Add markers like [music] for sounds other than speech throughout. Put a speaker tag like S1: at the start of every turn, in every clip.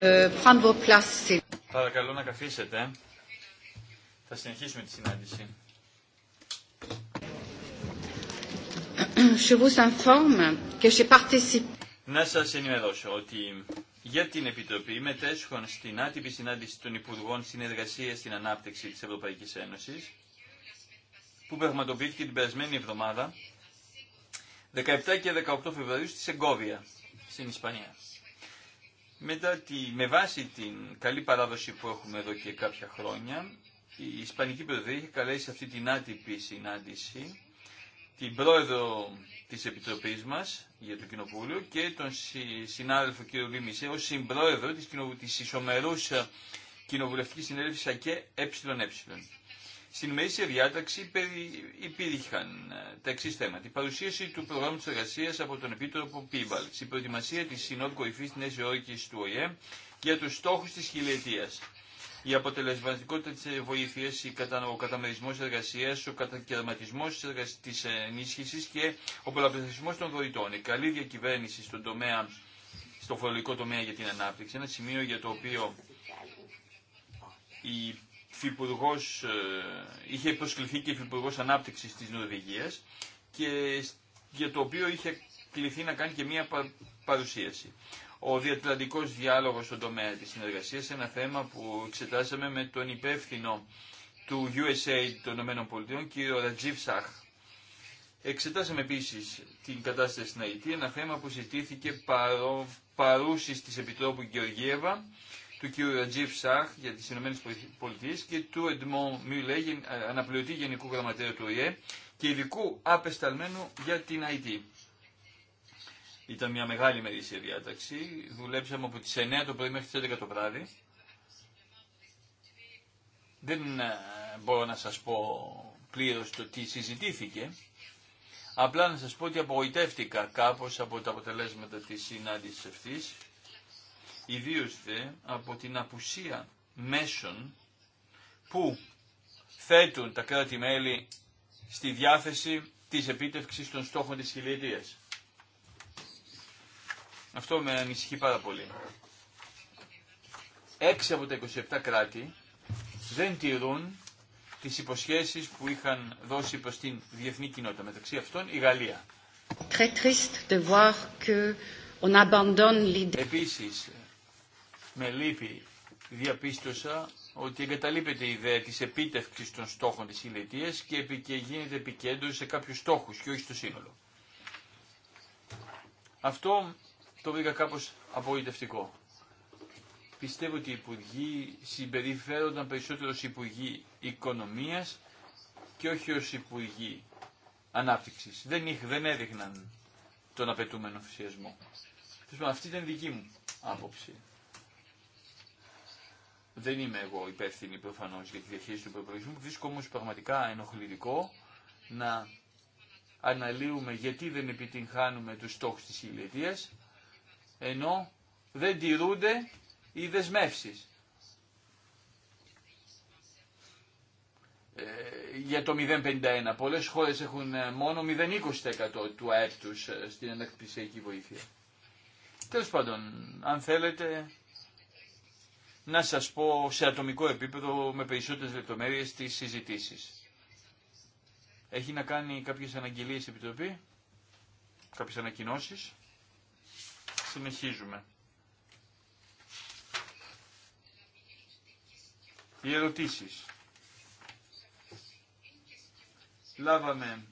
S1: Ε, Παρακαλώ να καθίσετε. Θα συνεχίσουμε τη συνάντηση. Να σα ενημερώσω ότι για την Επιτροπή μετέσχων στην άτυπη συνάντηση των Υπουργών Συνεργασία στην Ανάπτυξη τη Ευρωπαϊκή Ένωση που πραγματοποιήθηκε την περασμένη εβδομάδα 17 και 18 Φεβρουαρίου στη Σεγκόβια στην Ισπανία. Μετά τη, με βάση την καλή παράδοση που έχουμε εδώ και κάποια χρόνια, η Ισπανική Προεδρία είχε καλέσει αυτή την άτυπη συνάντηση την πρόεδρο της Επιτροπής μας για το Κοινοβούλιο και τον συνάδελφο κ. Λίμισε ως συμπρόεδρο της, της Ισομερούς ε, Κοινοβουλευτικής Συνέλευσης ΑΚΕ ΕΕ. Στην ημερήσια διάταξη υπήρχαν ε, τα εξή θέματα. Η παρουσίαση του προγράμματο εργασία από τον Επίτροπο Πίμπαλ. η προετοιμασία τη Συνόδου Κορυφή τη Νέα Υόρκη του ΟΗΕ για του στόχου τη χιλιετία, η αποτελεσματικότητα τη βοήθεια, ο καταμερισμό εργασία, ο κατακαιρματισμό τη ενίσχυση και ο πολλαπλασιασμό των δωρητών, η καλή διακυβέρνηση στον τομέα, στο φορολογικό τομέα για την ανάπτυξη, ένα σημείο για το οποίο ε, είχε προσκληθεί και υφυπουργός ανάπτυξης της Νορβηγίας και για το οποίο είχε κληθεί να κάνει και μία παρουσίαση. Ο διατλαντικός διάλογος στον τομέα της συνεργασίας είναι ένα θέμα που εξετάσαμε με τον υπεύθυνο του USA των ΗΠΑ, κύριο Ρατζίβ Σαχ. Εξετάσαμε επίσης την κατάσταση στην ΑΕΤ ένα θέμα που συζητήθηκε παρό, της Επιτρόπου Γεωργίευα του κ. Ρατζίφ Σάχ για τις ΗΠΑ και του Εντμό Μιουλέ, ε, αναπληρωτή Γενικού Γραμματέα του ΟΗΕ και ειδικού απεσταλμένου για την IT. Ήταν μια μεγάλη μερίσια διάταξη. Δουλέψαμε από τι 9 το πρωί μέχρι τι 11 το βράδυ. Δεν ε, μπορώ να σας πω πλήρως το τι συζητήθηκε. Απλά να σας πω ότι απογοητεύτηκα κάπως από τα αποτελέσματα της συνάντησης αυτής ιδίως δε από την απουσία μέσων που θέτουν τα κράτη-μέλη στη διάθεση της επίτευξης των στόχων της χιλιετίας. Αυτό με ανησυχεί πάρα πολύ. Έξι από τα 27 κράτη δεν τηρούν τις υποσχέσεις που είχαν δώσει προς την διεθνή κοινότητα, μεταξύ αυτών η Γαλλία.
S2: Très triste de voir que on abandonne
S1: Επίσης, με λύπη διαπίστωσα ότι εγκαταλείπεται η ιδέα της επίτευξης των στόχων της ήλετίας και γίνεται επικέντρωση σε κάποιους στόχους και όχι στο σύνολο. Αυτό το βρήκα κάπως απογοητευτικό. Πιστεύω ότι οι υπουργοί συμπεριφέρονταν περισσότερο ως υπουργοί οικονομίας και όχι ως υπουργοί ανάπτυξης. Δεν, είχ, δεν έδειχναν τον απαιτούμενο φυσιασμό. Αυτή ήταν δική μου άποψη. Δεν είμαι εγώ υπεύθυνη προφανώ για τη διαχείριση του προπολογισμού. Βρίσκω όμω πραγματικά ενοχλητικό να αναλύουμε γιατί δεν επιτυγχάνουμε του στόχου τη ηλικία, ενώ δεν τηρούνται οι δεσμεύσει. Ε, για το 0,51. Πολλές χώρες έχουν ε, μόνο 0,20% του ΑΕΠ τους ε, στην ανακτησιακή βοήθεια. Τέλος πάντων, αν θέλετε, να σας πω σε ατομικό επίπεδο με περισσότερες λεπτομέρειες τις συζητήσεις. Έχει να κάνει κάποιες αναγγελίες η Επιτροπή, κάποιες ανακοινώσεις. Συνεχίζουμε. Οι ερωτήσεις. Λάβαμε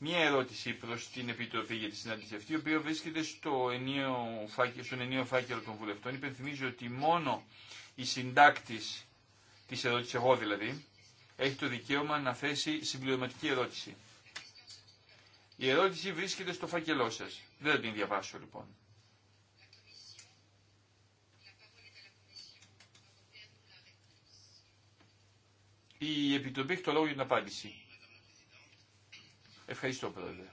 S1: Μία ερώτηση προ την Επιτροπή για τη συνάντηση αυτή, η οποία βρίσκεται στο ενίο φάκελο, στον ενίο φάκελο των βουλευτών. Υπενθυμίζω ότι μόνο η συντάκτη τη ερώτηση εγώ δηλαδή, έχει το δικαίωμα να θέσει συμπληρωματική ερώτηση. Η ερώτηση βρίσκεται στο φάκελό σα. Δεν την διαβάσω λοιπόν. Η Επιτροπή έχει το λόγο για την απάντηση. Ευχαριστώ πρόεδρε.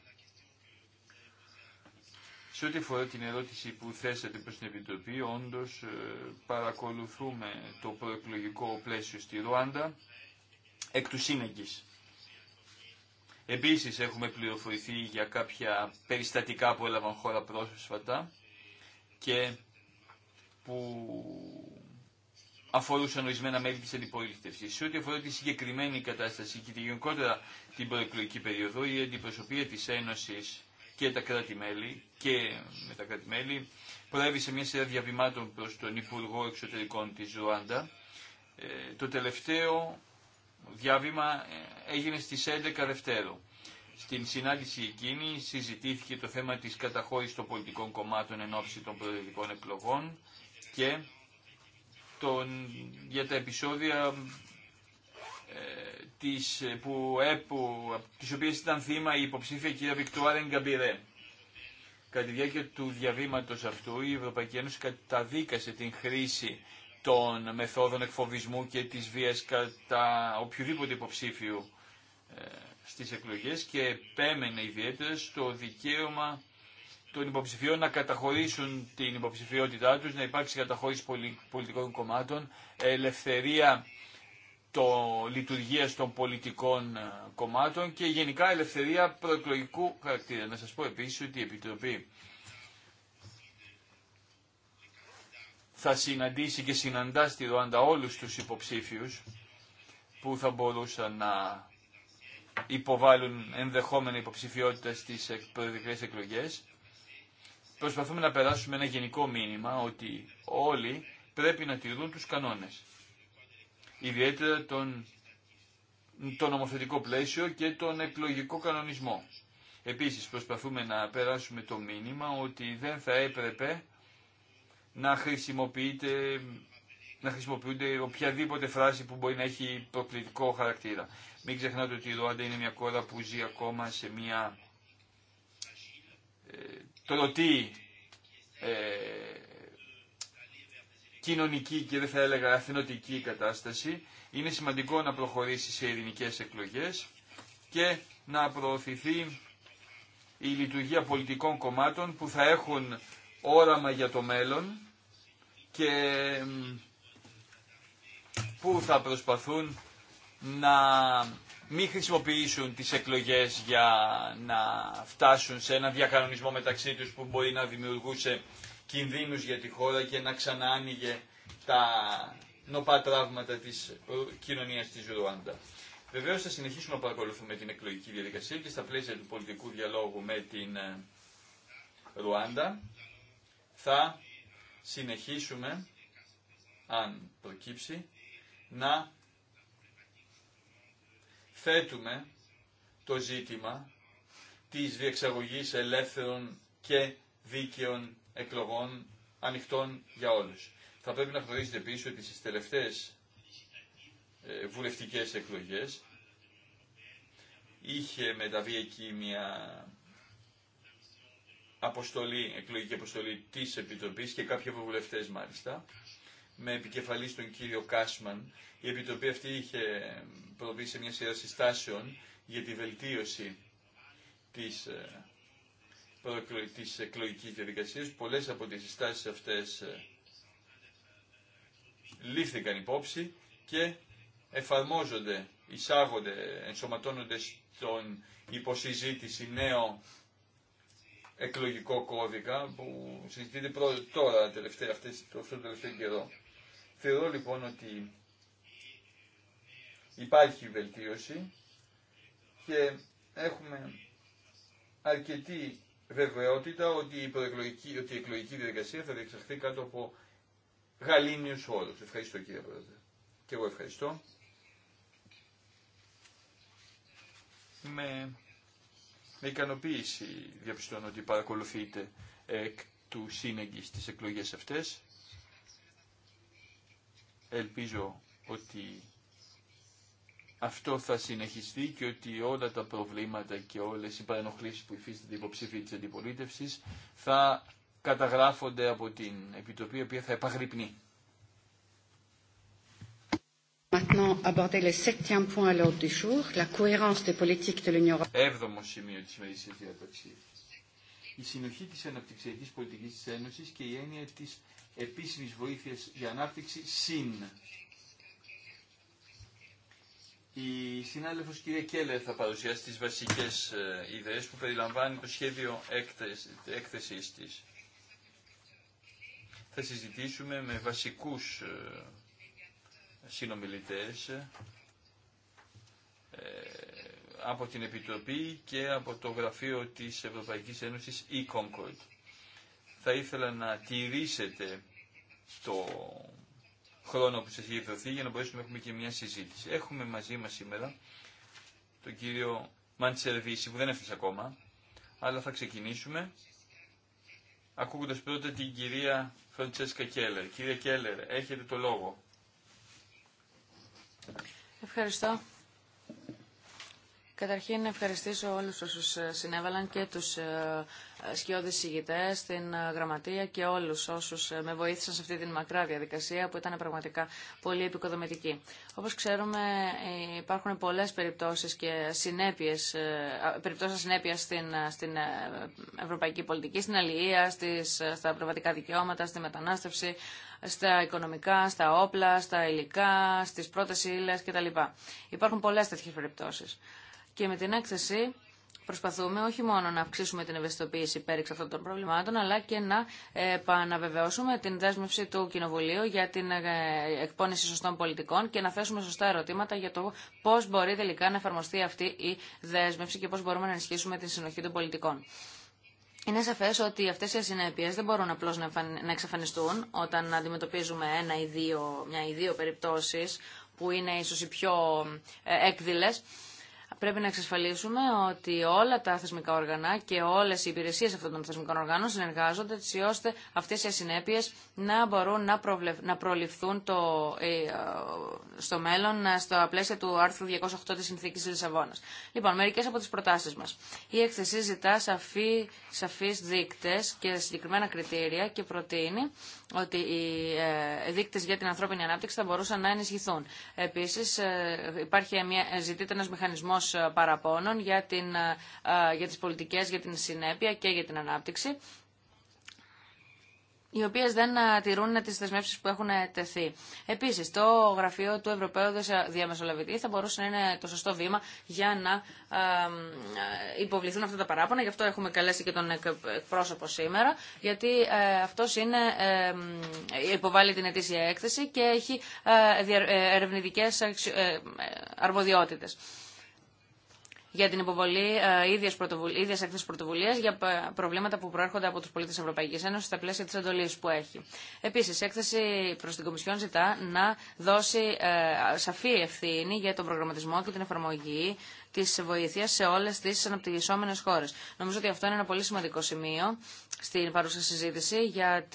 S1: Σε ό,τι αφορά την ερώτηση που θέσατε προς την Επιτροπή, όντως ε, παρακολουθούμε το προεκλογικό πλαίσιο στη Ρουάντα εκ του σύνεγγης. Επίσης έχουμε πληροφορηθεί για κάποια περιστατικά που έλαβαν χώρα πρόσφατα και που αφορούσαν ορισμένα μέλη τη αντιπολίτευση. Σε ό,τι αφορά τη συγκεκριμένη κατάσταση και τη γενικότερα την προεκλογική περίοδο, η αντιπροσωπεία τη Ένωση και τα κρατη και με τα κράτη-μέλη προέβη σε μια σειρά διαβημάτων προ τον Υπουργό Εξωτερικών τη Ρουάντα. Ε, το τελευταίο διάβημα ε, έγινε στι 11 Δευτέρου. Στην συνάντηση εκείνη συζητήθηκε το θέμα της καταχώρησης των πολιτικών κομμάτων εν ώψη των προεδρικών εκλογών και τον, για τα επεισόδια ε, της, που, ε, τις οποίες ήταν θύμα η υποψήφια κυρία Βικτουάρ Εγκαμπιρέ. Κατά τη διάρκεια του διαβήματος αυτού η Ευρωπαϊκή Ένωση καταδίκασε την χρήση των μεθόδων εκφοβισμού και της βίας κατά οποιοδήποτε υποψήφιου ε, στις εκλογές και επέμενε ιδιαίτερα στο δικαίωμα των υποψηφίων να καταχωρήσουν την υποψηφιότητά τους, να υπάρξει καταχώρηση πολιτικών κομμάτων, ελευθερία το λειτουργίας των πολιτικών ε, κομμάτων και γενικά ελευθερία προεκλογικού χαρακτήρα. Να σας πω επίσης ότι η Επιτροπή θα συναντήσει και συναντά στη Ρουάντα όλους τους υποψήφιους που θα μπορούσαν να υποβάλουν ενδεχόμενα υποψηφιότητα στις προεδρικές εκλογές προσπαθούμε να περάσουμε ένα γενικό μήνυμα ότι όλοι πρέπει να τηρούν τους κανόνες. Ιδιαίτερα τον, τον νομοθετικό πλαίσιο και τον εκλογικό κανονισμό. Επίσης προσπαθούμε να περάσουμε το μήνυμα ότι δεν θα έπρεπε να χρησιμοποιείτε να χρησιμοποιούνται οποιαδήποτε φράση που μπορεί να έχει προκλητικό χαρακτήρα. Μην ξεχνάτε ότι η Ρουάντα είναι μια κόρα που ζει ακόμα σε μια ε, το ότι ε, κοινωνική και δεν θα έλεγα αθηνοτική κατάσταση, είναι σημαντικό να προχωρήσει σε ειρηνικές εκλογές και να προωθηθεί η λειτουργία πολιτικών κομμάτων που θα έχουν όραμα για το μέλλον και που θα προσπαθούν να μην χρησιμοποιήσουν τις εκλογές για να φτάσουν σε ένα διακανονισμό μεταξύ τους που μπορεί να δημιουργούσε κινδύνους για τη χώρα και να ξανά τα νοπά τραύματα της κοινωνίας της Ρουάντα. Βεβαίως θα συνεχίσουμε να παρακολουθούμε την εκλογική διαδικασία και στα πλαίσια του πολιτικού διαλόγου με την ε, Ρουάντα θα συνεχίσουμε, αν προκύψει, να θέτουμε το ζήτημα της διεξαγωγής ελεύθερων και δίκαιων εκλογών ανοιχτών για όλους. Θα πρέπει να γνωρίζετε επίσης ότι στις τελευταίες ε, βουλευτικές εκλογές είχε μεταβεί εκεί μια αποστολή, εκλογική αποστολή της Επιτροπής και κάποιοι βουλευτές μάλιστα με επικεφαλής τον κύριο Κάσμαν. Η Επιτροπή αυτή είχε προβεί σε μια σειρά συστάσεων για τη βελτίωση της, ε, της εκλογικής διαδικασίας. Πολλές από τις συστάσεις αυτές ε, λήφθηκαν υπόψη και εφαρμόζονται, εισάγονται, ενσωματώνονται στον υποσυζήτηση νέο εκλογικό κώδικα που συζητείται τώρα τελευταία, αυτό το τελευταίο καιρό. Θεωρώ λοιπόν ότι υπάρχει βελτίωση και έχουμε αρκετή βεβαιότητα ότι η, η εκλογική διαδικασία θα διεξαχθεί κάτω από γαλήνιους όρους. Ευχαριστώ κύριε Πρόεδρε. Και εγώ ευχαριστώ. Με, με ικανοποίηση διαπιστώνω ότι παρακολουθείτε εκ του σύνεγγις τις εκλογές αυτές. Ελπίζω ότι αυτό θα συνεχιστεί και ότι όλα τα προβλήματα και όλες οι παρενοχλήσεις που υφίστανται υποψήφοι της αντιπολίτευσης θα καταγράφονται από την Επιτροπή, η οποία θα επαγρυπνεί. Έβδομο σημείο της ημερήσιας διάταξης. Η συνοχή της αναπτυξιακής πολιτικής της Ένωσης και η έννοια της επίσημης βοήθειας για ανάπτυξη συν. Η συνάδελφος κυρία Κέλλερ θα παρουσιάσει τις βασικές ε, ιδέες που περιλαμβάνει το σχέδιο έκθεσης της. Θα συζητήσουμε με βασικούς ε, συνομιλητές ε, από την Επιτροπή και από το Γραφείο της Ευρωπαϊκής Ένωσης e-Concord θα ήθελα να τηρήσετε το χρόνο που σας έχει δοθεί για να μπορέσουμε να έχουμε και μια συζήτηση. Έχουμε μαζί μας σήμερα τον κύριο Μάντσερ που δεν έφτασε ακόμα, αλλά θα ξεκινήσουμε ακούγοντας πρώτα την κυρία Φραντσέσκα Κέλλερ. Κυρία Κέλλερ, έχετε το λόγο.
S3: Ευχαριστώ. Καταρχήν να ευχαριστήσω όλους όσους ε, συνέβαλαν και τους ε, σκιώδεις ηγητές, στην ε, γραμματεία και όλους όσους με βοήθησαν σε αυτή την μακρά διαδικασία που ήταν πραγματικά πολύ επικοδομητική. Όπως ξέρουμε υπάρχουν πολλές περιπτώσεις και συνέπειες, περιπτώσεις στην, στην ευρωπαϊκή πολιτική, στην αλληλεία, στις, στα πνευματικά δικαιώματα, στη μετανάστευση, στα οικονομικά, στα όπλα, στα υλικά, στις πρώτες ύλες κτλ. Υπάρχουν πολλές τέτοιες περιπτώσεις. Και με την έκθεση προσπαθούμε όχι μόνο να αυξήσουμε την ευαισθητοποίηση πέριξ αυτών των προβλημάτων, αλλά και να επαναβεβαιώσουμε την δέσμευση του Κοινοβουλίου για την ε, εκπόνηση σωστών πολιτικών και να θέσουμε σωστά ερωτήματα για το πώ μπορεί τελικά να εφαρμοστεί αυτή η δέσμευση και πώ μπορούμε να ενισχύσουμε την συνοχή των πολιτικών. Είναι σαφέ ότι αυτέ οι ασυνέπειε δεν μπορούν απλώ να εξαφανιστούν όταν αντιμετωπίζουμε ένα ή δύο, μια ή δύο περιπτώσει που είναι ίσω οι πιο ε, έκδηλε. Πρέπει να εξασφαλίσουμε ότι όλα τα θεσμικά όργανα και όλες οι υπηρεσίες αυτών των θεσμικών οργάνων συνεργάζονται έτσι ώστε αυτές οι ασυνέπειες να μπορούν να, προληφθούν το... Ε, ε, στο μέλλον ε, στο πλαίσιο του άρθρου 208 της Συνθήκης της Λισαβόνας. Λοιπόν, μερικές από τις προτάσεις μας. Η έκθεση ζητά σαφή... σαφείς δείκτες και συγκεκριμένα κριτήρια και προτείνει ότι οι ε, δείκτε για την ανθρώπινη ανάπτυξη θα μπορούσαν να ενισχυθούν. Επίση, ε, υπάρχει μια, ε, ζητείται ένα μηχανισμό παραπώνων για, την, για τι πολιτικέ, για την συνέπεια και για την ανάπτυξη οι οποίες δεν ε, τηρούν τις δεσμεύσεις που έχουν ε, τεθεί. Επίσης, το γραφείο του Ευρωπαίου Διαμεσολαβητή θα μπορούσε να είναι το σωστό βήμα για να ε, υποβληθούν αυτά τα παράπονα. Γι' αυτό έχουμε καλέσει και τον εκπρόσωπο σήμερα, γιατί αυτός είναι, υποβάλλει την ετήσια έκθεση και έχει ερευνητικές αρμοδιότητες για την υποβολή ε, ίδια έκθεση πρωτοβουλία για προβλήματα που προέρχονται από του πολίτε τη Ευρωπαϊκή Ένωση στα πλαίσια τη εντολή που έχει. Επίση, η έκθεση προ την Κομισιόν ζητά να δώσει ε, σαφή ευθύνη για τον προγραμματισμό και την εφαρμογή Τη βοήθεια σε όλες τις αναπτυγισόμενες χώρες. Νομίζω ότι αυτό είναι ένα πολύ σημαντικό σημείο στην παρούσα συζήτηση για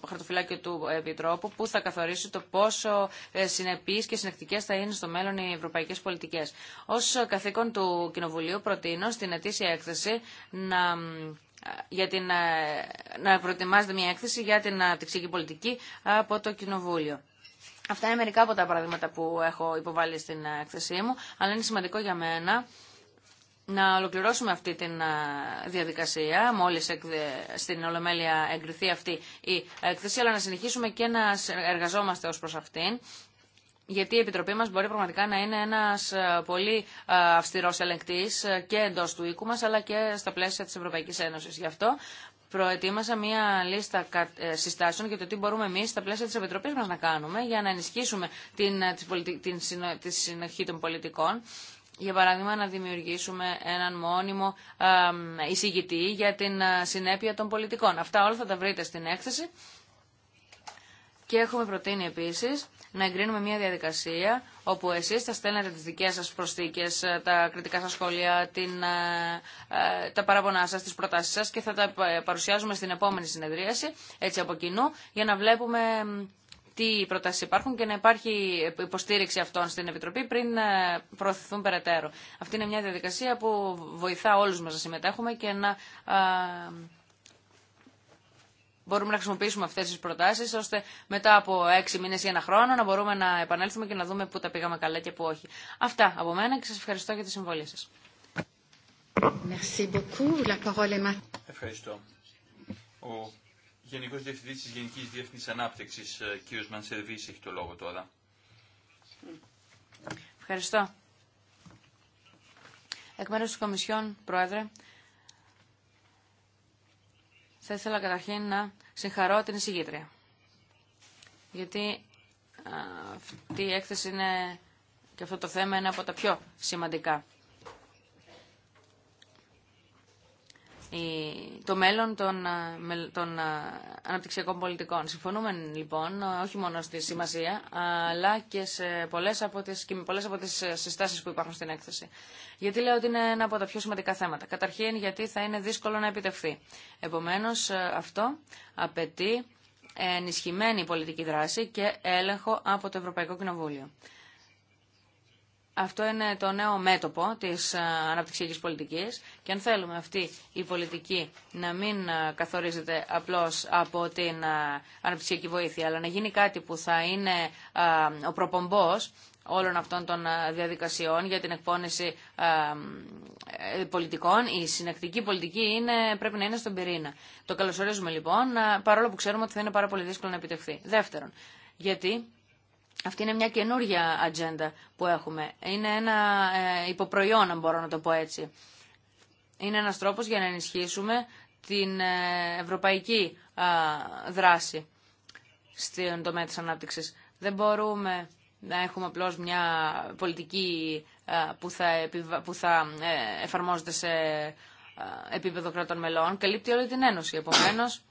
S3: το χαρτοφυλάκιο του Επιτρόπου που θα καθορίσει το πόσο ε, συνεπεί και συνεκτικές θα είναι στο μέλλον οι ευρωπαϊκές πολιτικές. Ω καθήκον του Κοινοβουλίου προτείνω στην ετήσια έκθεση να ε, για την, ε, να προετοιμάζεται μια έκθεση για την αναπτυξιακή πολιτική από το Κοινοβούλιο. Αυτά είναι μερικά από τα παραδείγματα που έχω υποβάλει στην έκθεσή ε, μου, αλλά είναι σημαντικό για μένα να ολοκληρώσουμε αυτή τη ε, διαδικασία, μόλις στην Ολομέλεια εγκριθεί αυτή η έκθεση, αλλά να συνεχίσουμε και να εργαζόμαστε ως προς αυτήν, γιατί η Επιτροπή μας μπορεί πραγματικά να είναι ένας ε, πολύ αυστηρός ελεγκτής και εντός του οίκου μας, αλλά και στα πλαίσια της Ευρωπαϊκής Ένωσης. Γι' αυτό προετοίμασα μία λίστα ε, συστάσεων για το τι μπορούμε εμεί στα πλαίσια τη Επιτροπή μα να κάνουμε για να ενισχύσουμε την, ε, την, τη συνοχή των πολιτικών. Για παράδειγμα, να δημιουργήσουμε έναν μόνιμο εισηγητή για την ε, συνέπεια των πολιτικών. Αυτά όλα θα τα βρείτε στην έκθεση. Και έχουμε προτείνει επίσης να εγκρίνουμε μια διαδικασία όπου εσείς θα στέλνετε τις δικές σας προσθήκες, ε, τα κριτικά σας σχόλια, ε, ε, τα παραπονά σας, τις προτάσεις σας και θα τα παρουσιάζουμε στην επόμενη συνεδρίαση, έτσι από κοινού, για να βλέπουμε τι προτάσει υπάρχουν και να υπάρχει υποστήριξη αυτών στην Επιτροπή πριν προωθηθούν περαιτέρω. Αυτή είναι μια διαδικασία που βοηθά όλους μας να συμμετέχουμε και να μπορούμε να χρησιμοποιήσουμε αυτές τις προτάσεις ώστε μετά από έξι μήνες ή ένα χρόνο να μπορούμε να επανέλθουμε και να δούμε πού τα πήγαμε καλά και πού όχι. Αυτά από μένα και σας
S2: ευχαριστώ για τη συμβολή σας.
S1: Ευχαριστώ. Ο Γενικός Διευθυντή τη Γενική Διεθνή Ανάπτυξη, ε, κ. Μανσερβή, έχει το λόγο τώρα.
S3: Ευχαριστώ. Εκ μέρου τη Κομισιόν, Πρόεδρε, θα ήθελα καταρχήν να συγχαρώ την εισηγήτρια. Γιατί αυτή η έκθεση είναι και αυτό το θέμα είναι από τα πιο σημαντικά το μέλλον των, ε, των ε, αναπτυξιακών πολιτικών. Συμφωνούμε λοιπόν ε, όχι μόνο στη σημασία αλλά και σε πολλές από τις, και με πολλές από τις συστάσεις που υπάρχουν στην έκθεση. Γιατί λέω ότι είναι ένα από τα πιο σημαντικά θέματα. Καταρχήν γιατί θα είναι δύσκολο να επιτευχθεί. Επομένως αυτό απαιτεί ενισχυμένη πολιτική δράση και έλεγχο από το Ευρωπαϊκό Κοινοβούλιο. Αυτό είναι το νέο μέτωπο της ε, αναπτυξιακής πολιτικής και αν θέλουμε αυτή η πολιτική να μην ε, καθορίζεται απλώς από την ε, αναπτυξιακή βοήθεια, αλλά να γίνει κάτι που θα είναι ο προπομπός όλων αυτών των διαδικασιών για την εκπόνηση πολιτικών. Η συνεκτική πολιτική είναι, πρέπει να είναι στον πυρήνα. Το καλωσορίζουμε λοιπόν, παρόλο που ξέρουμε ότι θα είναι πάρα πολύ δύσκολο να επιτευχθεί. Δεύτερον, γιατί αυτή είναι μια καινούργια ατζέντα που έχουμε. Είναι ένα ε, υποπροϊόν, αν μπορώ να το πω έτσι. Είναι ένας τρόπος για να ενισχύσουμε την ε, ευρωπαϊκή δράση στον τομέα της ανάπτυξης. Δεν μπορούμε να έχουμε απλώς μια πολιτική που θα, που θα ε, εφαρμόζεται σε επίπεδο κρατών μελών. Καλύπτει όλη την Ένωση. Επομένως,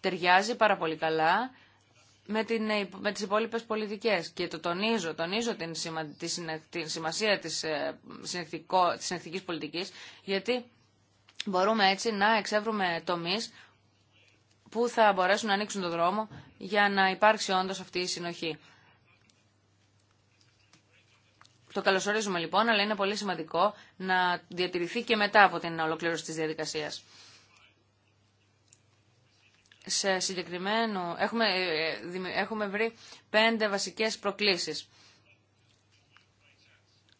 S3: ταιριάζει πάρα πολύ καλά με, την, με τις υπόλοιπες πολιτικές και το τονίζω, τονίζω την, τη, σημασία της, ε, συνεκτικό, της πολιτικής γιατί μπορούμε έτσι να εξεύρουμε τομείς που θα μπορέσουν να ανοίξουν τον δρόμο για να υπάρξει όντως αυτή η συνοχή. Το καλωσορίζουμε λοιπόν, αλλά είναι πολύ σημαντικό να διατηρηθεί και μετά από την ολοκλήρωση της διαδικασίας σε συγκεκριμένο, έχουμε, ε, έχουμε βρει πέντε βασικές προκλήσεις.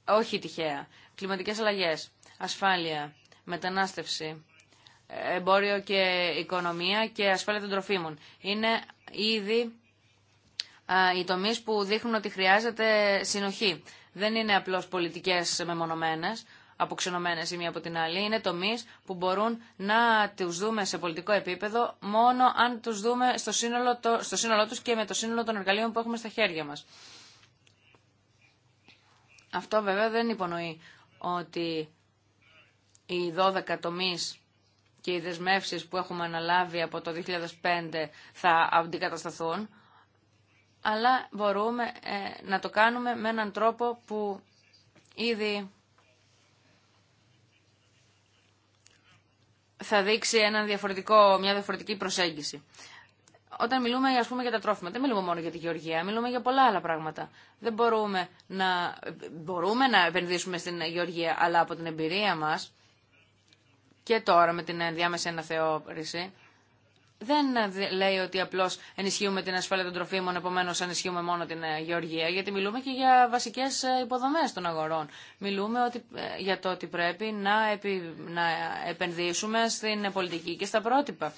S3: Όχι τυχαία. Κλιματικές αλλαγές, ασφάλεια, μετανάστευση, εμπόριο και οικονομία και ασφάλεια των τροφίμων. Είναι ήδη οι τομείς που δείχνουν ότι χρειάζεται συνοχή. Δεν είναι απλώς πολιτικές μεμονωμένες, αποξενωμένες η μία από την άλλη. Είναι τομείς που μπορούν να τους δούμε σε πολιτικό επίπεδο μόνο αν τους δούμε στο σύνολο, το, στο σύνολο τους και με το σύνολο των εργαλείων που έχουμε στα χέρια μας. Αυτό βέβαια δεν υπονοεί ότι οι 12 τομείς και οι δεσμεύσεις που έχουμε αναλάβει από το 2005 θα αντικατασταθούν, αλλά μπορούμε ε, να το κάνουμε με έναν τρόπο που ήδη θα δείξει ένα διαφορετικό, μια διαφορετική προσέγγιση. Όταν μιλούμε ας πούμε, για τα τρόφιμα, δεν μιλούμε μόνο για τη γεωργία, μιλούμε για πολλά άλλα πράγματα. Δεν μπορούμε να, μπορούμε να επενδύσουμε στην γεωργία, αλλά από την εμπειρία μας και τώρα με την διάμεση αναθεώρηση, δεν λέει ότι απλώ ενισχύουμε την ασφάλεια των τροφίμων, επομένω ενισχύουμε μόνο την ε, γεωργία, γιατί μιλούμε και για βασικέ ε, υποδομέ των αγορών. Μιλούμε ότι, ε, για το ότι πρέπει να, επι, να επενδύσουμε στην πολιτική και στα πρότυπα.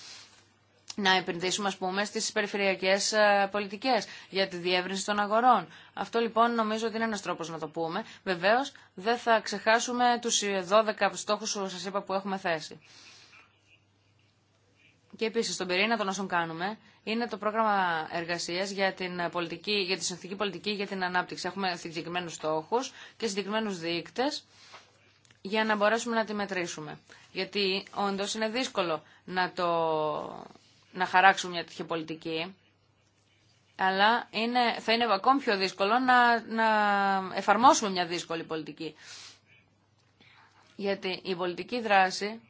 S3: Να επενδύσουμε, ας πούμε, στις περιφερειακές πολιτικές για τη διεύρυνση των αγορών. Αυτό λοιπόν νομίζω ότι είναι ένας τρόπος να το πούμε. Βεβαίως δεν θα ξεχάσουμε τους 12 στόχους που σας είπα που έχουμε θέσει. Και επίση, στον πυρήνα των όσων κάνουμε είναι το πρόγραμμα εργασία για, την πολιτική, για τη συνθηκή πολιτική για την ανάπτυξη. Έχουμε συγκεκριμένου στόχου και συγκεκριμένου δείκτε για να μπορέσουμε να τη μετρήσουμε. Γιατί όντω είναι δύσκολο να, το, να χαράξουμε μια τέτοια πολιτική, αλλά είναι, θα είναι ακόμη πιο δύσκολο να, να εφαρμόσουμε μια δύσκολη πολιτική. Γιατί η πολιτική δράση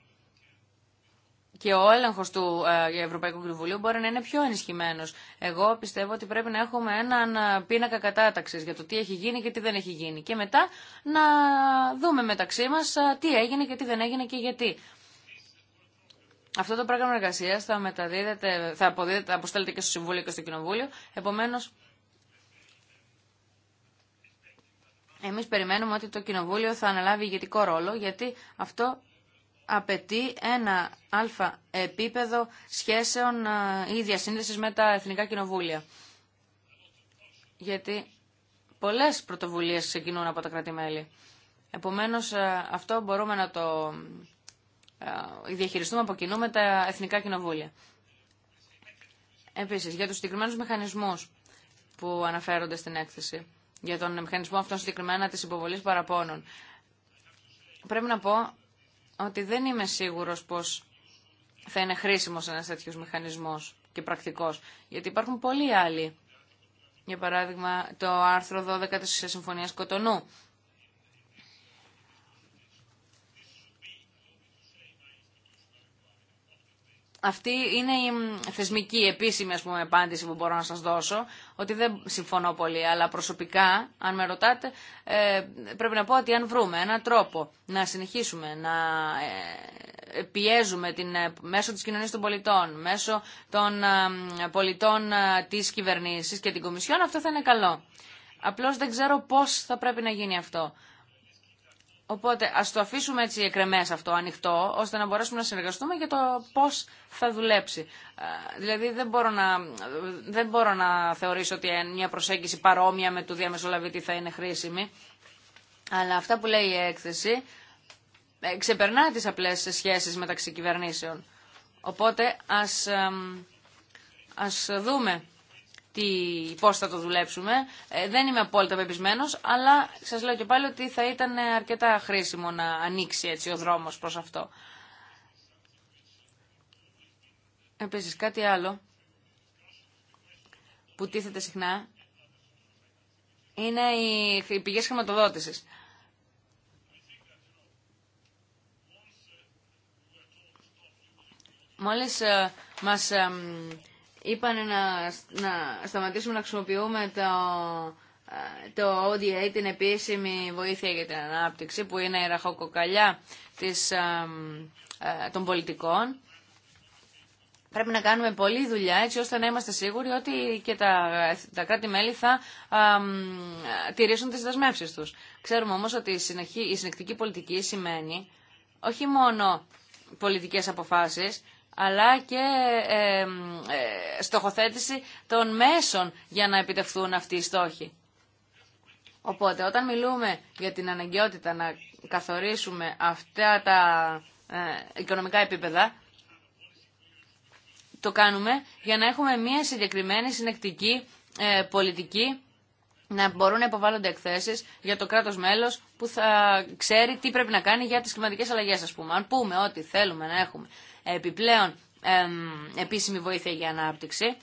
S3: και ο έλεγχο του ε, Ευρωπαϊκού Κοινοβουλίου μπορεί να είναι πιο ενισχυμένο. Εγώ πιστεύω ότι πρέπει να έχουμε έναν ε, πίνακα κατάταξη για το τι έχει γίνει και τι δεν έχει γίνει. Και μετά να δούμε μεταξύ μα ε, τι έγινε και τι δεν έγινε και γιατί. Αυτό το πρόγραμμα εργασία θα μεταδίδεται, θα αποδίδεται, αποστέλλεται και στο Συμβούλιο και στο Κοινοβούλιο. Επομένω, εμεί περιμένουμε ότι το Κοινοβούλιο θα αναλάβει ηγετικό ρόλο, γιατί αυτό απαιτεί ένα αλφα επίπεδο σχέσεων ε, ή διασύνδεσης με τα Εθνικά Κοινοβούλια. Γιατί πολλές πρωτοβουλίες ξεκινούν από τα κρατημέλη Επομένως, ε, αυτό μπορούμε να το ε, διαχειριστούμε από κοινού με τα Εθνικά Κοινοβούλια. Επίσης, για τους συγκεκριμένου μηχανισμούς που αναφέρονται στην έκθεση, για τον μηχανισμό αυτόν συγκεκριμένα της υποβολής παραπώνων, πρέπει να πω ότι δεν είμαι σίγουρος πως θα είναι χρήσιμος ένας τέτοιος μηχανισμός και πρακτικός, γιατί υπάρχουν πολλοί άλλοι. Για παράδειγμα, το άρθρο 12 της Συμφωνίας Κοτονού αυτή είναι η θεσμική επίσημη ας απάντηση που μπορώ να σας δώσω, ότι δεν συμφωνώ πολύ, αλλά προσωπικά, αν με ρωτάτε, ε, πρέπει να πω ότι αν βρούμε έναν τρόπο να συνεχίσουμε να ε, πιέζουμε την, ε, μέσω της κοινωνίας των πολιτών, μέσω των πολιτών της κυβερνήσης και την Κομισιόν, αυτό θα είναι καλό. Απλώς δεν ξέρω πώς θα πρέπει να γίνει αυτό. Οπότε ας το αφήσουμε έτσι εκρεμές αυτό, ανοιχτό, ώστε να μπορέσουμε να συνεργαστούμε για το πώς θα δουλέψει. Ε, δηλαδή δεν μπορώ να, δεν μπορώ να θεωρήσω ότι μια προσέγγιση παρόμοια με του διαμεσολαβητή θα είναι χρήσιμη. Αλλά αυτά που λέει η έκθεση ε, ξεπερνά τις απλές σχέσεις μεταξύ κυβερνήσεων. Οπότε ας, ας δούμε τι, πώς θα το δουλέψουμε. Ε, δεν είμαι απόλυτα πεπισμένος, αλλά σας λέω και πάλι ότι θα ήταν αρκετά χρήσιμο να ανοίξει έτσι ο δρόμος προς αυτό. Επίσης κάτι άλλο που τίθεται συχνά είναι οι πηγές χρηματοδότησης. Μόλις ε, μας είπαν να, να σταματήσουμε να χρησιμοποιούμε το, ε, το ODA, την επίσημη βοήθεια για την ανάπτυξη, που είναι η ραχοκοκαλιά της, ε, των πολιτικών. Πρέπει να κάνουμε πολλή δουλειά έτσι ώστε να είμαστε σίγουροι ότι και τα, τα κράτη-μέλη θα α, τηρήσουν τις δεσμεύσεις τους. Ξέρουμε όμως ότι η, συνεχή, η συνεκτική πολιτική σημαίνει όχι μόνο πολιτικές αποφάσεις, αλλά και ε, ε, στοχοθέτηση των μέσων για να επιτευχθούν αυτοί οι στόχοι. Οπότε όταν μιλούμε για την αναγκαιότητα να καθορίσουμε αυτά τα ε, οικονομικά επίπεδα, το κάνουμε για να έχουμε μια συγκεκριμένη συνεκτική πολιτική να μπορούν να υποβάλλονται εκθέσεις για το κράτος μέλος που θα ξέρει τι πρέπει να κάνει για τις κλιματικές αλλαγές, ας πούμε. Αν πούμε ότι θέλουμε να έχουμε επιπλέον επίσημη βοήθεια για ανάπτυξη.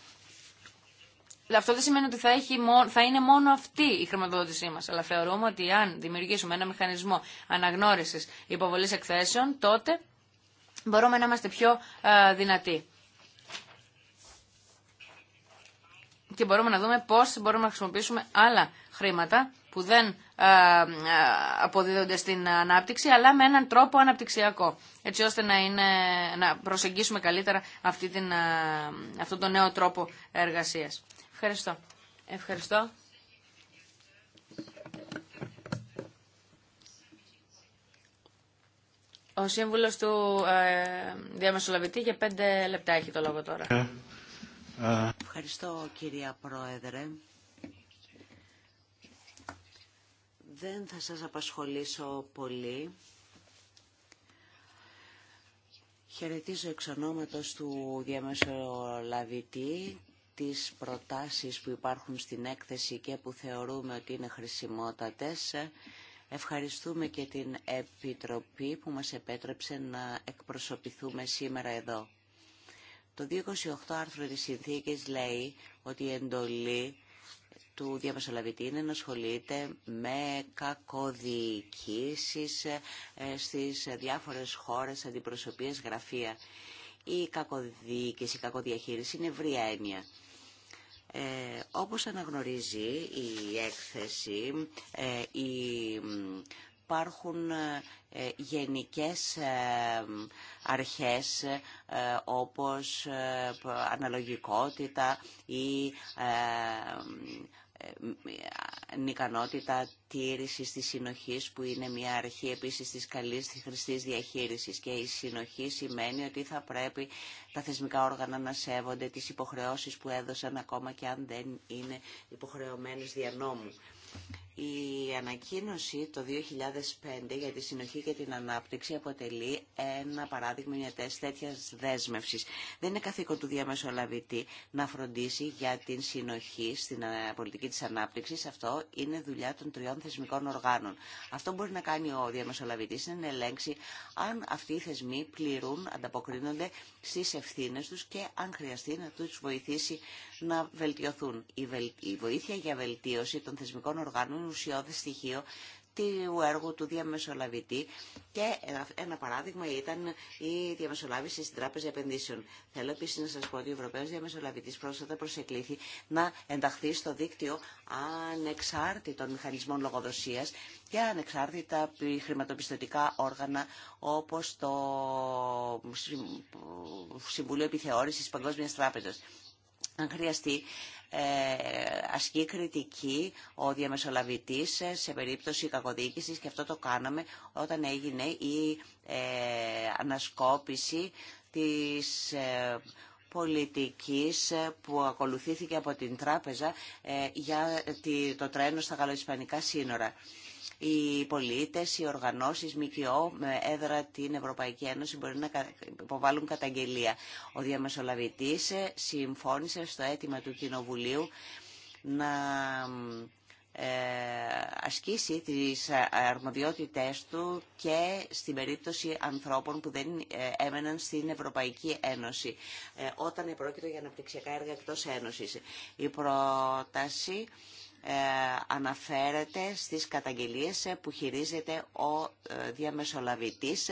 S3: Αυτό δεν σημαίνει ότι θα, έχει, θα είναι μόνο αυτή η χρηματοδότησή μα. Αλλά θεωρούμε ότι αν δημιουργήσουμε ένα μηχανισμό αναγνώρισης υποβολή εκθέσεων, τότε μπορούμε να είμαστε πιο ε, δυνατοί. Και μπορούμε να δούμε πώς μπορούμε να χρησιμοποιήσουμε άλλα χρήματα που δεν ε, ε, αποδίδονται στην ανάπτυξη, αλλά με έναν τρόπο αναπτυξιακό, έτσι ώστε να, είναι, να προσεγγίσουμε καλύτερα αυτή την, ε, αυτό το νέο τρόπο εργασίας. Ευχαριστώ. Ευχαριστώ. Ο σύμβουλο του ε, διαμεσολαβητή για
S2: πέντε λεπτά
S4: έχει το λόγο τώρα. Ευχαριστώ κυρία Πρόεδρε. Δεν θα σας απασχολήσω πολύ. Χαιρετίζω εξ ονόματος του διαμεσολαβητή τις προτάσεις που υπάρχουν στην έκθεση και που θεωρούμε ότι είναι χρησιμότατες. Ευχαριστούμε και την Επιτροπή που μας επέτρεψε να εκπροσωπηθούμε σήμερα εδώ. Το 28 άρθρο της Συνθήκης λέει ότι η εντολή του διαμεσολαβητή είναι να ασχολείται με κακοδιοικήσεις ε, στις διάφορες χώρες, αντιπροσωπείες, γραφεία. Η κακοδιοίκηση, η κακοδιαχείριση είναι ευρία έννοια. Ε, όπως αναγνωρίζει η έκθεση, ε, η, υπάρχουν ε, γενικές ε, αρχές όπως αναλογικότητα ή ε, ικανότητα τήρησης της συνοχής που είναι μια αρχή επίσης της καλής της χρηστής διαχείρισης και η συνοχή σημαίνει ότι θα πρέπει τα θεσμικά όργανα να σέβονται τις υποχρεώσεις που έδωσαν ακόμα και αν δεν είναι υποχρεωμένες δια νόμου. Η ανακοίνωση το 2005 για τη συνοχή και την ανάπτυξη αποτελεί ένα παράδειγμα μια τέτοια δέσμευση. Δεν είναι καθήκον του διαμεσολαβητή να φροντίσει για την συνοχή στην ε, πολιτική τη ανάπτυξη. Αυτό είναι δουλειά των τριών θεσμικών οργάνων. Αυτό μπορεί να κάνει ο διαμεσολαβητή είναι να ελέγξει αν αυτοί οι θεσμοί πληρούν, ανταποκρίνονται στι ευθύνε του και αν χρειαστεί να του βοηθήσει να βελτιωθούν. Η βοήθεια για βελτίωση των θεσμικών οργάνων ουσιωδή στοιχείο του έργου του διαμεσολαβητή και ένα παράδειγμα ήταν η διαμεσολάβηση στην Τράπεζα Επενδύσεων. Θέλω επίση να σα πω ότι ο Ευρωπαίο Διαμεσολαβητή πρόσφατα προσεκλήθη να ενταχθεί στο δίκτυο ανεξάρτητων μηχανισμών λογοδοσία και ανεξάρτητα χρηματοπιστωτικά όργανα όπω το Συμβουλίο Επιθεώρηση Παγκόσμια Τράπεζα αν χρειαστεί, ε, ασκή κριτική ο διαμεσολαβητής σε περίπτωση κακοδίκησης και αυτό το κάναμε όταν έγινε η ε, ανασκόπηση της ε, πολιτικής που ακολουθήθηκε από την τράπεζα για το τρένο στα γαλλοϊσπανικά σύνορα. Οι πολίτες, οι οργανώσεις, ΜΚΟ με έδρα την Ευρωπαϊκή Ένωση μπορεί να υποβάλουν καταγγελία. Ο διαμεσολαβητής ε, συμφώνησε στο αίτημα του Κοινοβουλίου να ε, ασκήσει τις αρμοδιότητές του και στην περίπτωση ανθρώπων που δεν ε, έμεναν στην Ευρωπαϊκή Ένωση όταν επρόκειτο για αναπτυξιακά έργα εκτός Ένωσης. Η πρόταση ε, αναφέρεται στις καταγγελίες ε, που χειρίζεται ο ε, διαμεσολαβητής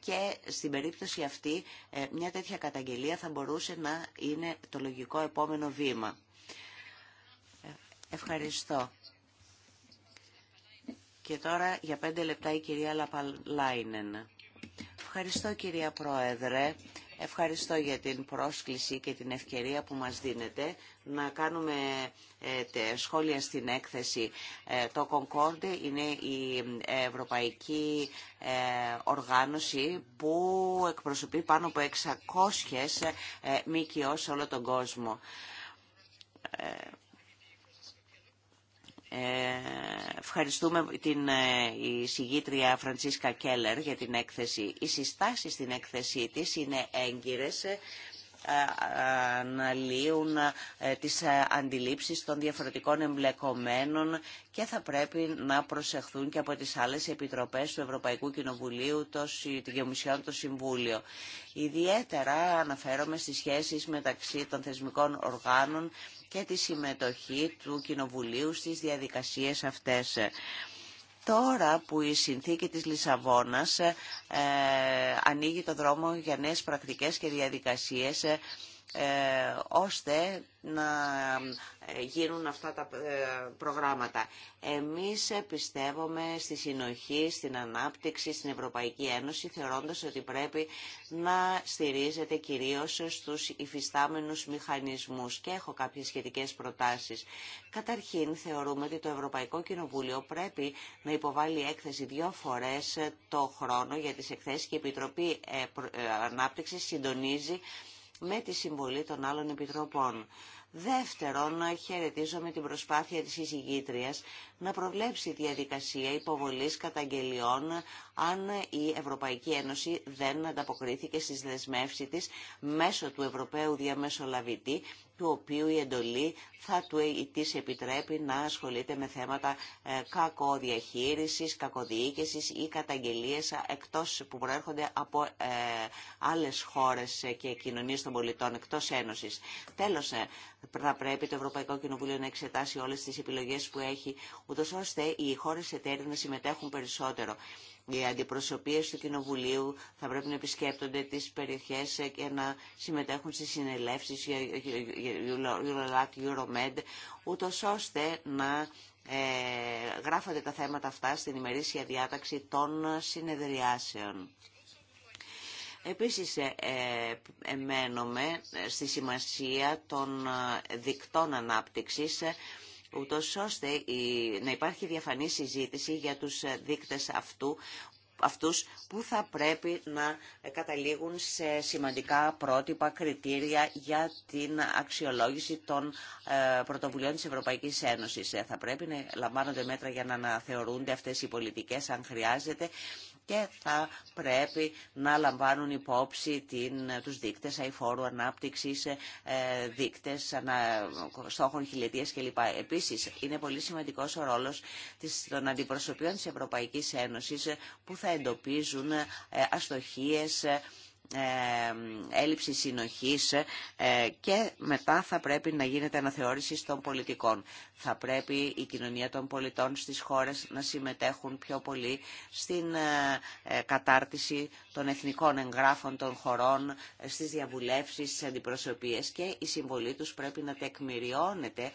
S4: και στην περίπτωση αυτή μια τέτοια καταγγελία θα μπορούσε να είναι το λογικό επόμενο βήμα. Ευχαριστώ. Και τώρα για πέντε λεπτά η κυρία Λαπαλάινεν. Ευχαριστώ κυρία Πρόεδρε. Ευχαριστώ για την πρόσκληση και την ευκαιρία που μας δίνετε να κάνουμε ε, σχόλια στην έκθεση. Ε, το Concorde είναι η ευρωπαϊκή ε, οργάνωση που εκπροσωπεί πάνω από 600 μήκυο σε όλο τον κόσμο ε, ευχαριστούμε την ε, συγγήτρια Φραντσίσκα Κέλλερ για την έκθεση. Οι συστάσεις στην έκθεσή της είναι έγκυρες ε, αναλύουν ε, τις ε, αντιλήψεις των διαφορετικών εμπλεκομένων και θα πρέπει να προσεχθούν και από τις άλλες επιτροπές του Ευρωπαϊκού Κοινοβουλίου, το, την Κομισιόν, το Συμβούλιο. Ιδιαίτερα αναφέρομαι στις σχέσεις μεταξύ των θεσμικών οργάνων και τη συμμετοχή του Κοινοβουλίου στις διαδικασίες αυτές. Τώρα που η συνθήκη της Λισαβόνας ε, ε, ανοίγει το δρόμο για νέες πρακτικές και διαδικασίες ε, ε, ώστε να ε, γίνουν αυτά τα ε, προγράμματα. Εμείς πιστεύουμε στη συνοχή, στην ανάπτυξη, στην Ευρωπαϊκή Ένωση, θεωρώντας ότι πρέπει να στηρίζεται κυρίως στους υφιστάμενους μηχανισμούς. Και έχω κάποιες σχετικές προτάσεις. Καταρχήν, θεωρούμε ότι το Ευρωπαϊκό Κοινοβούλιο πρέπει να υποβάλει έκθεση δύο φορές το χρόνο για τις εκθέσεις και η Επιτροπή Ανάπτυξης συντονίζει με τη συμβολή των άλλων επιτροπών. Δεύτερον, χαιρετίζομαι την προσπάθεια της εισηγήτριας να προβλέψει διαδικασία υποβολής καταγγελιών αν η Ευρωπαϊκή Ένωση δεν ανταποκρίθηκε στις δεσμεύσεις της μέσω του Ευρωπαίου Διαμεσολαβητή του οποίου η εντολή θα του ε, της επιτρέπει να ασχολείται με θέματα ε, κακοδιαχείρισης, κακοδιοίκησης ή καταγγελίες ε, εκτός που προέρχονται από άλλες χώρες και κοινωνίες των πολιτών εκτός Ένωσης. Τέλος, θα πρέπει το Ευρωπαϊκό Κοινοβούλιο να εξετάσει όλες τις επιλογές που έχει, ούτως ώστε οι χώρες εταίροι να συμμετέχουν περισσότερο. Οι αντιπροσωπείες του Κοινοβουλίου θα πρέπει να επισκέπτονται τις περιοχές και να συμμετέχουν στις συνελεύσεις Eurolat, Euromed, ούτως ώστε να ε, γράφονται τα θέματα αυτά στην ημερήσια διάταξη των συνεδριάσεων. Επίσης ε, ε, εμένομαι στη σημασία των ε, δικτών ανάπτυξης ούτως ώστε να υπάρχει διαφανή συζήτηση για τους δείκτες αυτού αυτούς που θα πρέπει να καταλήγουν σε σημαντικά πρότυπα, κριτήρια για την αξιολόγηση των ε, πρωτοβουλίων της Ευρωπαϊκής Ένωσης. Ε, θα πρέπει να λαμβάνονται μέτρα για να αναθεωρούνται αυτές οι πολιτικές αν χρειάζεται και θα πρέπει να λαμβάνουν υπόψη την, τους δείκτες αηφόρου ανάπτυξης, ε, δείκτες στόχων χιλιετίας κλπ. Επίσης, είναι πολύ σημαντικός ο ρόλος των αντιπροσωπείων της Ευρωπαϊκής Ένωσης ε, που θα εντοπίζουν ε, αστοχίες, έλλειψη συνοχής ε, και μετά θα πρέπει να γίνεται αναθεώρηση των πολιτικών. Θα πρέπει η κοινωνία των πολιτών στις χώρες να συμμετέχουν πιο πολύ στην ε, ε, κατάρτιση των εθνικών εγγράφων των χωρών, στις διαβουλεύσεις, στις αντιπροσωπίες και η συμβολή τους πρέπει να τεκμηριώνεται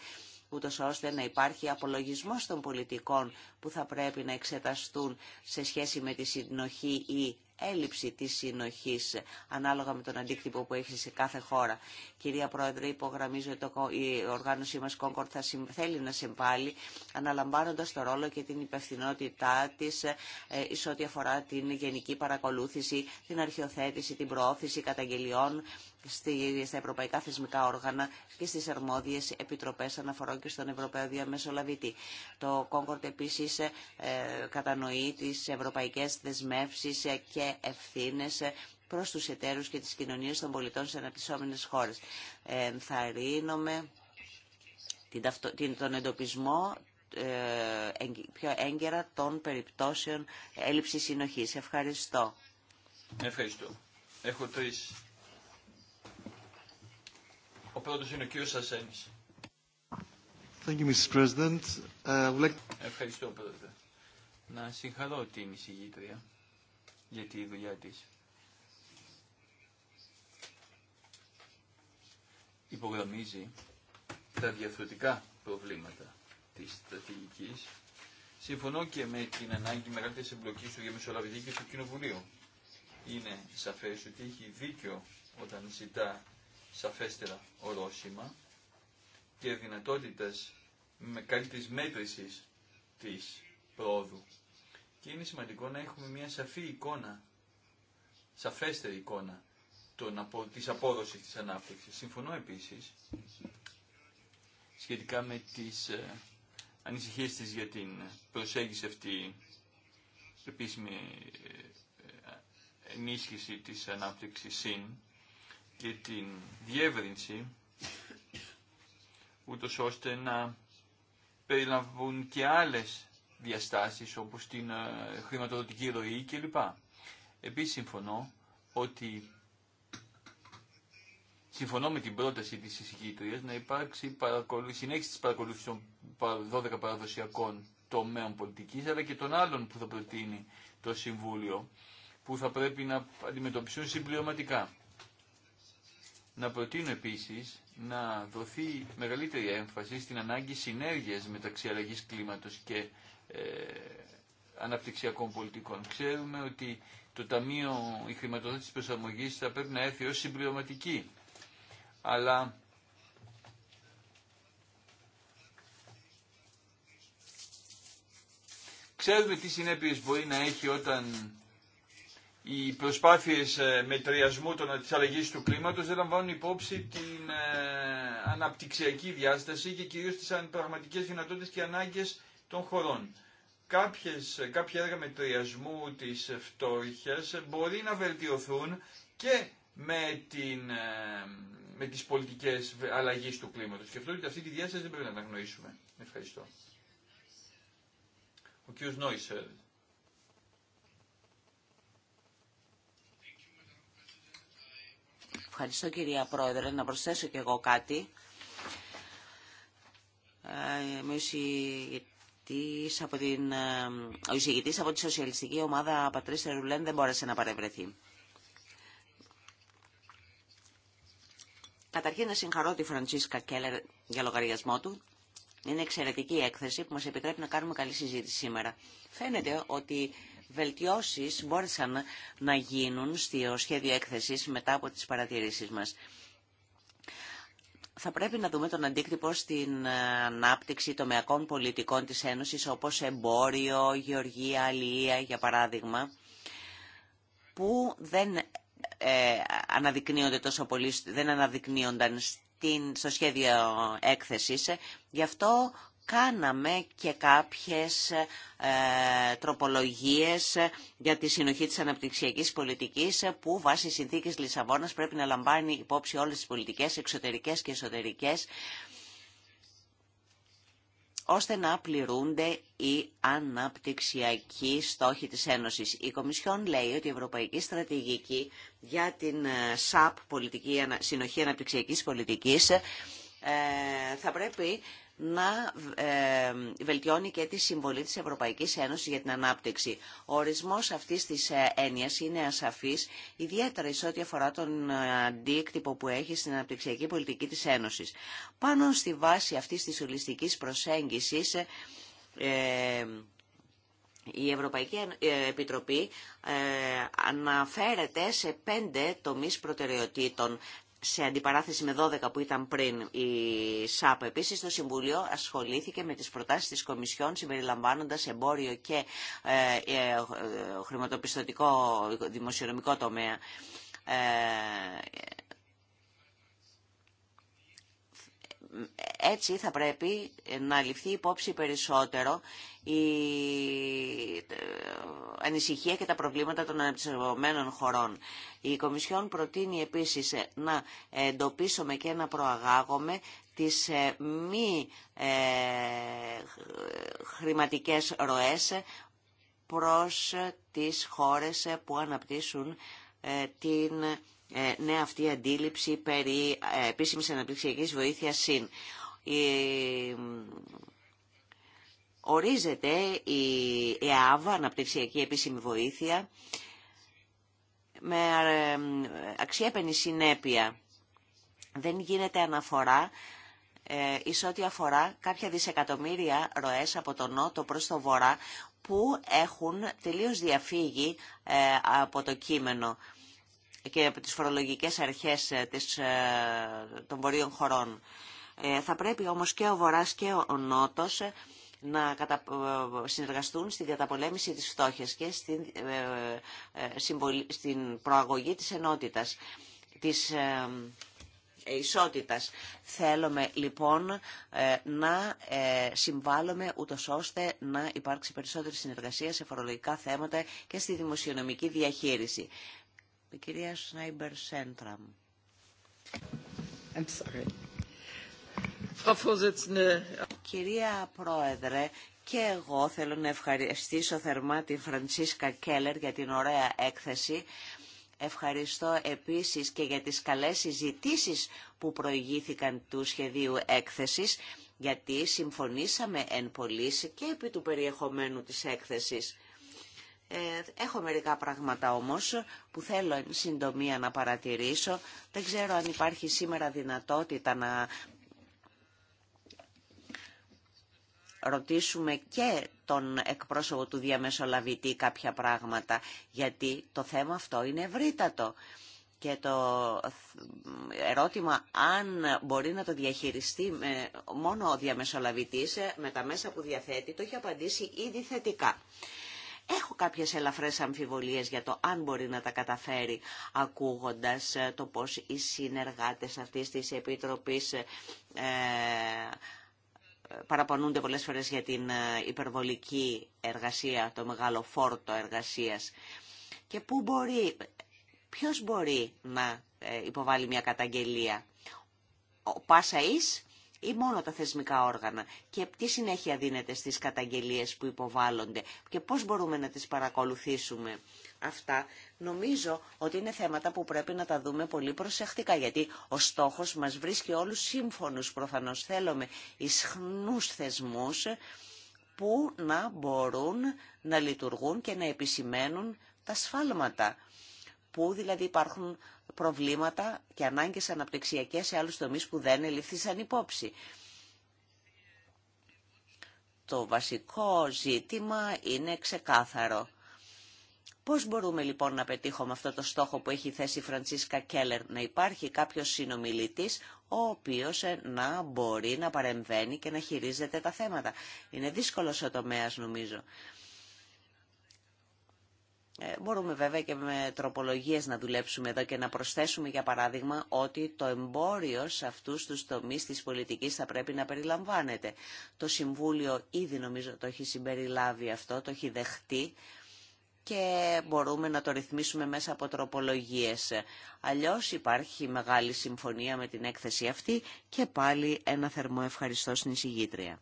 S4: ούτως ώστε να υπάρχει απολογισμός των πολιτικών που θα πρέπει να εξεταστούν σε σχέση με τη συνοχή ή έλλειψη της συνοχής ανάλογα με τον αντίκτυπο που έχει σε κάθε χώρα. Κυρία Πρόεδρε, υπογραμμίζω ότι η οργάνωσή μας Concord θα θέλει να συμβάλλει αναλαμβάνοντας το ρόλο και την υπευθυνότητά της σε ό,τι αφορά την γενική παρακολούθηση, την αρχιοθέτηση, την προώθηση καταγγελιών στα ευρωπαϊκά θεσμικά όργανα και στις αρμόδιες επιτροπές αναφορών και στον Ευρωπαίο Διαμεσολαβητή. Το Κόγκορτ επίσης ε, κατανοεί τις ευρωπαϊκές δεσμεύσεις ε, και ευθύνες ε, προς τους εταίρους και τις κοινωνίες των πολιτών σε αναπτυσσόμενες χώρες. Ε, θα ρίνομαι την, τον εντοπισμό πιο έγκαιρα των περιπτώσεων έλλειψης συνοχής. Ευχαριστώ.
S1: Ευχαριστώ. Έχω τρεις ο πρώτος είναι ο κύριος Αρσένης. Uh, Ευχαριστώ, Πρόεδρε. Να συγχαρώ την εισηγήτρια για τη δουλειά της. Υπογραμμίζει τα διαφορετικά προβλήματα της στρατηγικής. Συμφωνώ και με την ανάγκη μεγαλύτερη εμπλοκή του για μεσολαβητή και του Κοινοβουλίου. Είναι σαφές ότι έχει δίκιο όταν ζητά σαφέστερα ορόσημα και δυνατότητες με καλύτερης μέτρησης της πρόοδου. Και είναι σημαντικό να έχουμε μια σαφή εικόνα, σαφέστερη εικόνα των, της απόδοσης της ανάπτυξης. Συμφωνώ επίσης σχετικά με τις ε, ανησυχίες της για την προσέγγιση αυτή επίσημη ε, ε, ενίσχυση της ανάπτυξης ΣΥΝ και την διεύρυνση ούτως ώστε να περιλαμβούν και άλλες διαστάσεις όπως την ε, χρηματοδοτική ροή κλπ. Επίσης συμφωνώ ότι συμφωνώ με την πρόταση της εισηγήτριας να υπάρξει συνέχιση της παρακολούθησης των 12 παραδοσιακών τομέων πολιτικής αλλά και των άλλων που θα προτείνει το Συμβούλιο που θα πρέπει να αντιμετωπιστούν συμπληρωματικά. Να προτείνω επίση να δοθεί μεγαλύτερη έμφαση στην ανάγκη συνέργειας μεταξύ αλλαγή κλίματος και ε, αναπτυξιακών πολιτικών. Ξέρουμε ότι το Ταμείο η χρηματοδότηση προσαρμογής θα πρέπει να έρθει ω συμπληρωματική. Αλλά ξέρουμε τι συνέπειε μπορεί να έχει όταν οι προσπάθειες ε, μετριασμού των, της του κλίματος δεν λαμβάνουν υπόψη την ε, αναπτυξιακή διάσταση και κυρίως τις πραγματικές δυνατότητες και ανάγκες των χωρών. Κάποιες, ε, κάποια έργα μετριασμού της φτώχειας μπορεί να βελτιωθούν και με, την, με τις πολιτικές αλλαγής του κλίματος. Και αυτό ότι αυτή τη διάσταση δεν πρέπει να αναγνωρίσουμε. Ευχαριστώ. Ο
S4: Ευχαριστώ κυρία Πρόεδρε. Να προσθέσω και εγώ κάτι. Ε, ε, ο εισηγητής από τη σοσιαλιστική ομάδα Πατρίς Ρουλέν δεν μπόρεσε να παρευρεθεί. Καταρχήν να συγχαρώ τη Φραντσίσκα Κέλλερ για λογαριασμό του. Είναι εξαιρετική έκθεση που μας επιτρέπει να κάνουμε καλή συζήτηση σήμερα. Φαίνεται ότι βελτιώσεις μπόρεσαν να γίνουν στο σχέδιο έκθεσης μετά από τις παρατηρήσεις μας. Θα πρέπει να δούμε τον αντίκτυπο στην ανάπτυξη τομεακών πολιτικών της Ένωσης, όπως εμπόριο, γεωργία, αλληλεία, για παράδειγμα, που δεν ε, αναδεικνύονται τόσο πολύ, δεν αναδεικνύονταν στο σχέδιο έκθεσης. Γι' αυτό κάναμε και κάποιες ε, τροπολογίες για τη συνοχή της αναπτυξιακής πολιτικής που βάσει συνθήκες Λισαβόνας πρέπει να λαμβάνει υπόψη όλες τις πολιτικές, εξωτερικές και εσωτερικές, ώστε να πληρούνται οι αναπτυξιακοί στόχοι της Ένωσης. Η Κομισιόν λέει ότι η Ευρωπαϊκή Στρατηγική για την ε, ΣΑΠ, Συνοχή Αναπτυξιακής Πολιτικής, ε, θα πρέπει να ε, βελτιώνει και τη συμβολή της Ευρωπαϊκής Ένωσης για την ανάπτυξη. Ο ορισμός αυτής της ε, έννοιας είναι ασαφής, ιδιαίτερα σε ό,τι αφορά τον ε, αντίκτυπο που έχει στην αναπτυξιακή πολιτική της Ένωσης. Πάνω στη βάση αυτής της ολιστικής προσέγγισης, η Ευρωπαϊκή Επιτροπή αναφέρεται σε πέντε τομείς προτεραιοτήτων σε αντιπαράθεση με 12 που ήταν πριν η ΣΑΠ. Επίσης, το Συμβουλίο ασχολήθηκε με τις προτάσεις της Κομισιόν συμπεριλαμβάνοντας εμπόριο και ε, ε, χρηματοπιστωτικό δημοσιονομικό τομέα. Ε, έτσι θα πρέπει να ληφθεί υπόψη περισσότερο η ε, ανησυχία και τα προβλήματα των αναπτυσσευμένων χωρών. Η Κομισιόν προτείνει επίσης ε, να εντοπίσουμε και να προαγάγουμε τις ε, μη χρηματικές ροές προς τις χώρες που αναπτύσσουν την νέα αυτή αντίληψη περί επίσημης αναπτυξιακής βοήθειας ΣΥΝ. Ορίζεται η ΕΑΒ, Αναπτυξιακή Επίσημη Βοήθεια, με αξιέπαινη συνέπεια. Δεν γίνεται αναφορά ε, εις ό,τι αφορά κάποια δισεκατομμύρια ροές από τον νότο προς το βορρά που έχουν τελείως διαφύγει ε, από το κείμενο και από τις φορολογικές αρχές ε, των βορείων χωρών. Θα πρέπει όμως και ο Βορράς και ο Νότος να συνεργαστούν στη διαταπολέμηση της φτώχειας και ε, ε, στην προαγωγή της ενότητας, της ε, ισότητας. Θέλουμε λοιπόν να συμβάλλουμε ούτω ώστε να υπάρξει περισσότερη συνεργασία σε φορολογικά θέματα και στη δημοσιονομική διαχείριση. κυρία Σνάιμπερ Σέντραμ. Κυρία Πρόεδρε, και εγώ θέλω να ευχαριστήσω θερμά την Φραντσίσκα Κέλλερ για την ωραία έκθεση. Ευχαριστώ επίσης και για τις καλές συζητήσει που προηγήθηκαν του σχεδίου έκθεσης, γιατί συμφωνήσαμε εν πωλής και επί του περιεχομένου της έκθεσης. Ε, έχω μερικά πράγματα όμως που θέλω εν συντομία να παρατηρήσω. Δεν ξέρω αν υπάρχει σήμερα δυνατότητα να ρωτήσουμε και τον εκπρόσωπο του διαμεσολαβητή κάποια πράγματα, γιατί το θέμα αυτό είναι ευρύτατο. Και το ερώτημα αν μπορεί να το διαχειριστεί μόνο ο διαμεσολαβητής ε, με τα μέσα που διαθέτει, το έχει απαντήσει ήδη θετικά. Έχω κάποιες ελαφρές αμφιβολίες για το αν μπορεί να τα καταφέρει ακούγοντας ε, το πώς οι συνεργάτες αυτής της Επιτροπής ε, παραπονούνται πολλές φορές για την ε, υπερβολική εργασία, το μεγάλο φόρτο εργασίας. Και πού μπορεί, ποιος μπορεί να ε, υποβάλει μια καταγγελία, ο Πάσα ή μόνο τα θεσμικά όργανα και τι συνέχεια δίνεται στις καταγγελίες που υποβάλλονται και πώς μπορούμε να τις παρακολουθήσουμε. Αυτά Νομίζω ότι είναι θέματα που πρέπει να τα δούμε πολύ προσεκτικά, γιατί ο στόχος μας βρίσκει όλους σύμφωνους. Προφανώς θέλουμε ισχνούς θεσμούς που να μπορούν να λειτουργούν και να επισημαίνουν τα σφάλματα. Πού δηλαδή υπάρχουν προβλήματα και ανάγκες αναπτυξιακές σε άλλους τομείς που δεν ελήφθησαν υπόψη. Το βασικό ζήτημα είναι ξεκάθαρο. Πώς μπορούμε λοιπόν να πετύχουμε αυτό το στόχο που έχει θέσει η Φραντσίσκα Κέλλερ, να υπάρχει κάποιος συνομιλητής ο οποίος ε, να μπορεί να παρεμβαίνει και να χειρίζεται τα θέματα. Είναι δύσκολο ο τομέας νομίζω. Ε, μπορούμε βέβαια και με τροπολογίες να δουλέψουμε εδώ και να προσθέσουμε για παράδειγμα ότι το εμπόριο σε αυτούς τους τομείς της πολιτικής θα πρέπει να περιλαμβάνεται. Το Συμβούλιο ήδη νομίζω το έχει συμπεριλάβει αυτό, το έχει δεχτεί και μπορούμε να το ρυθμίσουμε μέσα από τροπολογίες. Αλλιώς υπάρχει μεγάλη συμφωνία με την έκθεση αυτή και πάλι ένα θερμό ευχαριστώ στην εισηγήτρια.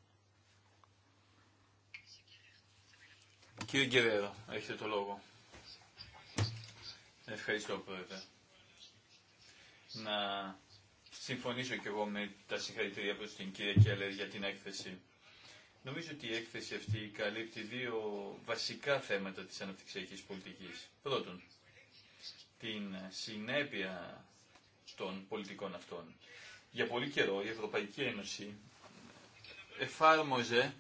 S1: Κύριε Γκερέρο, έχετε το λόγο. Ευχαριστώ, Πρόεδρε. Να συμφωνήσω και εγώ με τα συγχαρητήρια προς την κυρία Κέλλερ για την έκθεση. Νομίζω ότι η έκθεση αυτή καλύπτει δύο βασικά θέματα της αναπτυξιακής πολιτικής. Πρώτον, την συνέπεια των πολιτικών αυτών. Για πολύ καιρό η Ευρωπαϊκή Ένωση εφάρμοζε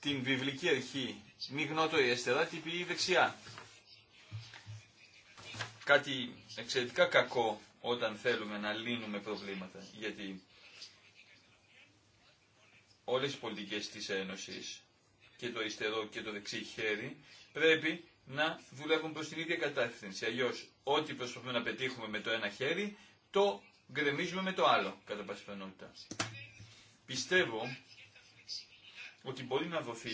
S1: την βιβλική αρχή μη γνώτο η αριστερά, τύπη η δεξιά. Κάτι εξαιρετικά κακό όταν θέλουμε να λύνουμε προβλήματα, γιατί όλες οι πολιτικές της Ένωσης και το αριστερό και το δεξί χέρι πρέπει να δουλεύουν προς την ίδια κατεύθυνση. Αλλιώ ό,τι προσπαθούμε να πετύχουμε με το ένα χέρι το γκρεμίζουμε με το άλλο κατά πάση Πιστεύω ότι μπορεί να δοθεί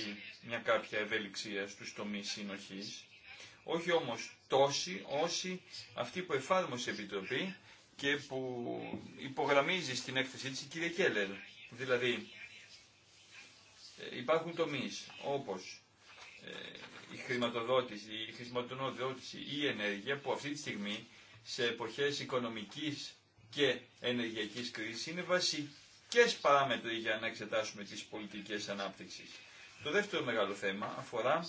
S1: μια κάποια ευελιξία στους τομείς συνοχής, όχι όμως τόση όση αυτή που εφάρμοσε η Επιτροπή και που υπογραμμίζει στην έκθεσή της η κυρία Κέλλερ. Δηλαδή, ε, υπάρχουν τομείς όπως ε, η χρηματοδότηση, η χρηματοδότηση ή η ενέργεια που αυτή τη στιγμή σε εποχές οικονομικής και ενεργειακής κρίσης είναι βασικές παράμετροι για να εξετάσουμε τις πολιτικές ανάπτυξης. Το δεύτερο μεγάλο θέμα αφορά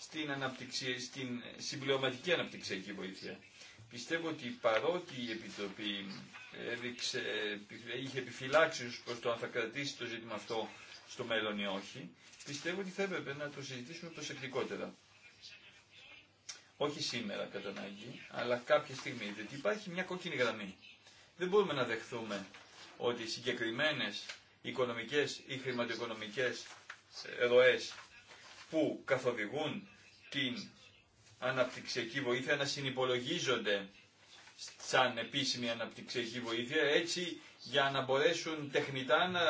S1: στην, αναπτυξη, στην συμπληρωματική αναπτυξιακή βοήθεια. Πιστεύω ότι παρότι η Επιτροπή ε, έδειξε, είχε επιφυλάξει προς το αν θα κρατήσει το ζήτημα αυτό στο μέλλον ή όχι, πιστεύω ότι θα έπρεπε να το συζητήσουμε προσεκτικότερα. Όχι σήμερα κατά ανάγκη, αλλά κάποια στιγμή, διότι υπάρχει μια κόκκινη γραμμή. Δεν μπορούμε να δεχθούμε ότι συγκεκριμένες οικονομικές ή χρηματοοικονομικές ε, ροέ που καθοδηγούν την αναπτυξιακή βοήθεια να συνυπολογίζονται σαν επίσημη αναπτυξιακή βοήθεια, έτσι για να μπορέσουν τεχνητά να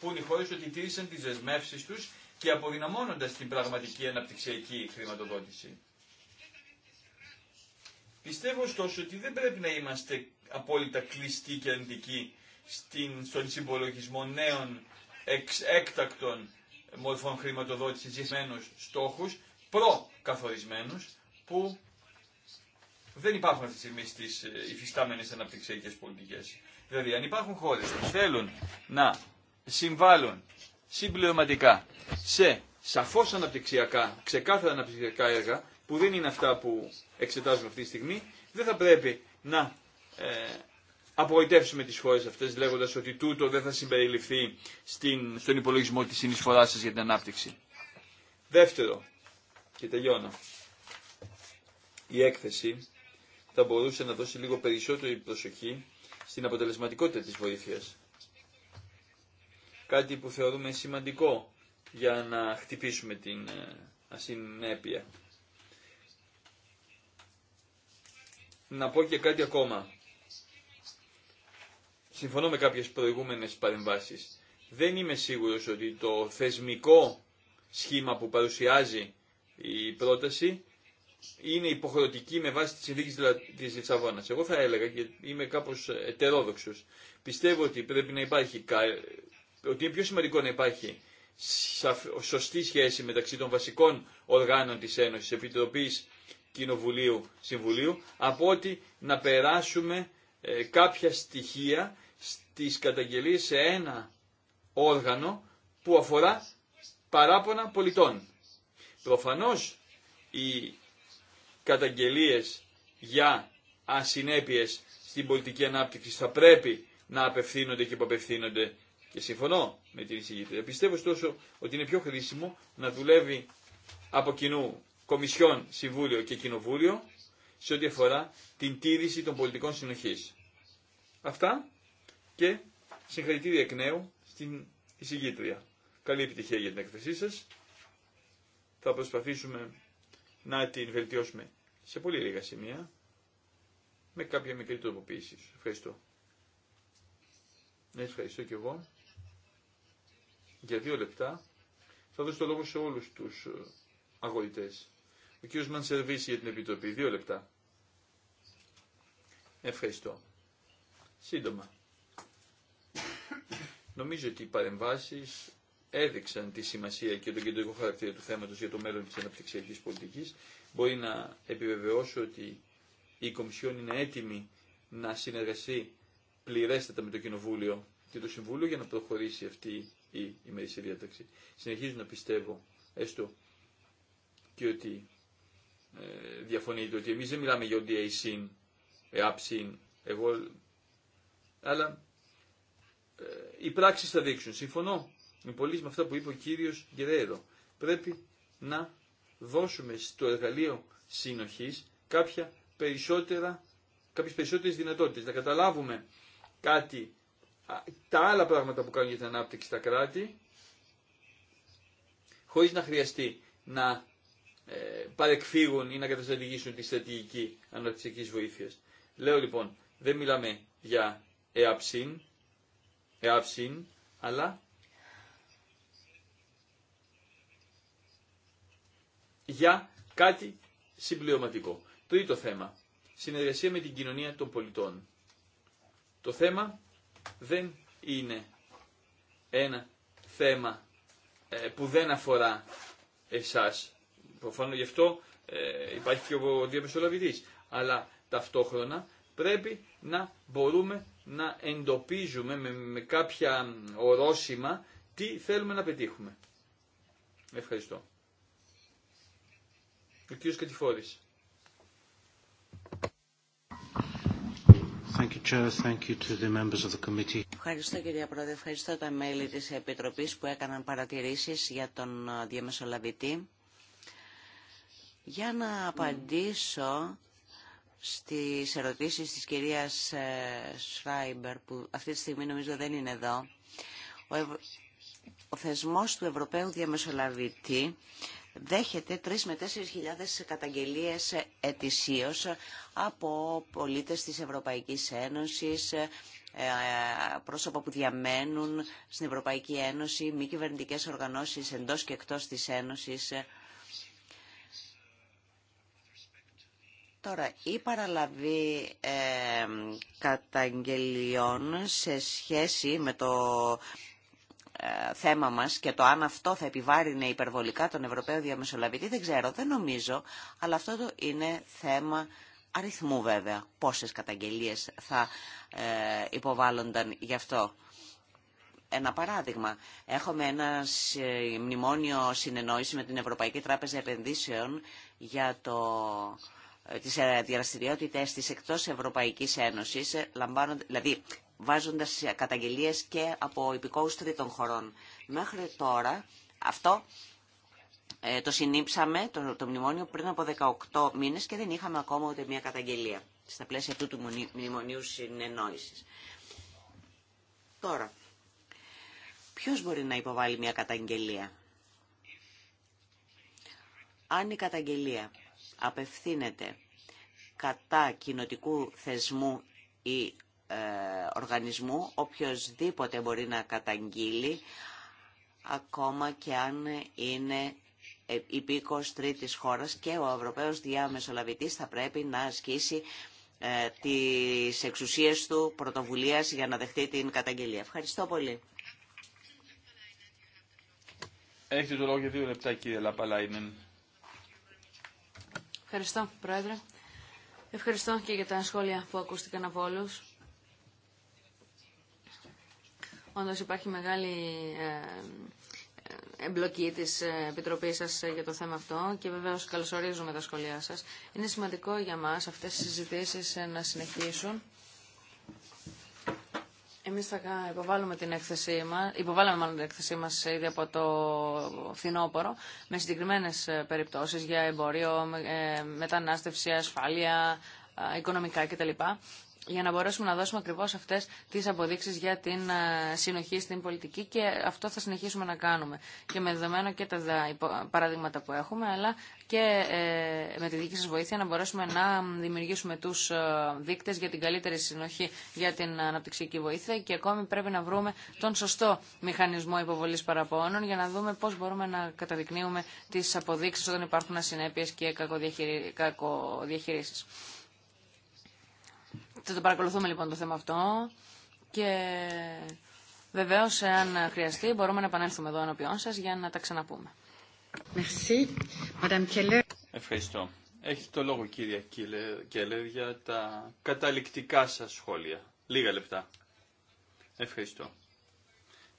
S1: πούν οι χώρε ότι τήρησαν τι δεσμεύσει του και αποδυναμώνοντα την πραγματική αναπτυξιακή χρηματοδότηση. Πιστεύω ωστόσο ότι δεν πρέπει να είμαστε απόλυτα κλειστοί και αρνητικοί στον συμπολογισμό νέων έκτακτων μορφών χρηματοδότησης ζητημένου στόχους, προκαθορισμένους, που δεν υπάρχουν αυτή τη στιγμή στις ε, υφιστάμενες αναπτυξιακές πολιτικές. Δηλαδή, αν υπάρχουν χώρε που θέλουν να συμβάλλουν συμπληρωματικά σε σαφώ αναπτυξιακά, ξεκάθαρα αναπτυξιακά έργα, που δεν είναι αυτά που εξετάζουμε αυτή τη στιγμή, δεν θα πρέπει να ε, απογοητεύσουμε τι χώρε αυτέ λέγοντα ότι τούτο δεν θα συμπεριληφθεί στην, στον υπολογισμό τη συνεισφορά σα για την ανάπτυξη. Δεύτερο, και τελειώνω, η έκθεση θα μπορούσε να δώσει λίγο περισσότερη προσοχή στην αποτελεσματικότητα της βοήθειας. Κάτι που θεωρούμε σημαντικό για να χτυπήσουμε την ε, ασυνέπεια. Να πω και κάτι ακόμα. Συμφωνώ με κάποιες προηγούμενες παρεμβάσεις. Δεν είμαι σίγουρος ότι το θεσμικό σχήμα που παρουσιάζει η πρόταση είναι υποχρεωτική με βάση τη συνθήκη τη Λισαβόνα. Εγώ θα έλεγα γιατί είμαι κάπω ετερόδοξο. Πιστεύω ότι πρέπει να υπάρχει, ότι είναι πιο σημαντικό να υπάρχει σωστή σχέση μεταξύ των βασικών οργάνων της Ένωσης, Επιτροπής Κοινοβουλίου, Συμβουλίου, από ότι να περάσουμε ε, κάποια στοιχεία στις καταγγελίες σε ένα όργανο που αφορά παράπονα πολιτών. Προφανώς η καταγγελίες για ασυνέπειες στην πολιτική ανάπτυξη θα πρέπει να απευθύνονται και που απευθύνονται και συμφωνώ με την εισηγήτρια. Πιστεύω ωστόσο ότι είναι πιο χρήσιμο να δουλεύει από κοινού Κομισιόν, Συμβούλιο και Κοινοβούλιο σε ό,τι αφορά την τήρηση των πολιτικών συνοχής. Αυτά και συγχαρητήρια εκ νέου στην εισηγήτρια. Καλή επιτυχία για την έκθεσή σας. Θα προσπαθήσουμε να την βελτιώσουμε σε πολύ λίγα σημεία με κάποια μικρή τροποποίηση. Ευχαριστώ. Ναι, ευχαριστώ και εγώ. Για δύο λεπτά θα δώσω το λόγο σε όλους τους ε, αγωγητές. Ο κ. Μανσερβίση για την Επιτροπή. Δύο λεπτά. Ευχαριστώ. Σύντομα. Νομίζω ότι οι παρεμβάσεις έδειξαν τη σημασία και τον κεντρικό χαρακτήρα του θέματος για το μέλλον της αναπτυξιακής πολιτικής μπορεί να επιβεβαιώσω ότι η Κομισιόν είναι έτοιμη να συνεργαστεί πληρέστατα με το Κοινοβούλιο και το Συμβούλιο για να προχωρήσει αυτή η ημερήσια διάταξη. Συνεχίζω να πιστεύω έστω και ότι ε, διαφωνείτε ότι εμείς δεν μιλάμε για ODA συν, ΕΑΠ εγώ, αλλά ε, οι πράξεις θα δείξουν. Συμφωνώ με πολλοί με αυτά που είπε ο κύριος Γεραίρο. Πρέπει να δώσουμε στο εργαλείο συνοχής κάποια περισσότερα, κάποιες περισσότερες δυνατότητες. Να καταλάβουμε κάτι, τα άλλα πράγματα που κάνουν για την ανάπτυξη στα κράτη, χωρίς να χρειαστεί να ε, παρεκφύγουν ή να καταστατηγήσουν τη στρατηγική αναπτυξιακής βοήθειας. Λέω λοιπόν, δεν μιλάμε για εαψίν, εαψίν αλλά για κάτι συμπληρωματικό. Τρίτο θέμα. Συνεργασία με την κοινωνία των πολιτών. Το θέμα δεν είναι ένα θέμα ε, που δεν αφορά εσάς. Προφανώς γι' αυτό ε, υπάρχει και ο διαμεσολαβητής. Αλλά ταυτόχρονα πρέπει να μπορούμε να εντοπίζουμε με, με κάποια ορόσημα τι θέλουμε να πετύχουμε. Ευχαριστώ. Ο κύριος Κατηφόρης.
S4: Ευχαριστώ κύριε Πρόεδρε, ευχαριστώ τα μέλη της Επιτροπής που έκαναν παρατηρήσεις για τον διαμεσολαβητή. Για να απαντήσω στις ερωτήσεις της κυρίας Σράιμπερ που αυτή τη στιγμή νομίζω δεν είναι εδώ. Ο, Ευ... Ο θεσμός του Ευρωπαίου Διαμεσολαβητή δέχεται 3 με 4 χιλιάδες καταγγελίες ετησίως από πολίτες της Ευρωπαϊκής Ένωσης, ε, πρόσωπα που διαμένουν στην Ευρωπαϊκή Ένωση, μη κυβερνητικέ οργανώσεις εντός και εκτός της Ένωσης. Τώρα, η παραλαβή ε, καταγγελιών σε σχέση με το ε, θέμα μας και το αν αυτό θα επιβάρυνε υπερβολικά τον Ευρωπαίο Διαμεσολαβητή δεν ξέρω, δεν νομίζω, αλλά αυτό το είναι θέμα αριθμού βέβαια, πόσες καταγγελίες θα ε, υποβάλλονταν γι' αυτό. Ένα παράδειγμα, έχουμε ένα ε, μνημόνιο συνεννόηση με την Ευρωπαϊκή Τράπεζα Επενδύσεων για το τις δραστηριότητε της εκτός Ευρωπαϊκής Ένωσης, δηλαδή βάζοντας καταγγελίες και από υπηκόους τρίτων χωρών. Μέχρι τώρα αυτό ε, το συνήψαμε, το, μνημόνιο, πριν από 18 μήνες και δεν είχαμε ακόμα ούτε μία καταγγελία στα πλαίσια αυτού του μνημονίου συνεννόησης. Τώρα, ποιος μπορεί να υποβάλει μία καταγγελία. Αν η καταγγελία απευθύνεται κατά κοινοτικού θεσμού ή ε, οργανισμού οποιοδήποτε μπορεί να καταγγείλει ακόμα και αν είναι υπήκος τρίτης χώρας και ο Ευρωπαίος Διάμεσολαβητής θα πρέπει να ασκήσει ε, τις εξουσίες του πρωτοβουλίας για να δεχτεί την καταγγελία. Ευχαριστώ πολύ.
S1: Έχετε το λόγο για δύο λεπτά
S4: Ευχαριστώ Πρόεδρε.
S3: Ευχαριστώ και για τα σχόλια που ακούστηκαν από όλους. Όντως υπάρχει μεγάλη ε, ε, εμπλοκή της ε, Επιτροπής σας για το θέμα αυτό και βεβαίως καλωσορίζουμε τα σχολεία σας. Είναι σημαντικό για μας αυτές οι συζητήσεις να συνεχίσουν. Εμείς θα υποβάλουμε την έκθεσή μας, υποβάλαμε μάλλον την έκθεσή μας ήδη από το φθινόπωρο με συγκεκριμένες περιπτώσεις για εμπόριο, μετανάστευση, ασφάλεια, οικονομικά κτλ για να μπορέσουμε να δώσουμε ακριβώ αυτέ τι αποδείξει για την ε, συνοχή στην πολιτική και αυτό θα συνεχίσουμε να κάνουμε και με δεδομένο και τα παραδείγματα που έχουμε αλλά και ε, με τη δική σα βοήθεια να μπορέσουμε να δημιουργήσουμε του ε, δείκτε για την καλύτερη συνοχή για την αναπτυξιακή βοήθεια και ακόμη πρέπει να βρούμε τον σωστό μηχανισμό υποβολή παραπώνων για να δούμε πώ μπορούμε να καταδεικνύουμε τι αποδείξει όταν υπάρχουν ασυνέπειε και κακοδιαχειρήσει. Θα το παρακολουθούμε λοιπόν το θέμα αυτό και βεβαίω αν χρειαστεί μπορούμε να επανέλθουμε εδώ ενώπιόν σα για να τα ξαναπούμε.
S1: Ευχαριστώ. Έχει το λόγο κυρία Κέλλερ για τα καταληκτικά σας σχόλια. Λίγα λεπτά. Ευχαριστώ.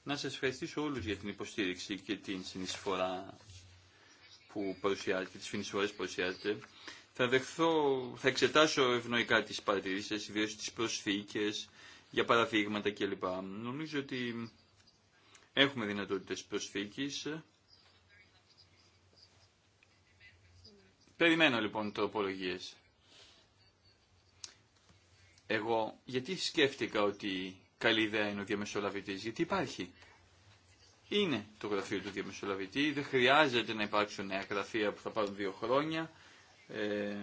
S1: Να σας ευχαριστήσω όλους για την υποστήριξη και την συνεισφορά που παρουσιάζετε, τις συνεισφορές που παρουσιάζετε. Θα, δεχθώ, θα εξετάσω ευνοϊκά τις παρατηρήσεις, ιδίως τις προσφύγκες, για παραδείγματα κλπ. Νομίζω ότι έχουμε δυνατότητες προσθήκη. Περιμένω λοιπόν τροπολογίες. Εγώ γιατί σκέφτηκα ότι καλή ιδέα είναι ο διαμεσολαβητής, γιατί υπάρχει. Είναι το γραφείο του διαμεσολαβητή, δεν χρειάζεται να υπάρξουν νέα γραφεία που θα πάρουν δύο χρόνια. Ε,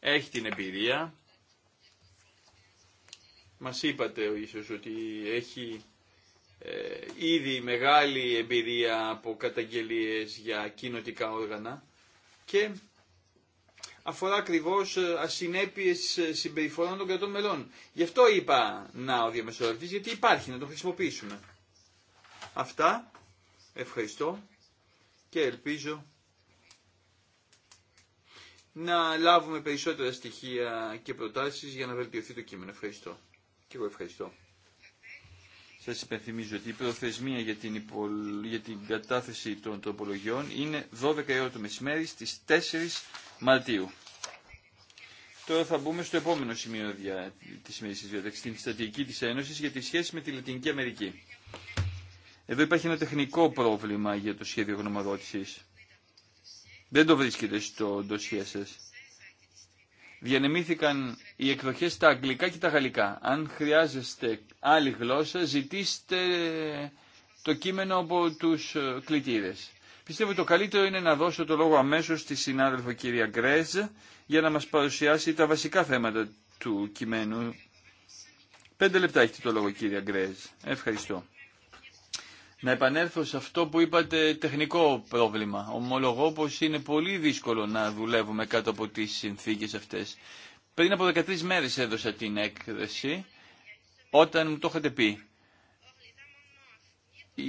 S1: έχει την εμπειρία. Μας είπατε ίσως ότι έχει ε, ήδη μεγάλη εμπειρία από καταγγελίες για κοινοτικά όργανα και αφορά ακριβώς ε, ασυνέπειες συμπεριφορών των κρατών μελών. Γι' αυτό είπα να ο διαμεσολαβητής, γιατί υπάρχει, να το χρησιμοποιήσουμε. Αυτά, ευχαριστώ και ελπίζω να λάβουμε περισσότερα στοιχεία και προτάσεις για να βελτιωθεί το κείμενο. Ευχαριστώ. Και εγώ ευχαριστώ. Σας υπενθυμίζω ότι η προθεσμία για την, για την κατάθεση των τροπολογιών είναι 12 η ώρα το μεσημέρι στις 4 Μαρτίου. Τώρα θα μπούμε στο επόμενο σημείο δια... της σημερινής στην την στρατηγική της Ένωσης για τη σχέση με τη Λατινική Αμερική. Εδώ υπάρχει ένα τεχνικό πρόβλημα για το σχέδιο γνωμοδότησης. Δεν το βρίσκεται στο ντοσχέ σα. Διανεμήθηκαν οι εκδοχές στα αγγλικά και τα γαλλικά. Αν χρειάζεστε άλλη γλώσσα, ζητήστε το κείμενο από τους ε, κλητήρες. Πιστεύω ότι το καλύτερο είναι να δώσω το λόγο αμέσως στη συνάδελφο κυρία Γκρέζ για να μας παρουσιάσει τα βασικά θέματα του κειμένου. Πέντε λεπτά έχετε το λόγο κυρία Γκρέζ. Ευχαριστώ. Να επανέλθω σε αυτό που είπατε τεχνικό πρόβλημα. Ομολογώ πως είναι πολύ δύσκολο να δουλεύουμε κάτω από τις συνθήκες αυτές. Πριν από 13 μέρες έδωσα την έκθεση όταν μου το είχατε πει. Οι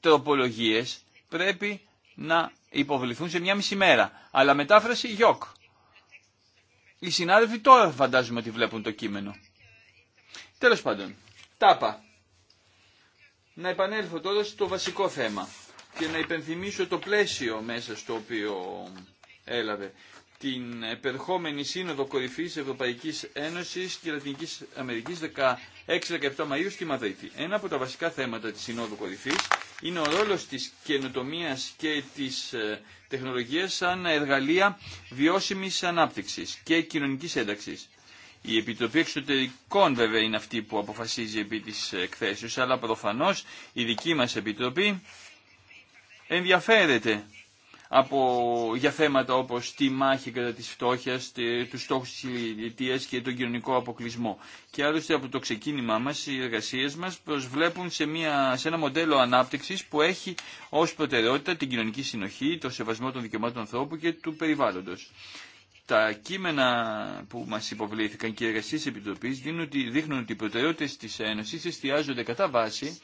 S1: τροπολογίες πρέπει να υποβληθούν σε μια μισή μέρα. Αλλά μετάφραση γιοκ. Οι συνάδελφοι τώρα φαντάζομαι ότι βλέπουν το κείμενο. Τέλος πάντων, τάπα να επανέλθω τώρα στο βασικό θέμα και να υπενθυμίσω το πλαίσιο μέσα στο οποίο έλαβε την επερχόμενη Σύνοδο Κορυφής Ευρωπαϊκής Ένωσης και Λατινικής Αμερικής 16-17 Μαΐου στη Μαδρίτη. Ένα από τα βασικά θέματα της Συνόδου Κορυφής είναι ο ρόλος της καινοτομία και της ε, τεχνολογίας σαν εργαλεία βιώσιμης ανάπτυξης και κοινωνικής ένταξης. Η Επιτροπή Εξωτερικών βέβαια είναι αυτή που αποφασίζει επί της εκθέσεως, αλλά προφανώς η δική μας Επιτροπή ενδιαφέρεται από, για θέματα όπως τη μάχη κατά της φτώχειας, τους στόχους της ηλικίας και τον κοινωνικό αποκλεισμό. Και άλλωστε από το ξεκίνημά μας οι εργασίες μας προσβλέπουν σε, μια, σε ένα μοντέλο ανάπτυξης που έχει ως προτεραιότητα την κοινωνική συνοχή, το σεβασμό των δικαιωμάτων ανθρώπου και του περιβάλλοντος τα κείμενα που μας υποβλήθηκαν και οι εργασίες επιτροπής δείχνουν ότι οι προτεραιότητες της Ένωσης εστιάζονται κατά βάση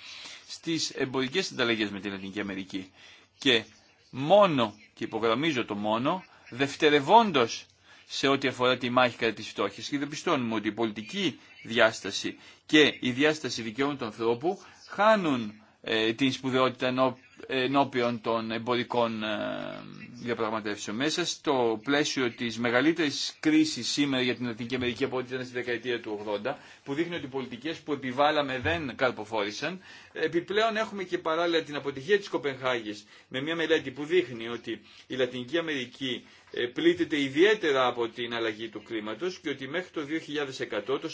S1: στις εμπορικές συνταλλαγές με την Λατινική Αμερική και μόνο, και υπογραμμίζω το μόνο, δευτερευόντως σε ό,τι αφορά τη μάχη κατά της φτώχειας και πιστώνουμε ότι η πολιτική διάσταση και η διάσταση δικαιών του ανθρώπου χάνουν ε, την σπουδαιότητα ενώ ενώπιον των εμπορικών ε, διαπραγματεύσεων. Μέσα στο πλαίσιο τη μεγαλύτερη κρίση σήμερα για την Λατινική Αμερική από ό,τι ήταν στη δεκαετία του 80, που δείχνει ότι οι πολιτικέ που επιβάλαμε δεν καρποφόρησαν, επιπλέον έχουμε και παράλληλα την αποτυχία τη Κοπενχάγη με μια μελέτη που δείχνει ότι η Λατινική Αμερική ε, πλήττεται ιδιαίτερα από την αλλαγή του κλίματο και ότι μέχρι το 2100 το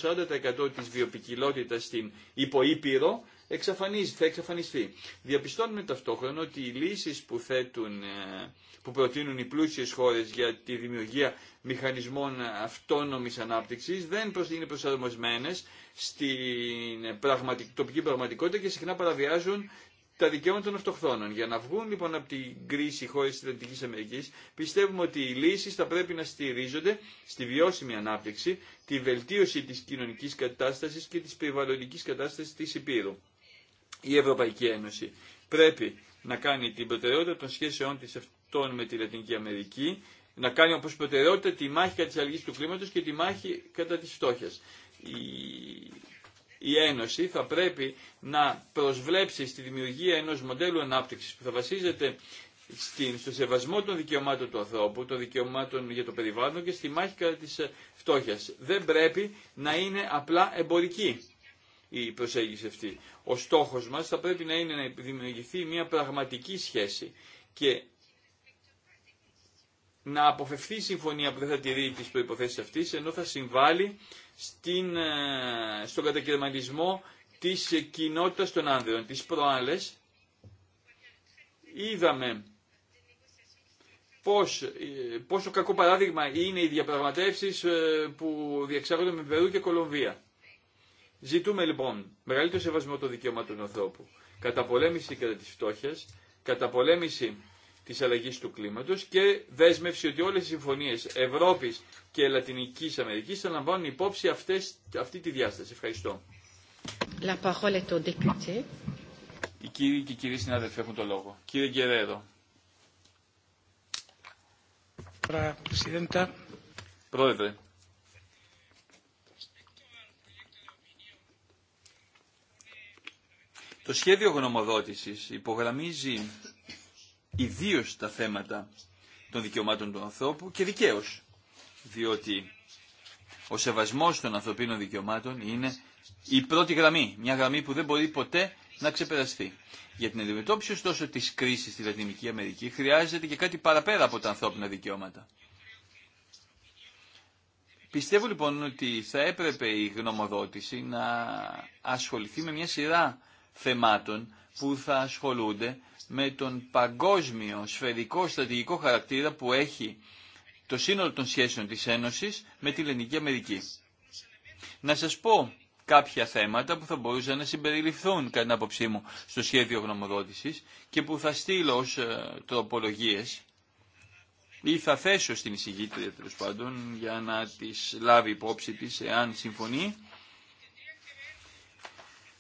S1: 40% της βιοπικιλότητας στην υποήπειρο θα εξαφανιστεί. Διαπιστώνουμε ταυτόχρονα ότι οι λύσεις που, θέτουν, ε, που προτείνουν οι πλούσιες χώρες για τη δημιουργία μηχανισμών αυτόνομης ανάπτυξης δεν είναι προσαρμοσμένες στην πραγματικ τοπική πραγματικότητα και συχνά παραβιάζουν τα δικαιώματα των αυτοχθόνων. Για να βγουν λοιπόν από την κρίση οι χώρε τη Λατινική Αμερική, πιστεύουμε ότι οι λύσει θα πρέπει να στηρίζονται στη βιώσιμη ανάπτυξη, τη βελτίωση τη κοινωνική κατάσταση και τη περιβαλλοντική κατάσταση τη Υπήρου η Ευρωπαϊκή Ένωση. Πρέπει να κάνει την προτεραιότητα των σχέσεών της αυτών με τη Λατινική Αμερική, να κάνει όπως προτεραιότητα τη μάχη κατά της αλλαγής του κλίματος και τη μάχη κατά της φτώχειας. Η, η Ένωση θα πρέπει να προσβλέψει στη δημιουργία ενός μοντέλου ανάπτυξης που θα βασίζεται στο σεβασμό των δικαιωμάτων του ανθρώπου, των δικαιωμάτων για το περιβάλλον και στη μάχη κατά της φτώχειας. Δεν πρέπει να είναι απλά εμπορική η προσέγγιση αυτή. Ο στόχος μας θα πρέπει να είναι να δημιουργηθεί μια πραγματική σχέση και να αποφευθεί η συμφωνία που δεν θα τηρεί τις προϋποθέσεις αυτής, ενώ θα συμβάλλει στην, ε, στον κατακαιρματισμό της κοινότητας των άνδρων. τι προάλλες είδαμε πώς, ε, πόσο κακό παράδειγμα είναι οι διαπραγματεύσεις ε, που διεξάγονται με Περού και Κολομβία. Ζητούμε λοιπόν μεγαλύτερο σεβασμό των δικαιωμάτων του ανθρώπου, καταπολέμηση κατά τη φτώχεια, καταπολέμηση της αλλαγή του κλίματος και δέσμευση ότι όλε οι συμφωνίε Ευρώπης και Λατινική Αμερική θα λαμβάνουν υπόψη αυτές, αυτή τη διάσταση. Ευχαριστώ.
S2: La parole est au député.
S1: Οι κύριοι και οι συνάδελφοι έχουν το λόγο. Κύριε Πρόεδρε. Το σχέδιο γνωμοδότησης υπογραμμίζει ιδίω τα θέματα των δικαιωμάτων του ανθρώπου και δικαίω, διότι ο σεβασμός των ανθρωπίνων δικαιωμάτων είναι η πρώτη γραμμή, μια γραμμή που δεν μπορεί ποτέ να ξεπεραστεί. Για την αντιμετώπιση ωστόσο της κρίσης στη Λατινική Αμερική χρειάζεται και κάτι παραπέρα από τα ανθρώπινα δικαιώματα. Πιστεύω λοιπόν ότι θα έπρεπε η γνωμοδότηση να ασχοληθεί με μια σειρά θεμάτων που θα ασχολούνται με τον παγκόσμιο σφαιρικό στρατηγικό χαρακτήρα που έχει το σύνολο των σχέσεων της Ένωσης με τη Λενική Αμερική. Να σας πω κάποια θέματα που θα μπορούσαν να συμπεριληφθούν κατά την άποψή μου στο σχέδιο γνωμοδότησης και που θα στείλω ως ε, τροπολογίες ή θα θέσω στην εισηγήτρια πάντων για να τις λάβει υπόψη της εάν συμφωνεί.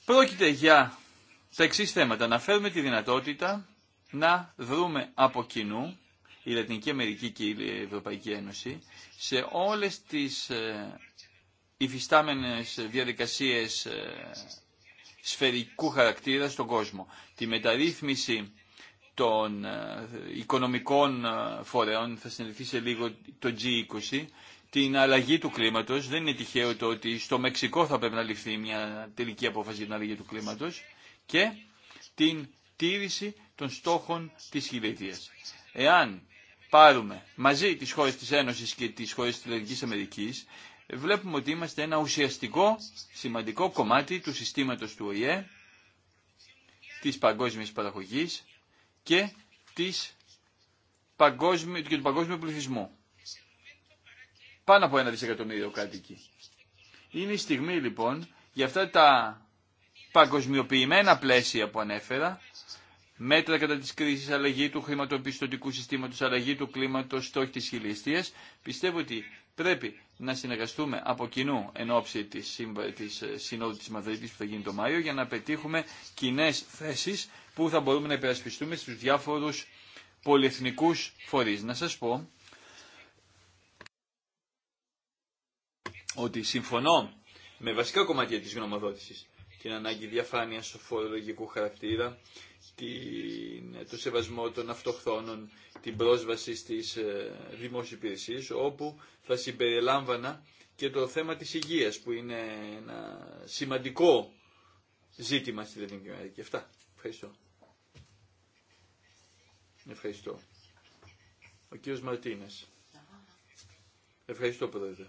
S1: Πρόκειται για στα εξή θέματα. Να φέρουμε τη δυνατότητα να δρούμε από κοινού, η Λατινική Αμερική και η Ευρωπαϊκή Ένωση, σε όλες τις ε, υφιστάμενες διαδικασίες ε, σφαιρικού χαρακτήρα στον κόσμο. Τη μεταρρύθμιση των ε, οικονομικών φορέων, θα συνεχίσει σε λίγο το G20, την αλλαγή του κλίματος. Δεν είναι τυχαίο το ότι στο Μεξικό θα πρέπει να ληφθεί μια τελική απόφαση για την αλλαγή του κλίματος και την τήρηση των στόχων της Χιλίτιας. Εάν πάρουμε μαζί τις χώρες της Ένωσης και τις χώρες της Λατινικής Αμερικής, βλέπουμε ότι είμαστε ένα ουσιαστικό, σημαντικό κομμάτι του συστήματος του ΟΗΕ, της παγκόσμιας παραγωγής και, της και του παγκόσμιου πληθυσμού. Πάνω από ένα δισεκατομμύριο κάτοικοι. Είναι η στιγμή λοιπόν για αυτά τα παγκοσμιοποιημένα πλαίσια που ανέφερα, μέτρα κατά της κρίσης, αλλαγή του χρηματοπιστωτικού συστήματος, αλλαγή του κλίματος, στόχοι της χιλιαστίας, πιστεύω ότι πρέπει να συνεργαστούμε από κοινού εν ώψη της, ε, Συνόδου της Μαδρίτης που θα γίνει το Μάιο για να πετύχουμε κοινέ θέσεις που θα μπορούμε να υπερασπιστούμε στους διάφορους πολυεθνικούς φορείς. Να σας πω ότι συμφωνώ με βασικά κομμάτια της γνωμοδότησης την ανάγκη διαφάνειας φορολογικού χαρακτήρα, την, το σεβασμό των αυτοχθόνων, την πρόσβαση στις ε, δημόσιες υπηρεσίες, όπου θα συμπεριλάμβανα και το θέμα της υγείας, που είναι ένα σημαντικό ζήτημα στη Λατινική και Αυτά. Ευχαριστώ. Ευχαριστώ. Ο κύριος Μαρτίνες. Ευχαριστώ, Πρόεδρε.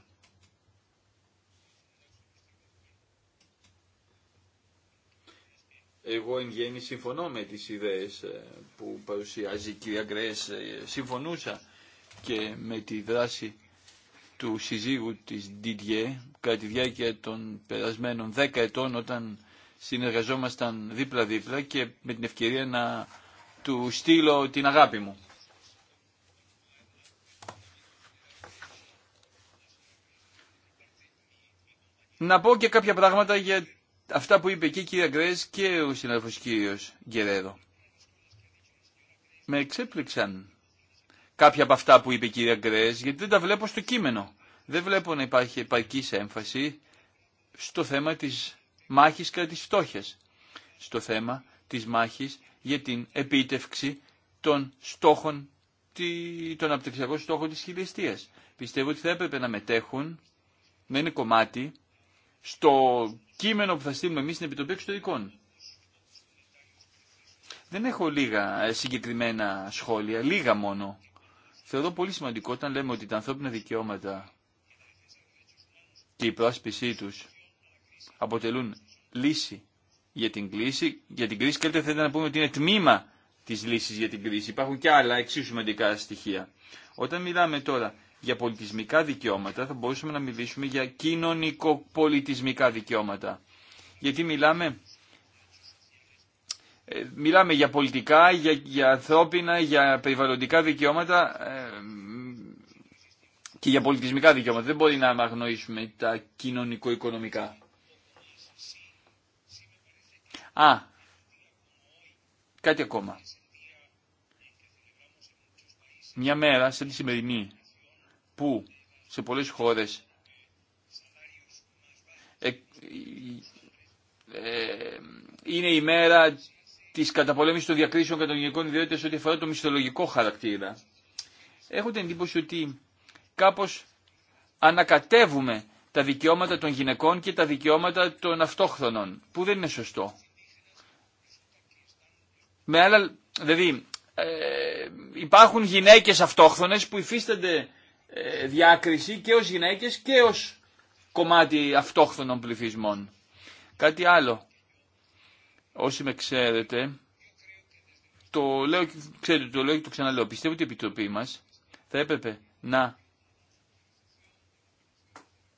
S1: Εγώ εν γέννη συμφωνώ με τις ιδέες ε, που παρουσιάζει η κυρία Γκρέες. Συμφωνούσα και με τη δράση του συζύγου της Didier κατά τη διάρκεια των περασμένων 10 ετών όταν συνεργαζόμασταν δίπλα-δίπλα και με την ευκαιρία να του στείλω την αγάπη μου. Να πω και κάποια πράγματα για αυτά που είπε και η κυρία Γκρέζ και ο συνάδελφος κύριος Γκερέρο. Με εξέπληξαν κάποια από αυτά που είπε η κυρία Γκρέζ, γιατί δεν τα βλέπω στο κείμενο. Δεν βλέπω να υπάρχει επαρκή έμφαση στο θέμα της μάχης κατά της φτώχειας, στο θέμα της μάχης για την επίτευξη των στόχων, των απτυξιακών στόχων της χιλιεστίας. Πιστεύω ότι θα έπρεπε να μετέχουν, να είναι κομμάτι, στο κείμενο που θα στείλουμε εμείς στην Επιτροπή Εξωτερικών. Δεν έχω λίγα ε, συγκεκριμένα σχόλια, λίγα μόνο. Θεωρώ πολύ σημαντικό όταν λέμε ότι τα ανθρώπινα δικαιώματα και η πρόσπισή τους αποτελούν λύση για την κρίση. Για την κρίση καλύτερα θέλετε να πούμε ότι είναι τμήμα της λύσης για την κρίση. Υπάρχουν και άλλα εξίσου σημαντικά στοιχεία. Όταν μιλάμε τώρα για πολιτισμικά δικαιώματα, θα μπορούσαμε να μιλήσουμε για κοινωνικοπολιτισμικά δικαιώματα. Γιατί μιλάμε, ε, μιλάμε για πολιτικά, για, για ανθρώπινα, για περιβαλλοντικά δικαιώματα ε, και για πολιτισμικά δικαιώματα. Δεν μπορεί να αγνοήσουμε τα κοινωνικο-οικονομικά. Α, κάτι ακόμα. Μια μέρα, σαν τη σημερινή, που σε πολλές χώρες ε, ε, είναι η μέρα της καταπολέμησης των διακρίσεων κατά των γυναικών ιδιότητες ό,τι αφορά το μισθολογικό χαρακτήρα. Έχω την εντύπωση ότι κάπως ανακατεύουμε τα δικαιώματα των γυναικών και τα δικαιώματα των αυτόχθονων, που δεν είναι σωστό. Με άλλα, δηλαδή, ε, υπάρχουν γυναίκες αυτόχθονες που υφίστανται ε, διάκριση και ως γυναίκες και ως κομμάτι αυτόχθονων πληθυσμών. Κάτι άλλο. Όσοι με ξέρετε, το λέω, ξέρετε, το λέω και το ξαναλέω. Πιστεύω ότι η Επιτροπή μας θα έπρεπε να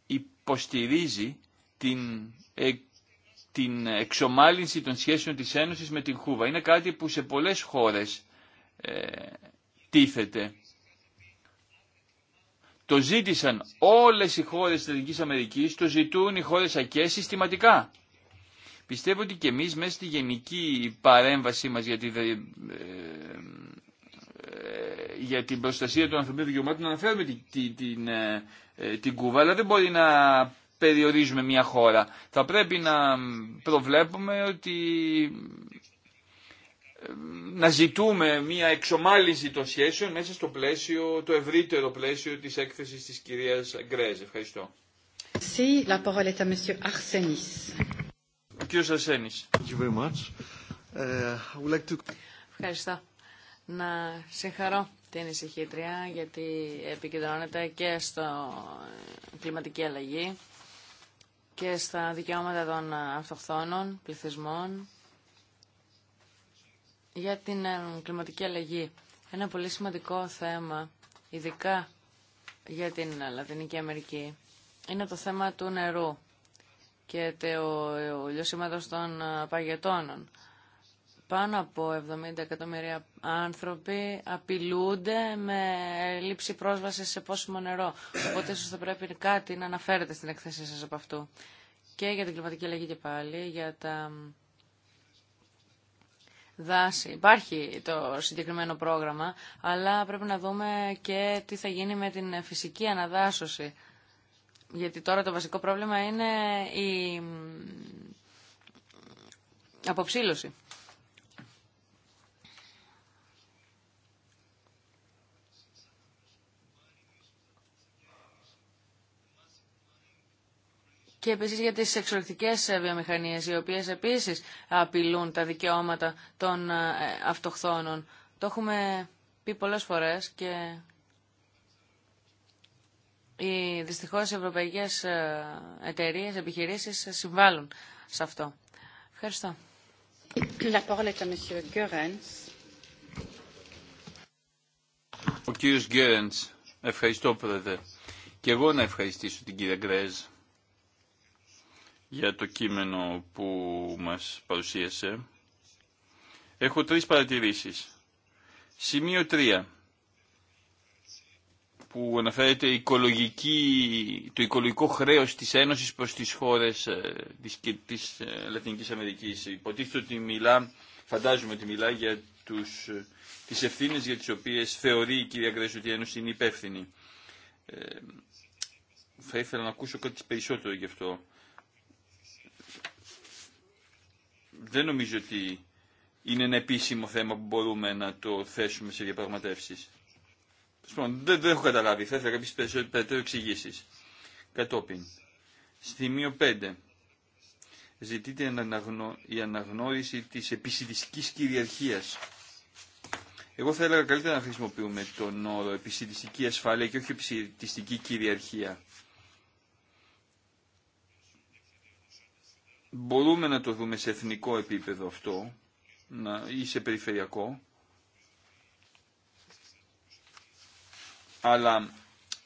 S1: υποστηρίζει την, ε, την εξομάλυνση των σχέσεων της Ένωσης με την Χούβα. Είναι κάτι που σε πολλές χώρες ε, τίθεται. Το ζήτησαν όλες οι χώρες της Ελληνικής Αμερικής, το ζητούν οι χώρες ΑΚΕ συστηματικά. Πιστεύω ότι και εμείς μέσα στη γενική παρέμβασή μας για, τη, ε, ε την προστασία των ανθρωπίνων δικαιωμάτων αναφέρουμε την, την, ε, ε, την Κούβα, αλλά δεν μπορεί να περιορίζουμε μια χώρα. Θα πρέπει να προβλέπουμε ότι να ζητούμε μια εξομάλυνση των σχέσεων μέσα στο πλαίσιο, το ευρύτερο πλαίσιο της έκθεσης της κυρίας Γκρέζ. Ευχαριστώ. La Κύριος Thank you very much. Ε, would like to...
S2: Ευχαριστώ. Να
S3: συγχαρώ την ησυχήτρια γιατί επικεντρώνεται και στο κλιματική αλλαγή και στα δικαιώματα των αυτοχθόνων πληθυσμών για την ε, κλιματική αλλαγή. Ένα πολύ σημαντικό θέμα, ειδικά για την ε, Λατινική Αμερική, είναι το θέμα του νερού και το ε, λιωσίματος των παγετώνων. Πάνω από 70 εκατομμύρια άνθρωποι απειλούνται με λήψη πρόσβαση σε πόσιμο νερό. Οπότε ίσως θα πρέπει κάτι να αναφέρετε στην εκθέσή σας από αυτού. Και για την κλιματική αλλαγή και πάλι, για τα δάση. Υπάρχει το συγκεκριμένο πρόγραμμα, αλλά πρέπει να δούμε και τι θα γίνει με την φυσική αναδάσωση. Γιατί τώρα το βασικό πρόβλημα είναι η αποψήλωση. και επίσης για τις σεξουαλικές ε, βιομηχανίες, οι οποίες επίσης απειλούν τα δικαιώματα των ε, αυτοχθόνων. Το έχουμε πει πολλές φορές και οι δυστυχώς οι ευρωπαϊκές ε, εταιρείες, επιχειρήσεις συμβάλλουν σε αυτό.
S2: Ευχαριστώ.
S1: Ο κύριος Γκέρεντς, ευχαριστώ πρόεδρε. Και εγώ να ευχαριστήσω την κυρία Γκρέζ για το κείμενο που μας παρουσίασε. Έχω τρεις παρατηρήσεις. Σημείο 3 που αναφέρεται οικολογική, το οικολογικό χρέος της Ένωσης προς τις χώρες ε, της, της ε, Λατινικής Αμερικής. Υποτίθεται ότι μιλά, φαντάζομαι ότι μιλά για τους, ε, τις ευθύνες για τις οποίες θεωρεί η κυρία Γκρέσου ότι η Ένωση είναι υπεύθυνη. θα ήθελα να ακούσω κάτι περισσότερο γι' αυτό. δεν νομίζω ότι είναι ένα επίσημο θέμα που μπορούμε να το θέσουμε σε διαπραγματεύσεις. Λοιπόν, δεν, έχω καταλάβει. Θα ήθελα κάποιες περισσότερες εξηγήσει. Κατόπιν. Σημείο 5. Ζητείται η αναγνώριση της επισητιστικής κυριαρχίας. Εγώ θα έλεγα καλύτερα να χρησιμοποιούμε τον όρο επισητιστική ασφάλεια και όχι επισητιστική κυριαρχία. μπορούμε να το δούμε σε εθνικό επίπεδο αυτό να, ή σε περιφερειακό αλλά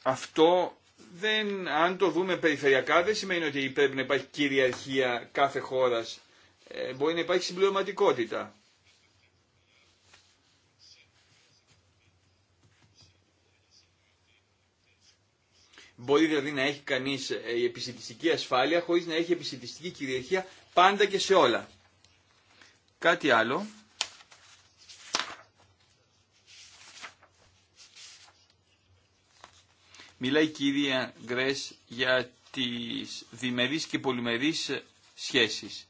S1: αυτό δεν, αν το δούμε περιφερειακά δεν σημαίνει ότι πρέπει να υπάρχει κυριαρχία κάθε χώρας ε, μπορεί να υπάρχει συμπληρωματικότητα Μπορεί δηλαδή να έχει κανείς ε, επιστημιστική ασφάλεια χωρίς να έχει επιστημιστική κυριαρχία πάντα και σε όλα. Κάτι άλλο. Μιλάει η κυρία Γκρέ για τις διμερείς και πολυμερείς σχέσεις.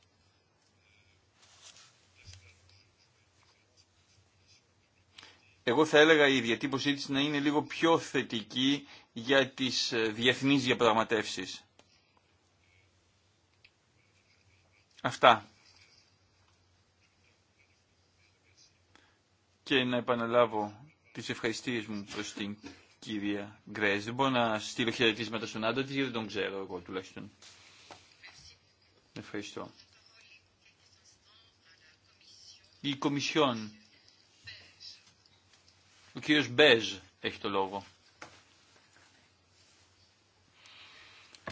S1: Εγώ θα έλεγα η διατύπωσή της να είναι λίγο πιο θετική για τις ε, διεθνείς διαπραγματεύσεις. Αυτά. Και να επαναλάβω τις ευχαριστίες μου προς την κυρία Γκρέζ. Δεν μπορώ να στείλω χαιρετίσματα στον άντρα της, γιατί δεν τον ξέρω εγώ τουλάχιστον. Ευχαριστώ. Η Κομισιόν. Ο κύριος Μπέζ έχει το λόγο.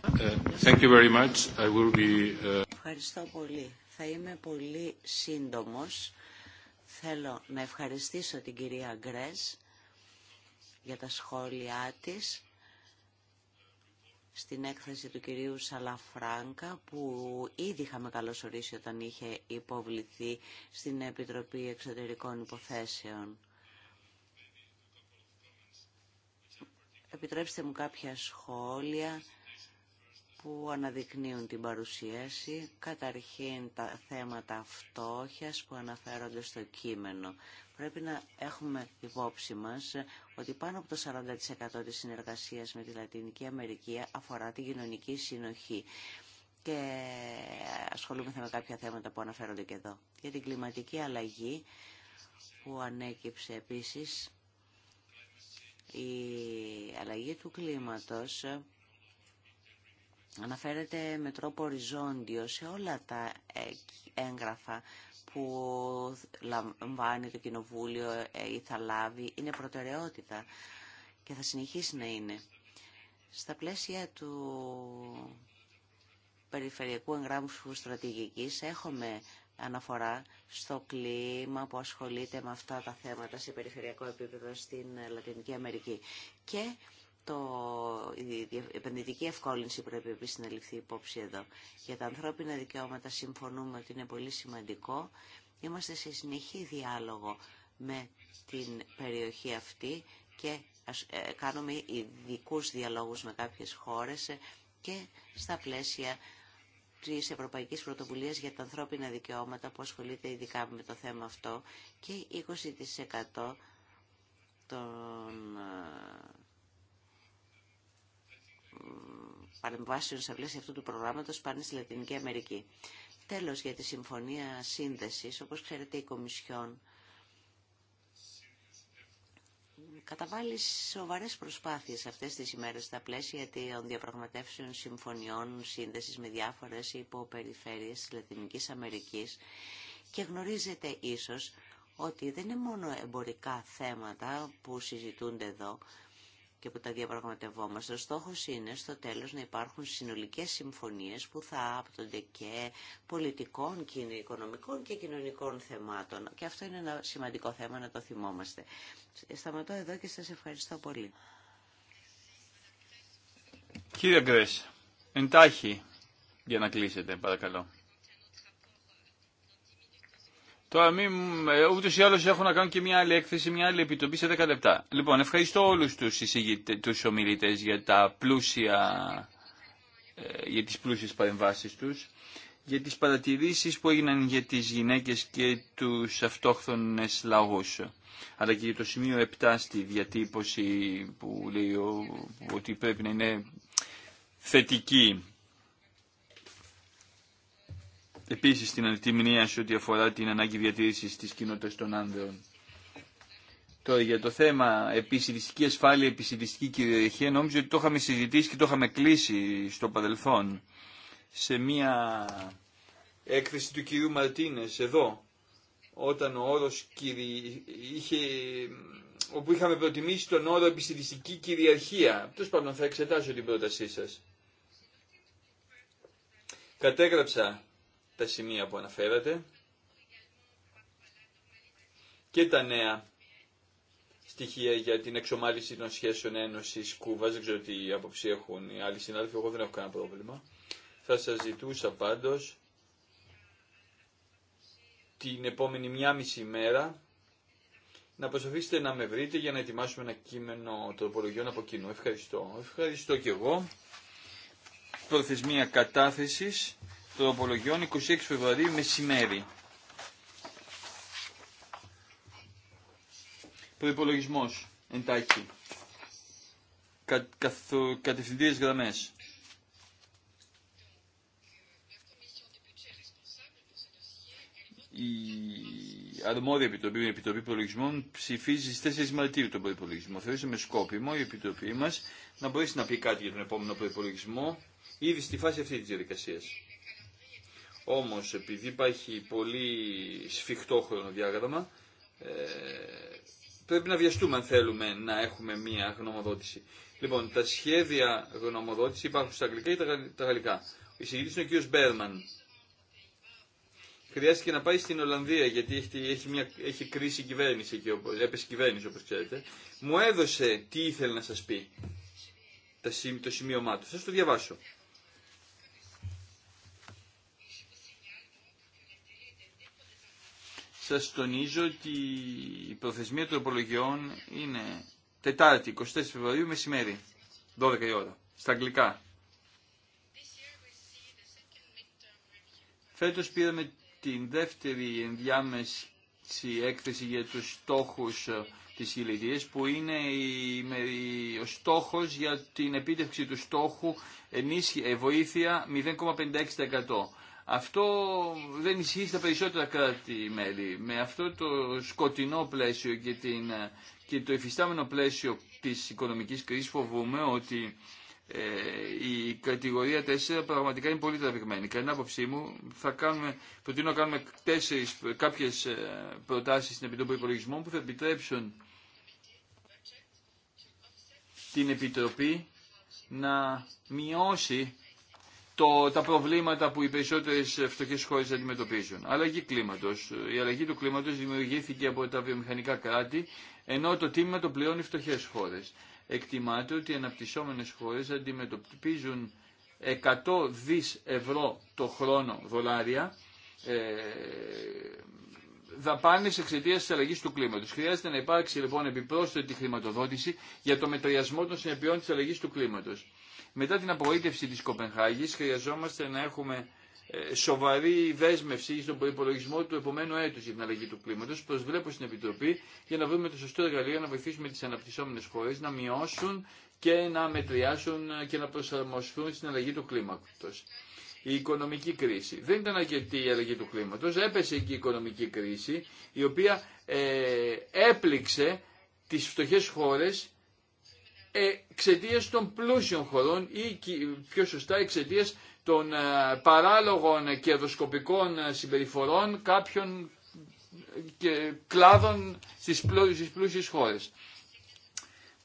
S1: Uh,
S4: Ευχαριστώ πολύ. Θα είμαι πολύ σύντομος. Θέλω να ευχαριστήσω την κυρία Γκρές για τα σχόλιά της στην έκθεση του κυρίου Σαλαφράγκα που ήδη είχαμε καλωσορίσει όταν είχε υποβληθεί στην Επιτροπή Εξωτερικών Υποθέσεων. Επιτρέψτε μου κάποια σχόλια που αναδεικνύουν την παρουσίαση, καταρχήν τα θέματα φτώχειας που αναφέρονται στο κείμενο. Πρέπει να έχουμε υπόψη μας ότι πάνω από το 40% της συνεργασίας με τη Λατινική Αμερική αφορά τη κοινωνική συνοχή και ασχολούμεθα με κάποια θέματα που αναφέρονται και εδώ. Για την κλιματική αλλαγή που ανέκυψε επίσης η αλλαγή του κλίματος αναφέρεται με τρόπο οριζόντιο σε όλα τα έγγραφα που λαμβάνει το Κοινοβούλιο ε, ή θα λάβει. Είναι προτεραιότητα και θα συνεχίσει να είναι. Στα πλαίσια του περιφερειακού εγγράμμου στρατηγικής έχουμε αναφορά στο κλίμα που ασχολείται με αυτά τα θέματα σε περιφερειακό επίπεδο στην Λατινική Αμερική. Και το, η επενδυτική ευκόλυνση πρέπει επίσης να ληφθεί υπόψη εδώ. Για τα ανθρώπινα δικαιώματα συμφωνούμε ότι είναι πολύ σημαντικό. Είμαστε σε συνεχή διάλογο με την περιοχή αυτή και ε, κάνουμε ειδικού διαλόγους με κάποιες χώρες ε, και στα πλαίσια της Ευρωπαϊκής Πρωτοβουλίας για τα ανθρώπινα δικαιώματα που ασχολείται ειδικά με το θέμα αυτό και 20% των ε, παρεμβάσεων σε πλαίσια αυτού του προγράμματος πάνε στη Λατινική Αμερική. Τέλος, για τη Συμφωνία Σύνδεσης, όπως ξέρετε η Κομισιόν καταβάλει σοβαρές προσπάθειες αυτές τις ημέρες στα πλαίσια των διαπραγματεύσεων συμφωνιών σύνδεσης με διάφορες υποπεριφέρειες της Λατινικής Αμερικής και γνωρίζετε ίσως ότι δεν είναι μόνο εμπορικά θέματα που συζητούνται εδώ, που τα διαπραγματευόμαστε. Ο στόχος είναι στο τέλος να υπάρχουν συνολικές συμφωνίες που θα άπτονται και πολιτικών, και οικονομικών και κοινωνικών θεμάτων. Και αυτό είναι ένα σημαντικό θέμα να το θυμόμαστε. Σταματώ εδώ και σα ευχαριστώ πολύ.
S1: Κύριε Γκρέσ, εντάχει για να κλείσετε, παρακαλώ. Τώρα μην, ε, ούτως ή άλλως έχω να κάνω και μια άλλη έκθεση, μια άλλη επιτροπή σε 10 λεπτά. Λοιπόν, ευχαριστώ όλους τους, τους ομιλητές για τα πλούσια, ε, για τις πλούσιες παρεμβάσεις τους, για τις παρατηρήσεις που έγιναν για τις γυναίκες και τους αυτόχθονες λαούς. Αλλά και για το σημείο 7 στη διατύπωση που λέει ότι πρέπει να είναι θετική επίσης την ανοιχτή σε ό,τι αφορά την ανάγκη διατήρησης της κοινότητας των άνδρων. Τώρα για το θέμα επισυντιστική ασφάλεια, επισυντιστική κυριαρχία, νόμιζα ότι το είχαμε συζητήσει και το είχαμε κλείσει στο παρελθόν σε μια έκθεση του κυρίου Μαρτίνες εδώ, όταν ο όρος κυρι... είχε... όπου είχαμε προτιμήσει τον όρο επισυντιστική κυριαρχία. Τέλος πάντων θα εξετάσω την πρότασή σας. Κατέγραψα τα σημεία που αναφέρατε και τα νέα στοιχεία για την εξομάλυση των σχέσεων Ένωση Κούβα. Δεν ξέρω τι άποψη έχουν οι άλλοι συνάδελφοι. Εγώ δεν έχω κανένα πρόβλημα. Θα σα ζητούσα πάντω την επόμενη μία μισή μέρα να προσπαθήσετε να με βρείτε για να ετοιμάσουμε ένα κείμενο τροπολογιών από κοινού. Ευχαριστώ. Ευχαριστώ και εγώ. Προθεσμία κατάθεσης απολογιών 26 Φεβρουαρίου μεσημέρι. Προπολογισμό. Εντάχει. Κα, κατευθυντήριε γραμμέ. Η αρμόδια επιτροπή, η Επιτροπή Προλογισμών, ψηφίζει στι 4 Μαρτίου τον προπολογισμό. Θεωρήσαμε σκόπιμο η Επιτροπή μα να μπορέσει να πει κάτι για τον επόμενο προπολογισμό ήδη στη φάση αυτή τη διαδικασία. Όμως επειδή υπάρχει πολύ σφιχτό χρονοδιάγραμμα ε, πρέπει να βιαστούμε αν θέλουμε να έχουμε μία γνωμοδότηση. Λοιπόν, τα σχέδια γνωμοδότηση υπάρχουν στα αγγλικά ή τα γαλλικά. Ο εισηγητής είναι ο κ. Μπέρμαν. Χρειάστηκε να πάει στην Ολλανδία γιατί έχει, μια, έχει κρίση κυβέρνηση εκεί, έπεσε κυβέρνηση όπως ξέρετε. Μου έδωσε τι ήθελε να σας πει το σημείωμά του. Σας το διαβάσω. σας τονίζω ότι η προθεσμία των υπολογιών είναι Τετάρτη, 24 Φεβρουαρίου, μεσημέρι, 12 η ώρα, στα αγγλικά. Φέτος πήραμε την δεύτερη ενδιάμεση έκθεση για τους στόχους της χιλιετίας που είναι η, ο στόχος για την επίτευξη του στόχου ενίσχυ, βοήθεια 0,56%. Αυτό δεν ισχύει στα περισσότερα κράτη-μέλη. Με αυτό το σκοτεινό πλαίσιο και, την, και το υφιστάμενο πλαίσιο της οικονομικής κρίσης φοβούμε ότι ε, η κατηγορία 4 πραγματικά είναι πολύ τραβηγμένη. Κατά την άποψή μου, θα κάνουμε, προτείνω να κάνουμε τέσσερις, κάποιες ε, προτάσεις στην Επιτροπή Υπολογισμών που θα επιτρέψουν την Επιτροπή να μειώσει το, τα προβλήματα που οι περισσότερε φτωχέ χώρε αντιμετωπίζουν. Αλλαγή κλίματο. Η αλλαγή του κλίματο δημιουργήθηκε από τα βιομηχανικά κράτη, ενώ το τίμημα το πληρώνει οι φτωχέ χώρε. Εκτιμάται ότι οι αναπτυσσόμενε χώρε αντιμετωπίζουν 100 δις ευρώ το χρόνο δολάρια ε, δαπάνε εξαιτία τη αλλαγή του κλίματο. Χρειάζεται να υπάρξει λοιπόν επιπρόσθετη χρηματοδότηση για το μετριασμό των συνεπειών τη αλλαγή του κλίματο. Μετά την απογοήτευση της Κοπενχάγης χρειαζόμαστε να έχουμε ε, σοβαρή δέσμευση στον προπολογισμό του επομένου έτους για την αλλαγή του κλίματο. Προσβλέπω στην Επιτροπή για να βρούμε το σωστό εργαλείο να βοηθήσουμε τις αναπτυσσόμενες χώρες να μειώσουν και να μετριάσουν και να προσαρμοστούν στην αλλαγή του κλίματος. Η οικονομική κρίση. Δεν ήταν αρκετή η αλλαγή του κλίματος. Έπεσε και η οικονομική κρίση η οποία ε, έπληξε τι φτωχέ χώρε εξαιτία των πλούσιων χωρών ή πιο σωστά εξαιτία των ε, παράλογων κερδοσκοπικών ε, συμπεριφορών κάποιων και ε, κλάδων στις πλούσιες χώρες.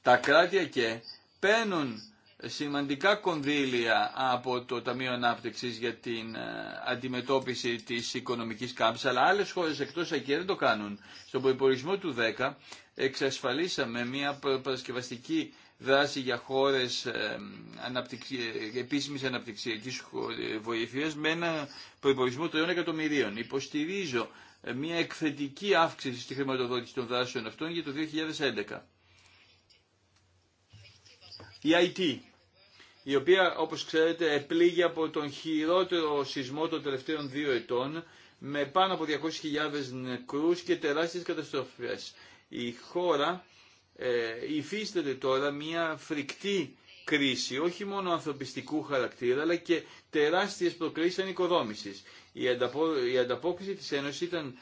S1: Τα κράτη και παίρνουν σημαντικά κονδύλια από το Ταμείο Ανάπτυξης για την αντιμετώπιση της οικονομικής κάμψης, αλλά άλλες χώρες εκτός ΑΚΕ δεν το κάνουν. Στον προϋπορισμό του 10 εξασφαλίσαμε μια προπαρασκευαστική δράση για χώρες ε, επίσημης αναπτυξιακής ε, βοήθειας με ένα προϋπορισμό 3 εκατομμυρίων. Υποστηρίζω ε, μια εκθετική αύξηση στη χρηματοδότηση των δράσεων αυτών για το 2011. Η IT, η οποία όπως ξέρετε επλήγει από τον χειρότερο σεισμό των τελευταίων δύο ετών με πάνω από 200.000 νεκρούς και τεράστιες καταστροφές. Η χώρα ε, υφίσταται τώρα μια φρικτή κρίση, όχι μόνο ανθρωπιστικού χαρακτήρα, αλλά και τεράστιες προκλήσεις ανοικοδόμησης. Η, ανταπο, η ανταπόκριση της Ένωσης ήταν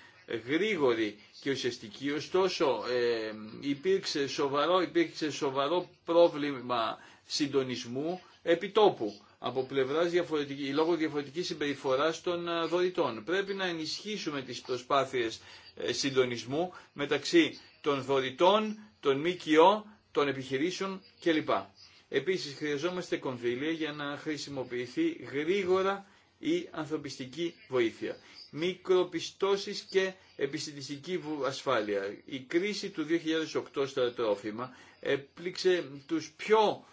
S1: γρήγορη και ουσιαστική, ωστόσο ε, υπήρξε, σοβαρό, υπήρξε σοβαρό πρόβλημα συντονισμού επιτόπου από πλευρά διαφορετική, λόγω διαφορετική συμπεριφορά των ε, δωρητών. Πρέπει να ενισχύσουμε τι προσπάθειε ε, συντονισμού μεταξύ των δωρητών, των ΜΚΟ, των επιχειρήσεων κλπ. Επίσης χρειαζόμαστε κονδύλια για να χρησιμοποιηθεί γρήγορα η ανθρωπιστική βοήθεια. Μικροπιστώσεις και επιστημιστική ασφάλεια. Η κρίση του 2008 στα τρόφιμα έπληξε τους πιο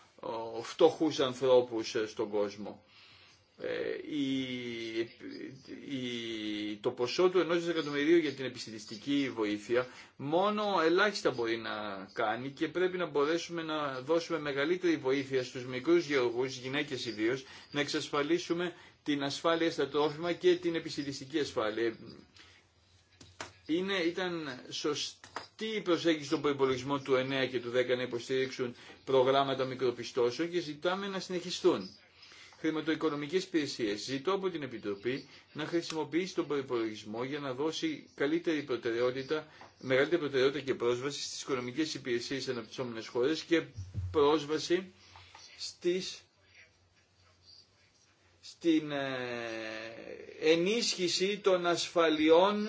S1: φτωχούς ανθρώπους ε, στον κόσμο. Ε, το ποσό του ενός δισεκατομμυρίου για την επιστημιστική βοήθεια μόνο ελάχιστα μπορεί να κάνει και πρέπει να μπορέσουμε να δώσουμε μεγαλύτερη βοήθεια στους μικρούς γεωργούς, γυναίκες ιδίω να εξασφαλίσουμε την ασφάλεια στα τρόφιμα και την επιστημιστική ασφάλεια. Είναι, ήταν σωστή η προσέγγιση των προϋπολογισμών του 9 και του 10 να υποστηρίξουν προγράμματα μικροπιστώσεων και ζητάμε να συνεχιστούν χρηματοοικονομικές υπηρεσίες. Ζητώ από την Επιτροπή να χρησιμοποιήσει τον προπολογισμό για να δώσει καλύτερη προτεραιότητα, μεγαλύτερη προτεραιότητα και πρόσβαση στις οικονομικές υπηρεσίες σε αναπτυσσόμενες χώρες και πρόσβαση στις, στην ε, ενίσχυση των ασφαλιών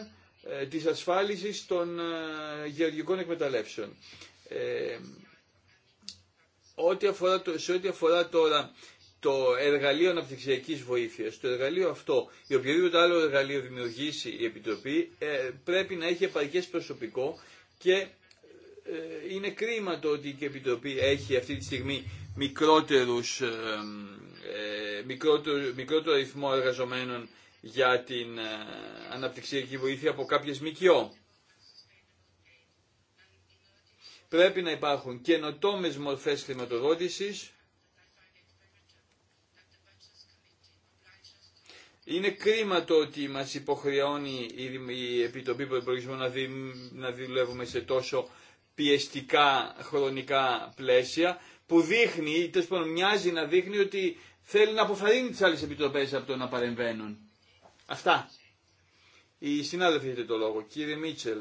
S1: ε, της ασφάλισης των ε, γεωργικών εκμεταλλεύσεων. σε ό,τι αφορά τώρα το εργαλείο αναπτυξιακή βοήθεια, το εργαλείο αυτό ή οποιοδήποτε άλλο εργαλείο δημιουργήσει η Επιτροπή ε, πρέπει να έχει επαρκέ προσωπικό και ε, είναι κρίμα το ότι η Επιτροπή έχει αυτή τη στιγμή μικρότερους, ε, μικρότερο, μικρότερο αριθμό εργαζομένων για την αναπτυξιακή βοήθεια από κάποιες ΜΚΟ. Πρέπει να υπάρχουν καινοτόμε μορφέ χρηματοδότηση. Είναι κρίμα το ότι μα υποχρεώνει η Επιτροπή Προπολογισμού να, δι, να δουλεύουμε σε τόσο πιεστικά χρονικά πλαίσια που δείχνει, ή τέλο πάντων μοιάζει να δείχνει ότι θέλει να αποφαρύνει τι άλλε επιτροπέ από το να παρεμβαίνουν. Αυτά. Οι συνάδελφοι έχετε το λόγο. Κύριε Μίτσελ.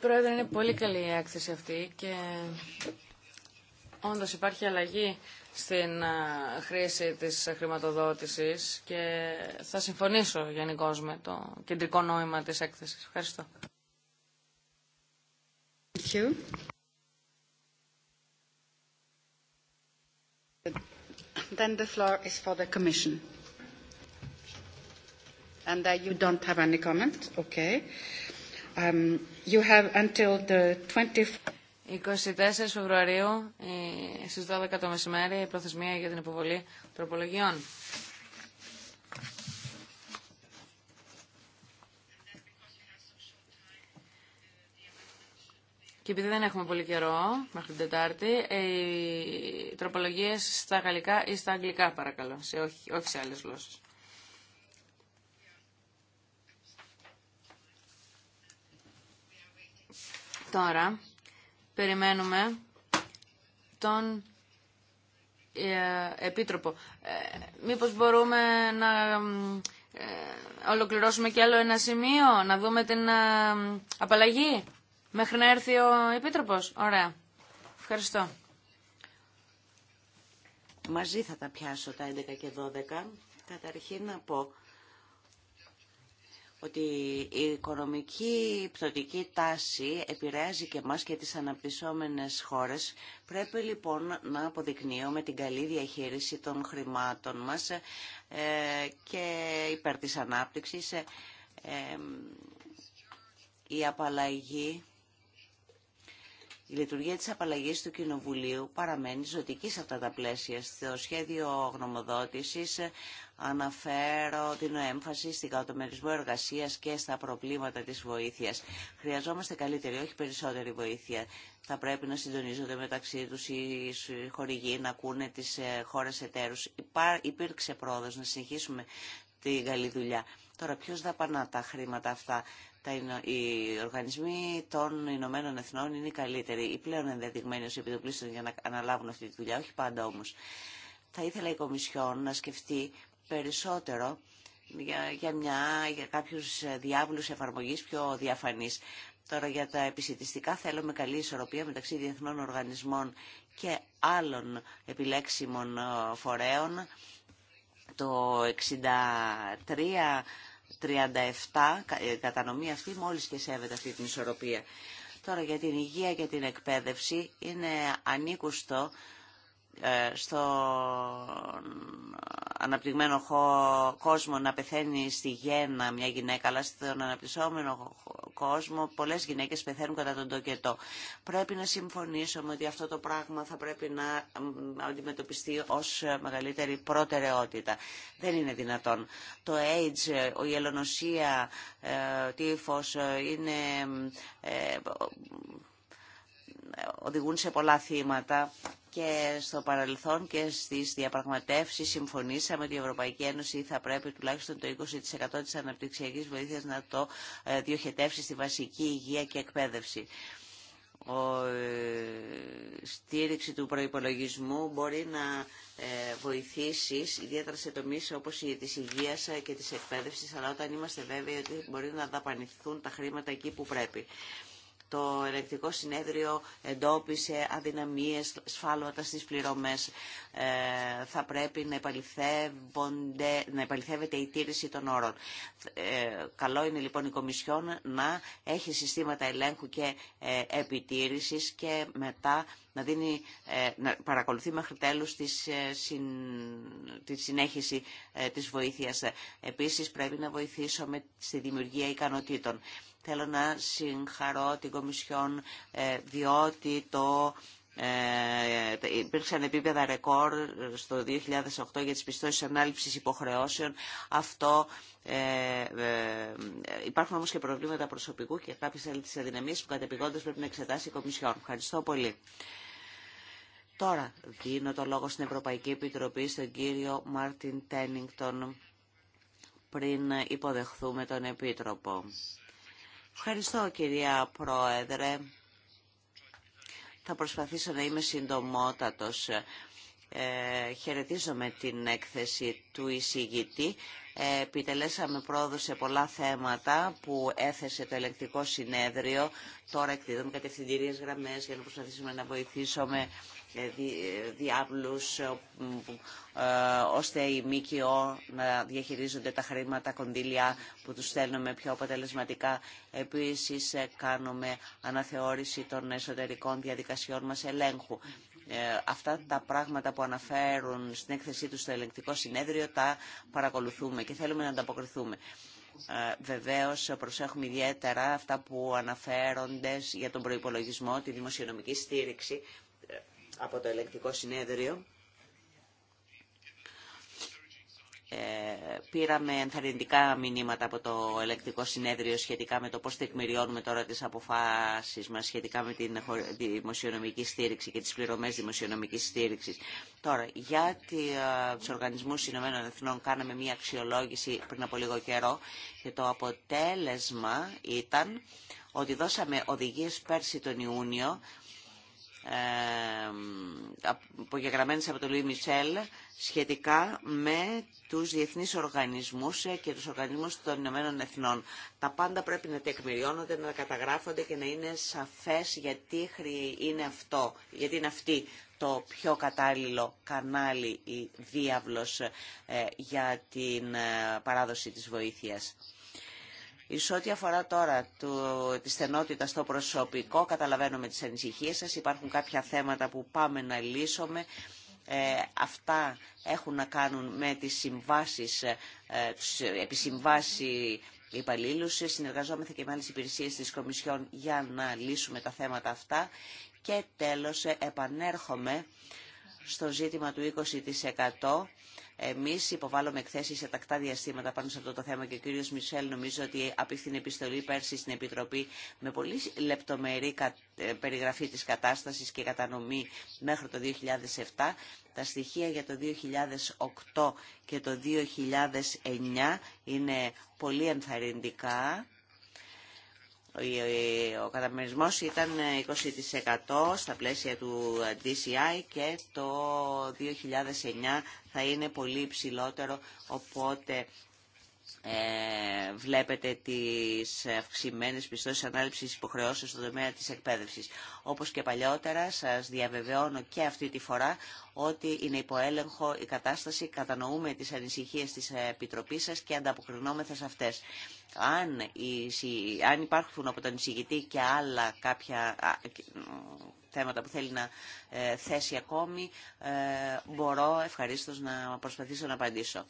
S3: Πρόεδρε, είναι πολύ καλή η έκθεση αυτή και Όντως υπάρχει αλλαγή στην χρήση της χρηματοδότησης και θα συμφωνήσω γενικώ με το κεντρικό νόημα της έκθεσης. Ευχαριστώ.
S2: Thank you. Then the floor is for the Commission. And uh, you don't have any comment? Okay. Um, you have until the 24. th 24 Φεβρουαρίου ε,
S3: στις 12 το μεσημέρι η προθεσμία για την υποβολή τροπολογιών. Και επειδή δεν έχουμε πολύ καιρό μέχρι την Τετάρτη, ε, οι τροπολογίε στα γαλλικά ή στα αγγλικά παρακαλώ, σε όχι, όχι σε άλλες γλώσσε. Τώρα, περιμένουμε τον ε, Επίτροπο. Ε, μήπως μπορούμε να ε, ολοκληρώσουμε κι άλλο ένα σημείο, να δούμε την απαλλαγή μέχρι να έρθει ο Επίτροπος. Ωραία. Ευχαριστώ.
S4: Μαζί θα τα πιάσω τα 11 και 12. Καταρχήν να πω ότι η οικονομική πτωτική τάση επηρεάζει και μας και τις αναπτυσσόμενες χώρες. Πρέπει λοιπόν να αποδεικνύουμε την καλή διαχείριση των χρημάτων μας ε, και υπέρ της ανάπτυξης ε, η απαλλαγή η λειτουργία της απαλλαγής του Κοινοβουλίου παραμένει ζωτική σε αυτά τα πλαίσια. Στο σχέδιο γνωμοδότησης Αναφέρω την έμφαση στην κατομερισμό εργασίας και στα προβλήματα της βοήθειας. Χρειαζόμαστε καλύτερη, όχι περισσότερη βοήθεια. Θα πρέπει να συντονίζονται μεταξύ τους οι χορηγοί, να ακούνε τις ε, χώρες εταίρους. Υπήρξε πρόοδος να συνεχίσουμε την καλή δουλειά. Τώρα ποιος δαπανά τα χρήματα αυτά. Τα, οι οργανισμοί των Ηνωμένων Εθνών είναι οι καλύτεροι, οι πλέον ενδεδειγμένοι ως επιδοπλίστων για να αναλάβουν αυτή τη δουλειά, όχι πάντα όμω. Θα ήθελα η Κομισιόν να σκεφτεί περισσότερο για, για, μια, για κάποιους διάβλους εφαρμογής πιο διαφανείς. Τώρα για τα επισητιστικά θέλουμε καλή ισορροπία μεταξύ διεθνών οργανισμών και άλλων επιλέξιμων ε, φορέων. Το 63-37 ε, κατανομή αυτή μόλις και σέβεται αυτή την ισορροπία. Τώρα για την υγεία και την εκπαίδευση είναι ανήκουστο ε, στον αναπτυγμένο κόσμο να πεθαίνει στη γέννα μια γυναίκα, αλλά στον αναπτυσσόμενο κόσμο πολλές γυναίκες πεθαίνουν κατά τον τοκετό. Πρέπει να συμφωνήσουμε ότι αυτό το πράγμα θα πρέπει να αντιμετωπιστεί ως μεγαλύτερη προτεραιότητα. Δεν είναι δυνατόν. Το AIDS, η ελονοσία, ε, τύφος ε, είναι οδηγούν σε πολλά θύματα και στο παρελθόν και στις διαπραγματεύσεις συμφωνήσαμε ότι η Ευρωπαϊκή Ένωση θα πρέπει τουλάχιστον το 20% της αναπτυξιακής βοήθειας να το ε, διοχετεύσει στη βασική υγεία και εκπαίδευση. Ο, ε, στήριξη του προϋπολογισμού μπορεί να ε, βοηθήσει ιδιαίτερα σε τομείς όπως η της υγείας και της εκπαίδευσης αλλά όταν είμαστε βέβαιοι ότι μπορεί να δαπανηθούν τα χρήματα εκεί που πρέπει το ελεκτικό συνέδριο εντόπισε αδυναμίες, σφάλωτα στις πληρωμές. Ε, θα πρέπει να, να επαληθεύεται η τήρηση των όρων. Ε, καλό είναι λοιπόν η Κομισιόν να έχει συστήματα ελέγχου και ε, επιτήρησης και μετά να, δίνει, ε, να παρακολουθεί μέχρι τέλους της, συν, τη συνέχιση της βοήθειας. Επίσης πρέπει να βοηθήσουμε στη δημιουργία ικανοτήτων. Θέλω να συγχαρώ την Κομισιόν ε, διότι το ε, υπήρξαν επίπεδα ρεκόρ στο 2008 για τις πιστώσεις ανάληψης υποχρεώσεων. Αυτό ε, υπάρχουν όμως και προβλήματα προσωπικού και κάποιες άλλες τις αδυναμίες που κατεπηγόντως πρέπει να εξετάσει η Κομισιόν. Ευχαριστώ πολύ. Τώρα δίνω το λόγο στην Ευρωπαϊκή Επιτροπή στον κύριο Μάρτιν Τένιγκτον πριν υποδεχθούμε τον Επίτροπο. Ευχαριστώ κυρία Πρόεδρε. Θα προσπαθήσω να είμαι συντομότατος. Ε, χαιρετίζομαι την έκθεση του εισηγητή. Επιτελέσαμε πρόοδο σε πολλά θέματα που έθεσε το ελεκτικό συνέδριο. Τώρα εκδίδουμε κατευθυντήριε γραμμές για να προσπαθήσουμε να βοηθήσουμε ε, ε, διάβλους ε, ώστε οι ΜΚΟ να διαχειρίζονται τα χρήματα, κονδύλια που του στέλνουμε πιο αποτελεσματικά. Επίσης κάνουμε αναθεώρηση των εσωτερικών διαδικασιών μας ελέγχου ε, αυτά τα πράγματα που αναφέρουν στην έκθεσή τους στο ελεγκτικό συνέδριο τα παρακολουθούμε και θέλουμε να ανταποκριθούμε. Ε, βεβαίως προσέχουμε ιδιαίτερα αυτά που αναφέρονται για τον προϋπολογισμό, τη δημοσιονομική στήριξη ε, από το ελεγκτικό συνέδριο Ε, πήραμε ενθαρρυντικά μηνύματα από το ελεκτικό συνέδριο σχετικά με το πώς τεκμηριώνουμε τώρα τις αποφάσεις μας σχετικά με την δημοσιονομική στήριξη και τις πληρωμές δημοσιονομικής στήριξης. Τώρα, για ε, τους οργανισμούς Ηνωμένων Εθνών κάναμε μια αξιολόγηση πριν από λίγο καιρό και το αποτέλεσμα ήταν ότι δώσαμε οδηγίες πέρσι τον Ιούνιο ε, απογεγραμμένες από τον Λουί Μισελ σχετικά με τους διεθνείς οργανισμούς και τους οργανισμούς των Ηνωμένων Εθνών. Τα πάντα πρέπει να τεκμηριώνονται, να καταγράφονται και να είναι σαφές γιατί είναι αυτό, γιατί είναι αυτή το πιο κατάλληλο κανάλι ή διάβλος ε, για την ε, παράδοση της βοήθειας. Σε ό,τι αφορά τώρα το, τη στενότητα στο προσωπικό, καταλαβαίνουμε τις ανησυχίες σας, υπάρχουν κάποια θέματα που πάμε να λύσουμε. Ε, αυτά έχουν να κάνουν με τις συμβάσεις, ε, τους επισυμβάσει υπαλλήλου. Συνεργαζόμαστε και με άλλες υπηρεσίες της Κομισιόν για να λύσουμε τα θέματα αυτά. Και τέλος ε, επανέρχομαι στο ζήτημα του 20% Εμεί υποβάλλουμε εκθέσεις σε τακτά διαστήματα πάνω σε αυτό το θέμα και ο κύριο Μισελ νομίζω ότι από την επιστολή πέρσι στην Επιτροπή με πολύ λεπτομερή ε, περιγραφή της κατάστασης και κατανομή μέχρι το 2007 τα στοιχεία για το 2008 και το 2009 είναι πολύ ενθαρρυντικά ε, ο καταμερισμός ήταν 20% ε, στα πλαίσια του DCI ε, και το 2009 θα είναι πολύ υψηλότερο, οπότε ε, βλέπετε τις αυξημένε πιστώσεις ανάληψης υποχρεώσεων στον τομέα της εκπαίδευσης. Όπως και παλιότερα σας διαβεβαιώνω και αυτή τη φορά ότι είναι υποέλεγχο η κατάσταση, κατανοούμε τις ανησυχίες της Επιτροπής σας και ανταποκρινόμεθα σε αυτές. Αν, αν υπάρχουν από τον εισηγητή και άλλα κάποια θέματα που θέλει να ε, θέσει ακόμη, ε, μπορώ ευχαρίστως να προσπαθήσω να απαντήσω.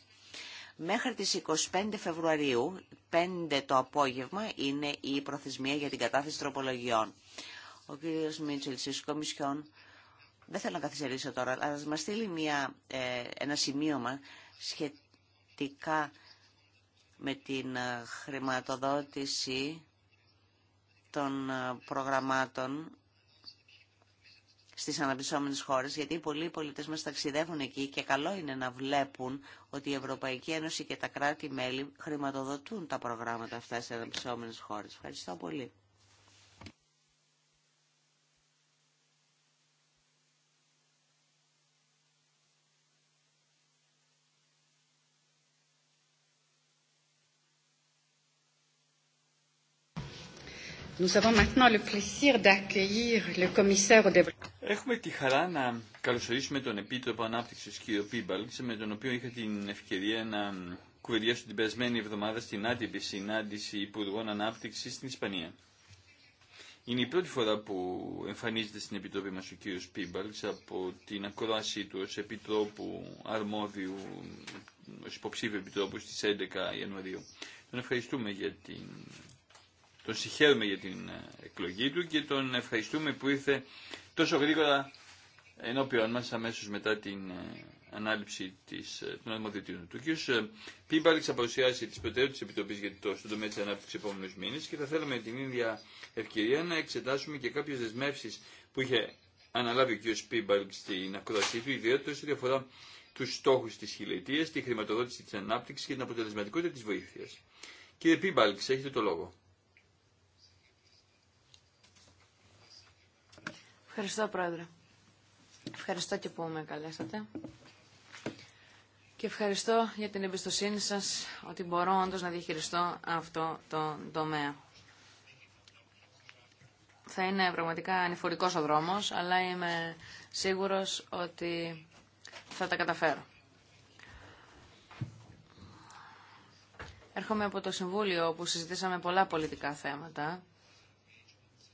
S4: Μέχρι τις 25 Φεβρουαρίου, 5 το απόγευμα, είναι η προθεσμία για την κατάθεση τροπολογιών. Ο κύριος Μίτσελ της Κομισιόν, δεν θέλω να καθυστερήσω τώρα, αλλά μας στείλει μια, ε, ένα σημείωμα σχετικά με την ε, χρηματοδότηση των ε, προγραμμάτων στις αναπτυσσόμενες χώρες, γιατί πολλοί πολίτες μας ταξιδεύουν εκεί και καλό είναι να βλέπουν ότι η Ευρωπαϊκή Ένωση και τα κράτη-μέλη χρηματοδοτούν τα προγράμματα αυτά στις αναπτυσσόμενες χώρες. Ευχαριστώ πολύ.
S1: Έχουμε τη χαρά να καλωσορίσουμε τον Επίτροπο Ανάπτυξη, κ. Πίμπαλ, με τον οποίο είχα την ευκαιρία να κουβεντιάσω την περασμένη εβδομάδα στην άτυπη συνάντηση Υπουργών Ανάπτυξη στην Ισπανία. Είναι η πρώτη φορά που εμφανίζεται στην Επιτροπή μας ο κύριος Πίμπαλξ από την ακρόασή του ως Επιτρόπου Αρμόδιου, ω υποψήφιο Επιτρόπου στις 11 Ιανουαρίου. Τον ευχαριστούμε για την τον συγχαίρουμε για την ε, εκλογή του και τον ευχαριστούμε που ήρθε τόσο γρήγορα ενώπιον μας αμέσως μετά την ε, ανάληψη της, των ε, αρμοδιοτήτων του. Ο κ. Πίμπαλξ θα παρουσιάσει τι προτεραιότητε για το, στον τομέα τη ανάπτυξη επόμενους μήνες και θα θέλαμε την ίδια ευκαιρία να εξετάσουμε και κάποιε δεσμεύσει που είχε αναλάβει ο κ. Πίμπαλξ στην ακρόασή του, ιδιαίτερα σε διαφορά τους του στόχου τη τη χρηματοδότηση τη ανάπτυξη και την αποτελεσματικότητα τη βοήθεια. Κύριε Πίμπαλξ, έχετε το λόγο.
S3: Ευχαριστώ, Πρόεδρε. Ευχαριστώ και που με καλέσατε. Και ευχαριστώ για την εμπιστοσύνη σας ότι μπορώ όντως να διαχειριστώ αυτό το τομέα. Θα είναι πραγματικά ανηφορικός ο δρόμος, αλλά είμαι σίγουρος ότι θα τα καταφέρω. Έρχομαι από το Συμβούλιο όπου συζητήσαμε πολλά πολιτικά θέματα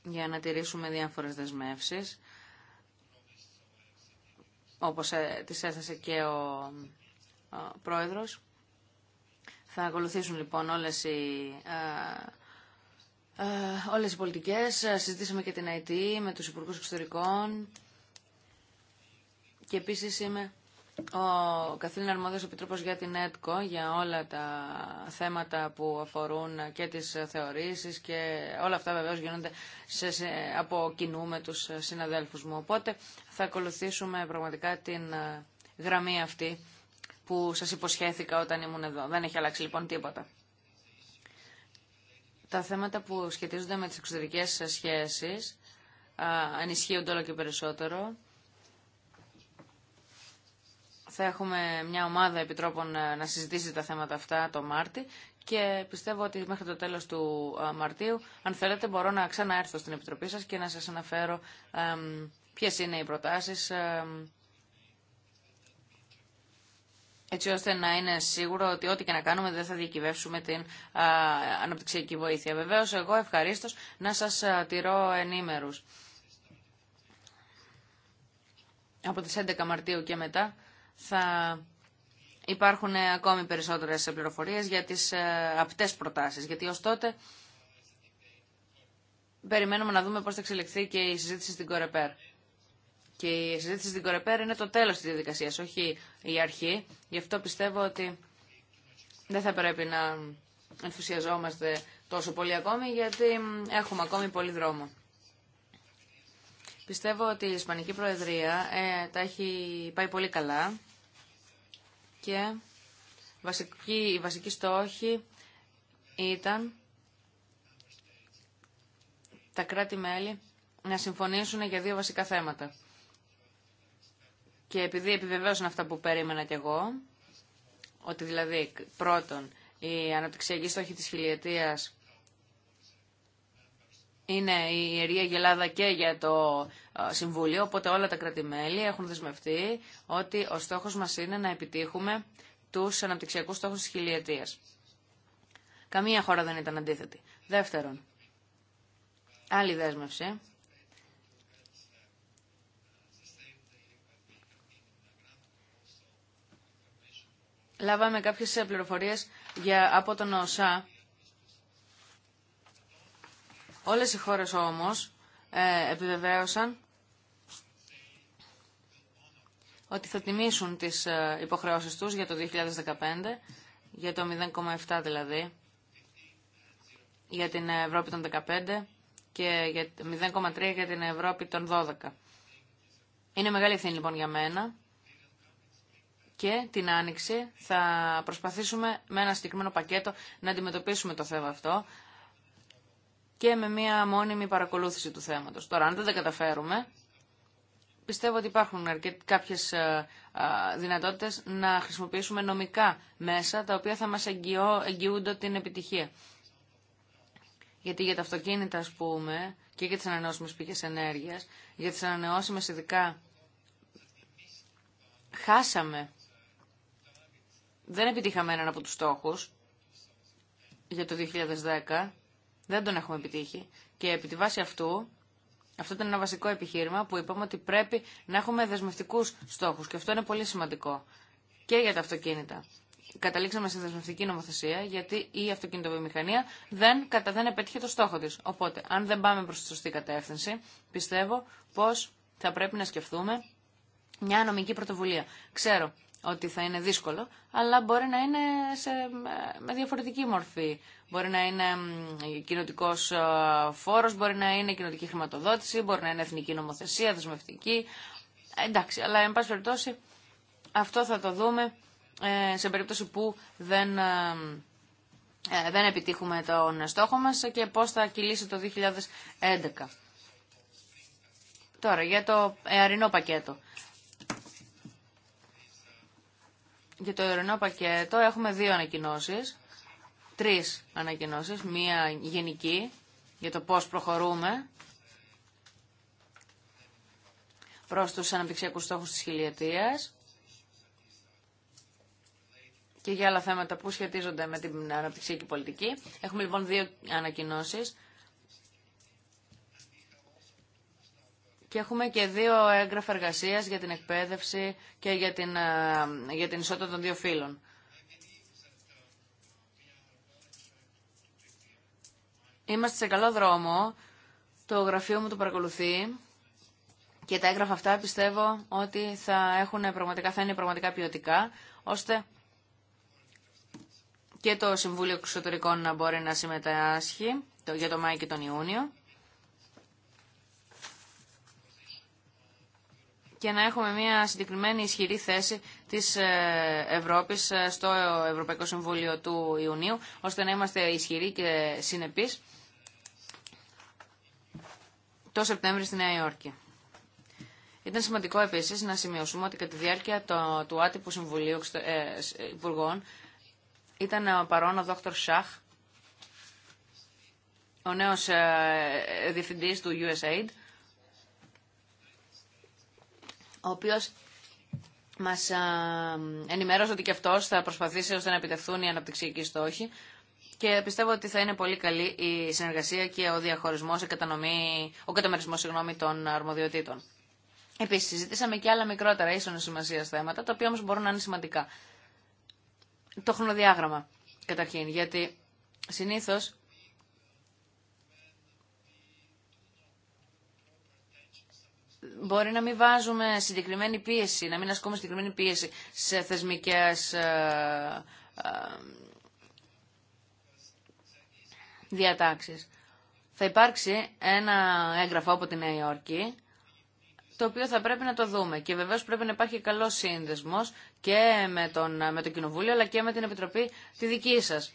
S3: για να τηρήσουμε διάφορες δεσμεύσεις, όπως ε, τις έθεσε και ο πρόεδρος. Θα ακολουθήσουν λοιπόν όλες οι, ε, ε, όλες οι πολιτικές. Συζητήσαμε και την ΑΕΤ με τους Υπουργούς Εξωτερικών και επίσης είμαι ο καθήλυνα αρμόδιος επιτρόπος για την ΕΤΚΟ για όλα τα θέματα που αφορούν και τις θεωρήσεις και όλα αυτά βεβαίως γίνονται σε, από κοινού με τους συναδέλφους μου. Οπότε θα ακολουθήσουμε πραγματικά την ε, γραμμή αυτή που σας υποσχέθηκα όταν ήμουν εδώ. Δεν έχει αλλάξει λοιπόν τίποτα. Τα θέματα που σχετίζονται με τις εξωτερικές σχέσεις ανισχύονται ε, όλο και περισσότερο θα έχουμε μια ομάδα επιτρόπων ε, να συζητήσει τα θέματα αυτά το Μάρτι και πιστεύω ότι μέχρι το τέλος του ε, Μαρτίου, αν θέλετε, μπορώ να ξαναέρθω στην Επιτροπή σας και να σας αναφέρω ε, ποιες είναι οι προτάσεις έτσι ώστε να είναι σίγουρο ότι ό,τι και να κάνουμε δεν θα διακυβεύσουμε την α, αναπτυξιακή βοήθεια. Βεβαίως, εγώ ευχαρίστω να σας α, τηρώ ενήμερους. Από τις 11 Μαρτίου και μετά θα υπάρχουν ακόμη περισσότερες πληροφορίες για τις ε, απτές προτάσεις, γιατί ως τότε περιμένουμε να δούμε πώς θα εξελιχθεί και η συζήτηση στην Κορεπέρ. Και η συζήτηση στην Κορεπέρ είναι το τέλος της διαδικασίας, όχι η αρχή. Γι' αυτό πιστεύω ότι δεν θα πρέπει να ενθουσιαζόμαστε τόσο πολύ ακόμη, γιατί έχουμε ακόμη πολύ δρόμο. Πιστεύω ότι η Ισπανική Προεδρία ε, τα έχει πάει πολύ καλά και βασική, στόχη ήταν τα κράτη-μέλη να συμφωνήσουν για δύο βασικά θέματα. Και επειδή επιβεβαίωσαν αυτά που περίμενα κι εγώ, ότι δηλαδή πρώτον η αναπτυξιακή στόχη της χιλιετίας είναι η ιερία γελάδα και για το Συμβούλιο, οπότε όλα τα κρατημέλη έχουν δεσμευτεί ότι ο στόχος μας είναι να επιτύχουμε τους αναπτυξιακούς στόχους της χιλιετίας. Καμία χώρα δεν ήταν αντίθετη. Δεύτερον, άλλη δέσμευση. Λάβαμε κάποιες πληροφορίες για, από τον ΟΣΑ. Όλες οι χώρες όμως ε, επιβεβαίωσαν ότι θα τιμήσουν τις ε, υποχρεώσεις τους για το 2015, για το 0,7 δηλαδή, για την Ευρώπη των 15 και για 0,3 για την Ευρώπη των 12. Είναι μεγάλη ευθύνη λοιπόν για μένα και την Άνοιξη θα προσπαθήσουμε με ένα συγκεκριμένο πακέτο να αντιμετωπίσουμε το θέμα αυτό και με μία μόνιμη παρακολούθηση του θέματος. Τώρα, αν δεν τα καταφέρουμε, πιστεύω ότι υπάρχουν κάποιες ε, ε, δυνατότητες να χρησιμοποιήσουμε νομικά μέσα τα οποία θα μας εγγυούνται την επιτυχία. Γιατί για τα αυτοκίνητα, ας πούμε, και για τις ανανεώσιμες πηγές ενέργειας, για τις ανανεώσιμες ειδικά, χάσαμε. Δεν επιτύχαμε έναν από τους στόχους για το 2010. Δεν τον έχουμε επιτύχει. Και επί τη βάση αυτού αυτό ήταν ένα βασικό επιχείρημα που είπαμε ότι πρέπει να έχουμε δεσμευτικούς στόχους και αυτό είναι πολύ σημαντικό και για τα αυτοκίνητα. Καταλήξαμε σε δεσμευτική νομοθεσία γιατί η αυτοκινητοβιομηχανία δεν, κατα, δεν επέτυχε το στόχο τη. Οπότε, αν δεν πάμε προς τη σωστή κατεύθυνση, πιστεύω πως θα πρέπει να σκεφτούμε μια νομική πρωτοβουλία. Ξέρω ότι θα είναι δύσκολο, αλλά μπορεί να είναι με διαφορετική μορφή. Μπορεί να είναι κοινοτικό φόρο, μπορεί να είναι κοινοτική χρηματοδότηση, μπορεί να είναι εθνική νομοθεσία, δεσμευτική. Εντάξει, αλλά εν πάση περιπτώσει αυτό θα το δούμε ε, σε περίπτωση που δεν, ε, ε, δεν επιτύχουμε τον στόχο μας και πώς θα κυλήσει το 2011. Τώρα, για το αερινό πακέτο. Για το ειρηνό πακέτο έχουμε δύο ανακοινώσεις, τρεις ανακοινώσεις, μία γενική για το πώς προχωρούμε προς τους αναπτυξιακούς στόχους της χιλιετίας και για άλλα θέματα που σχετίζονται με την αναπτυξιακή πολιτική. Έχουμε λοιπόν δύο ανακοινώσεις και έχουμε και δύο έγγραφα εργασία για την εκπαίδευση και για την, ε, για την ισότητα των δύο φύλων. Είμαστε σε καλό δρόμο. Το γραφείο μου το παρακολουθεί και τα έγγραφα αυτά πιστεύω ότι θα, έχουν πραγματικά, θα είναι πραγματικά ποιοτικά, ώστε και το Συμβούλιο Εξωτερικών να μπορεί να συμμετάσχει το, για το Μάη και τον Ιούνιο. και να έχουμε μια συγκεκριμένη ισχυρή θέση της ε, Ευρώπης ε, στο Ευρωπαϊκό Συμβούλιο του Ιουνίου, ώστε να είμαστε ισχυροί και συνεπείς το Σεπτέμβριο στη Νέα Υόρκη. Ήταν σημαντικό επίσης να σημειώσουμε ότι κατά τη διάρκεια του άτυπου Συμβουλίου ε, Υπουργών ήταν παρόν ο Δόκτωρ Σαχ, ο νέος διευθυντής του USAID, ο οποίο μας ενημέρωσε ότι και αυτό θα προσπαθήσει ώστε να επιτευχθούν οι αναπτυξιακοί στόχοι και πιστεύω ότι θα είναι πολύ καλή η συνεργασία και ο διαχωρισμός, ο καταμερισμός συγγνώμη, των αρμοδιοτήτων. Επίση, συζητήσαμε και άλλα μικρότερα ίσον σημασία θέματα, τα οποία όμω μπορούν να είναι σημαντικά. Το χρονοδιάγραμμα, καταρχήν, γιατί συνήθω. μπορεί να μην βάζουμε συγκεκριμένη πίεση, να μην ασκούμε συγκεκριμένη πίεση σε θεσμικές ε, ε, διατάξεις. Θα υπάρξει ένα έγγραφο από τη Νέα Υόρκη, το οποίο θα πρέπει να το δούμε. Και βεβαίως πρέπει να υπάρχει καλός σύνδεσμος και με, τον, με το Κοινοβούλιο, αλλά και με την Επιτροπή τη δική σας.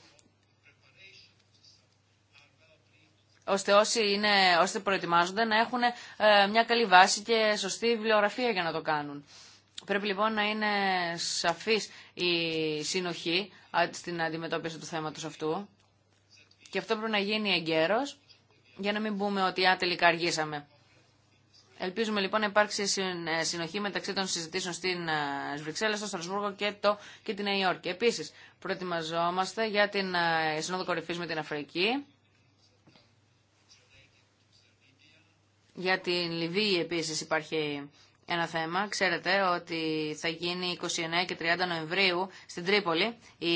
S3: ώστε όσοι είναι, ώστε προετοιμάζονται να έχουν ε, μια καλή βάση και σωστή βιβλιογραφία για να το κάνουν. Πρέπει λοιπόν να είναι σαφής η συνοχή στην αντιμετώπιση του θέματος αυτού και αυτό πρέπει να γίνει εγκαίρος για να μην πούμε ότι α, τελικά αργήσαμε. Ελπίζουμε λοιπόν να υπάρξει ε, συνοχή μεταξύ των συζητήσεων στην ε, Βρυξέλλα, στο Στρασβούργο και, το, και την Νέα Υόρκη. Επίσης, προετοιμαζόμαστε για την Συνόδο Κορυφής με την Αφρική Για την Λιβύη επίσης υπάρχει ένα θέμα. Ξέρετε ότι θα γίνει 29 και 30 Νοεμβρίου στην Τρίπολη η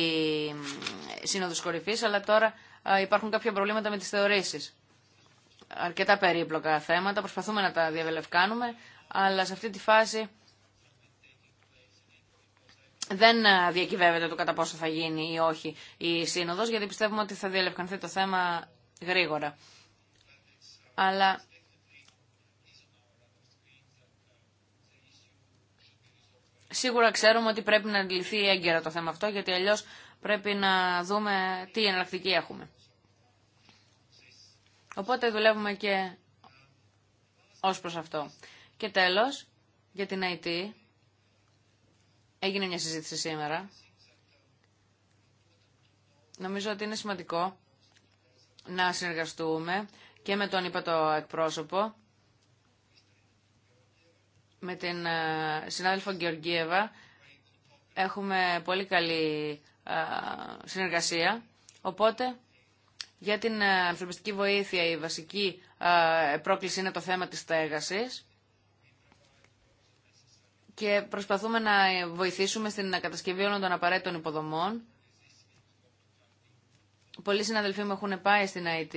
S3: Σύνοδος Κορυφής, αλλά τώρα υπάρχουν κάποια προβλήματα με τις θεωρήσεις. Αρκετά περίπλοκα θέματα, προσπαθούμε να τα διαβελευκάνουμε, αλλά σε αυτή τη φάση δεν διακυβεύεται το κατά πόσο θα γίνει ή όχι η Σύνοδος, γιατί πιστεύουμε ότι θα διαλευκανθεί το θέμα γρήγορα. Αλλά Σίγουρα ξέρουμε ότι πρέπει να αντιληφθεί έγκαιρα το θέμα αυτό, γιατί αλλιώ πρέπει να δούμε τι εναλλακτική έχουμε. Οπότε δουλεύουμε και ως προς αυτό. Και τέλος, για την IT, έγινε μια συζήτηση σήμερα. Νομίζω ότι είναι σημαντικό να συνεργαστούμε και με τον είπα εκπρόσωπο με την ε, συνάδελφο Γεωργίευα έχουμε πολύ καλή ε, συνεργασία, οπότε για την ε, ανθρωπιστική βοήθεια η βασική πρόκληση είναι το θέμα της στέγασης και προσπαθούμε να βοηθήσουμε στην κατασκευή όλων των απαραίτητων υποδομών. Πολλοί συναδελφοί μου έχουν πάει στην ΑΕΤ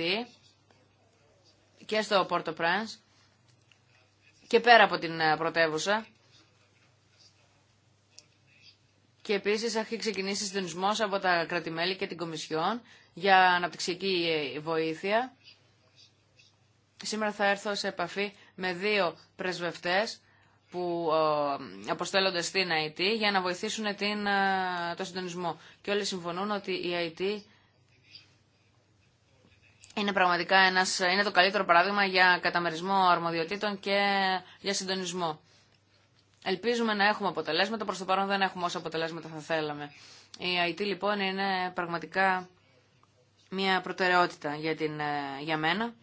S3: και στο Πόρτο prince και πέρα από την ε, πρωτεύουσα. Και επίση έχει ξεκινήσει συντονισμό από τα κρατημέλη και την Κομισιόν για αναπτυξιακή ε, βοήθεια. Σήμερα θα έρθω σε επαφή με δύο πρεσβευτές που ε, αποστέλλονται στην ΑΕΤ για να βοηθήσουν την, το συντονισμό. Και όλοι συμφωνούν ότι η ΑΕΤ είναι πραγματικά ένας, είναι το καλύτερο παράδειγμα για καταμερισμό αρμοδιοτήτων και για συντονισμό. Ελπίζουμε να έχουμε αποτελέσματα, προς το παρόν δεν έχουμε όσα αποτελέσματα θα θέλαμε. Η IT λοιπόν είναι πραγματικά μια προτεραιότητα για, την, ε, για μένα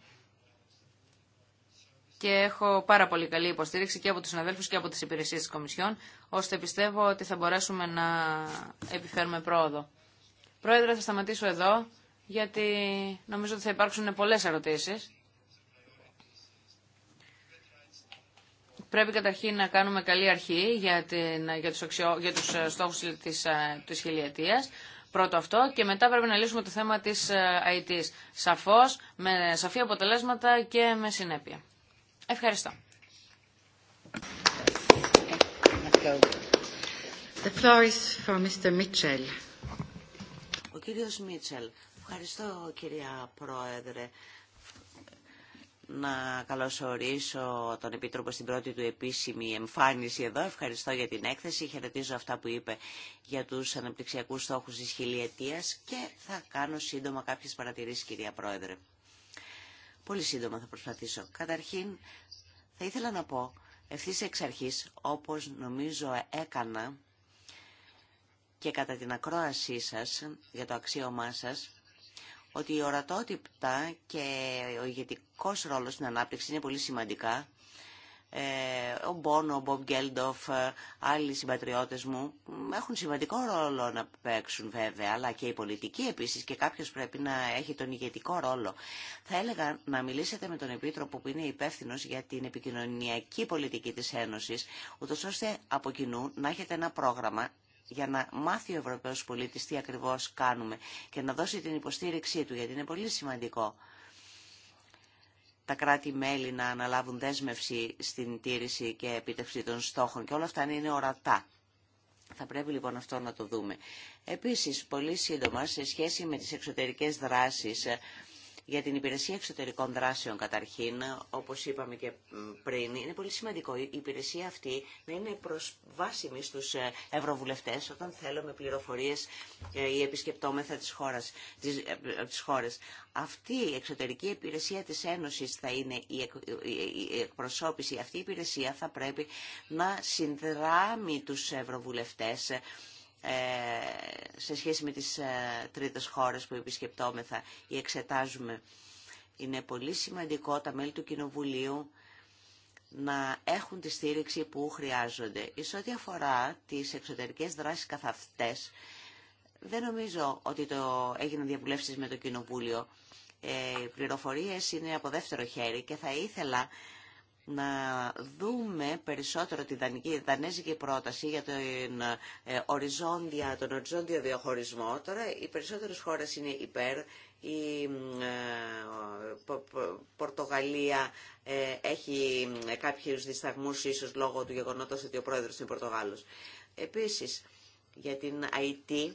S3: και έχω πάρα πολύ καλή υποστήριξη και από τους συναδέλφους και από τις υπηρεσίες της Κομισιόν, ώστε πιστεύω ότι θα μπορέσουμε να επιφέρουμε πρόοδο. Πρόεδρε, θα σταματήσω εδώ γιατί νομίζω ότι θα υπάρξουν πολλές ερωτήσεις. Πρέπει καταρχήν να κάνουμε καλή αρχή για, την, για, τους, αξιό, για τους ε, στόχους της, ε, της Πρώτο αυτό και μετά πρέπει να λύσουμε το θέμα της ε, IT. Σαφώς, με σαφή αποτελέσματα και με συνέπεια. Ευχαριστώ.
S4: Ο κύριος Μίτσελ. Ευχαριστώ κυρία Πρόεδρε. Να καλωσορίσω τον Επίτροπο στην πρώτη του επίσημη εμφάνιση εδώ. Ευχαριστώ για την έκθεση. Χαιρετίζω αυτά που είπε για τους αναπτυξιακού στόχους της χιλιετίας και θα κάνω σύντομα κάποιες παρατηρήσεις κυρία Πρόεδρε. Πολύ σύντομα θα προσπαθήσω. Καταρχήν θα ήθελα να πω ευθύ εξ αρχής όπως νομίζω έκανα και κατά την ακρόασή σας για το αξίωμά σας ότι η ορατότητα και ο ηγετικό ρόλος στην ανάπτυξη είναι πολύ σημαντικά. Ε, ο Μπόνο, ο Μπομπ Γκέλντοφ, ε, άλλοι συμπατριώτες μου έχουν σημαντικό ρόλο να παίξουν βέβαια, αλλά και η πολιτική επίσης και κάποιος πρέπει να έχει τον ηγετικό ρόλο. Θα έλεγα να μιλήσετε με τον Επίτροπο που είναι υπεύθυνο για την επικοινωνιακή πολιτική της Ένωσης, ούτως ώστε από κοινού να έχετε ένα πρόγραμμα για να μάθει ο Ευρωπαίος πολίτης τι ακριβώς κάνουμε και να δώσει την υποστήριξή του, γιατί είναι πολύ σημαντικό τα κράτη-μέλη να αναλάβουν δέσμευση στην τήρηση και επίτευξη των στόχων και όλα αυτά είναι ορατά. Θα πρέπει λοιπόν αυτό να το δούμε. Επίσης, πολύ σύντομα, σε σχέση με τις εξωτερικές δράσεις, για την υπηρεσία εξωτερικών δράσεων καταρχήν, όπως είπαμε και πριν, είναι πολύ σημαντικό η υπηρεσία αυτή να είναι προσβάσιμη στους ε, ευρωβουλευτές όταν θέλουμε πληροφορίες ή ε, επισκεπτόμεθα της χώρας, της, ε, χώρας. Αυτή η εξωτερική υπηρεσία της Ένωσης θα είναι η εκπροσώπηση. Αυτή η υπηρεσία θα πρέπει να συνδράμει τους ευρωβουλευτές ε, σε σχέση με τις ε, τρίτες χώρες που επισκεπτόμεθα ή εξετάζουμε. Είναι πολύ σημαντικό τα μέλη του Κοινοβουλίου να έχουν τη στήριξη που χρειάζονται. Εις ό,τι αφορά τις εξωτερικές δράσεις καθ' αυτές, δεν νομίζω ότι το έγιναν διαβουλεύσεις με το Κοινοβούλιο. Ε, οι πληροφορίες είναι από δεύτερο χέρι και θα ήθελα να δούμε περισσότερο τη δανική, δανέζικη πρόταση για τον, ε, οριζόντια, τον οριζόντιο διαχωρισμό. Τώρα οι περισσότερες χώρες είναι υπέρ. Η ε, Πορτογαλία ε, έχει κάποιους δισταγμούς ίσως λόγω του γεγονότος ότι ο πρόεδρος είναι Πορτογάλος. Επίσης, για την IT,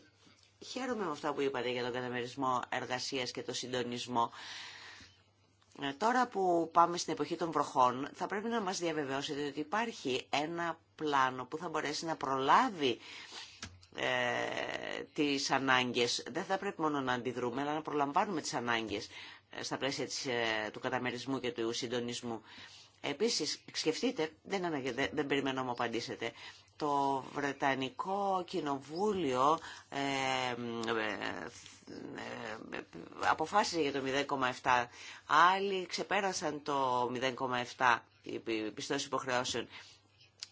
S4: χαίρομαι με αυτά που είπατε για τον καταμερισμό εργασίας και το συντονισμό. Ε, τώρα που πάμε στην εποχή των βροχών, θα πρέπει να μας διαβεβαιώσετε ότι υπάρχει ένα πλάνο που θα μπορέσει να προλάβει ε, τις ανάγκες. Δεν θα πρέπει μόνο να αντιδρούμε, αλλά να προλαμβάνουμε τις ανάγκες ε, στα πλαίσια της, ε, του καταμερισμού και του συντονισμού. Επίσης, σκεφτείτε, δεν, αναγε, δεν περιμένω να μου απαντήσετε, το Βρετανικό Κοινοβούλιο ε, ε, ε, αποφάσισε για το 0,7. Άλλοι ξεπέρασαν το 0,7 πιστώσεις υποχρεώσεων.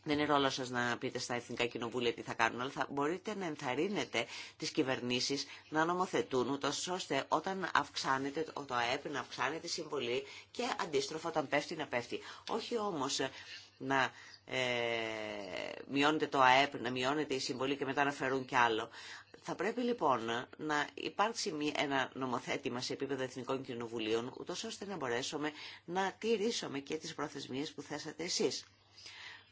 S4: Δεν είναι ρόλο σας να πείτε στα εθνικά κοινοβούλια τι θα κάνουν, αλλά θα μπορείτε να ενθαρρύνετε τις κυβερνήσεις να νομοθετούν, ούτως ώστε όταν αυξάνεται το ΑΕΠ να αυξάνεται η συμβολή και αντίστροφα όταν πέφτει να πέφτει. Όχι όμως να ε, μειώνεται το ΑΕΠ, να μειώνεται η συμβολή και μετά να φέρουν κι άλλο. Θα πρέπει λοιπόν να υπάρξει ένα νομοθέτημα σε επίπεδο Εθνικών Κοινοβουλίων, ούτως ώστε να μπορέσουμε να τηρήσουμε και τις προθεσμίες που θέσατε εσείς.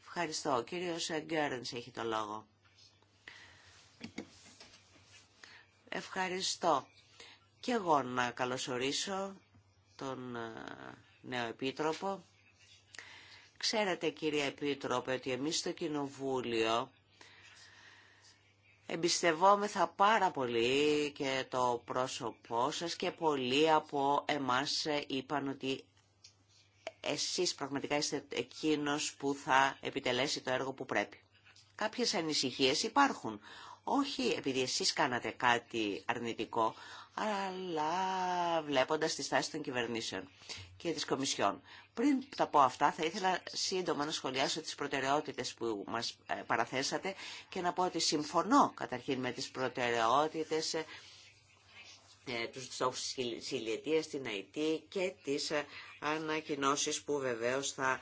S4: Ευχαριστώ. Ο κύριος Γκέρνς έχει το λόγο. Ευχαριστώ. Και εγώ να καλωσορίσω τον ε, νέο Επίτροπο. Ξέρετε κύριε Επίτροπε ότι εμείς στο Κοινοβούλιο εμπιστευόμεθα πάρα πολύ και το πρόσωπό σας και πολλοί από εμάς είπαν ότι εσείς πραγματικά είστε εκείνος που θα επιτελέσει το έργο που πρέπει. Κάποιες ανησυχίες υπάρχουν. Όχι επειδή εσείς κάνατε κάτι αρνητικό, αλλά βλέποντας τη στάση των κυβερνήσεων και της Κομισιόν. Πριν τα πω αυτά, θα ήθελα σύντομα να σχολιάσω τις προτεραιότητες που μας ε, παραθέσατε και να πω ότι συμφωνώ καταρχήν με τις προτεραιότητες ε, ε, τους στόχους της χιλιετίας, την ΑΕΤ και τις ανακοινώσεις που βεβαίως θα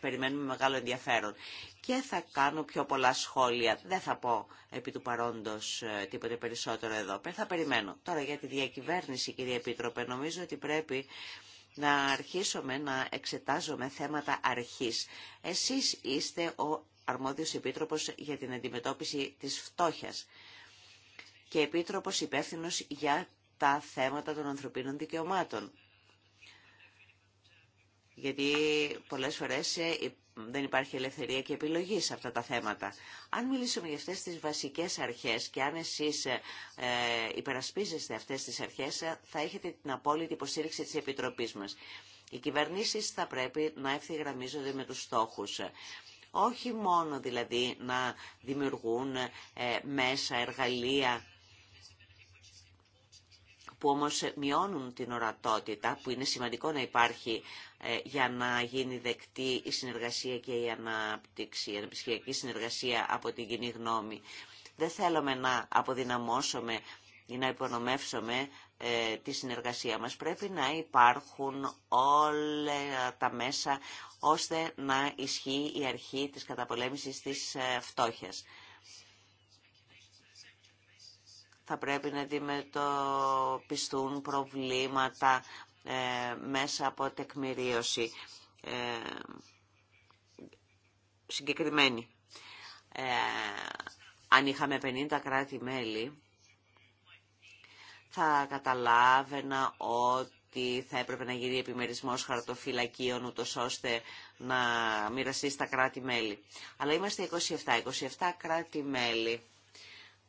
S4: περιμένουμε μεγάλο ενδιαφέρον. Και θα κάνω πιο πολλά σχόλια. Δεν θα πω επί του παρόντος τίποτε περισσότερο εδώ. Θα περιμένω. Τώρα για τη διακυβέρνηση, κυρία Επίτροπε, νομίζω ότι πρέπει να αρχίσουμε να εξετάζουμε θέματα αρχής. Εσείς είστε ο αρμόδιος επίτροπος για την αντιμετώπιση της φτώχειας και επίτροπος υπεύθυνο για τα θέματα των ανθρωπίνων δικαιωμάτων. Γιατί πολλές φορές δεν υπάρχει ελευθερία και επιλογή σε αυτά τα θέματα. Αν μιλήσουμε για αυτές τις βασικές αρχές και αν εσείς ε, ε υπερασπίζεστε αυτές τις αρχές, ε, θα έχετε την απόλυτη υποστήριξη της Επιτροπής μας. Οι κυβερνήσεις θα πρέπει να ευθυγραμμίζονται με τους στόχους. Όχι μόνο δηλαδή να δημιουργούν ε, μέσα, εργαλεία που όμως μειώνουν την ορατότητα, που είναι σημαντικό να υπάρχει ε, για να γίνει δεκτή η συνεργασία και η ανάπτυξη, η αναπτυξιακή συνεργασία από την κοινή γνώμη. Δεν θέλουμε να αποδυναμώσουμε ή να υπονομεύσουμε ε, τη συνεργασία μας. Πρέπει να υπάρχουν όλα τα μέσα ώστε να ισχύει η αρχή της καταπολέμησης της ε, φτώχειας θα πρέπει να αντιμετωπιστούν προβλήματα ε, μέσα από τεκμηρίωση ε, συγκεκριμένη. Ε, αν είχαμε 50 κράτη-μέλη, θα καταλάβαινα ότι θα έπρεπε να γίνει επιμερισμός χαρτοφυλακίων, ούτω ώστε να μοιραστεί στα κράτη-μέλη. Αλλά είμαστε 27. 27 κράτη-μέλη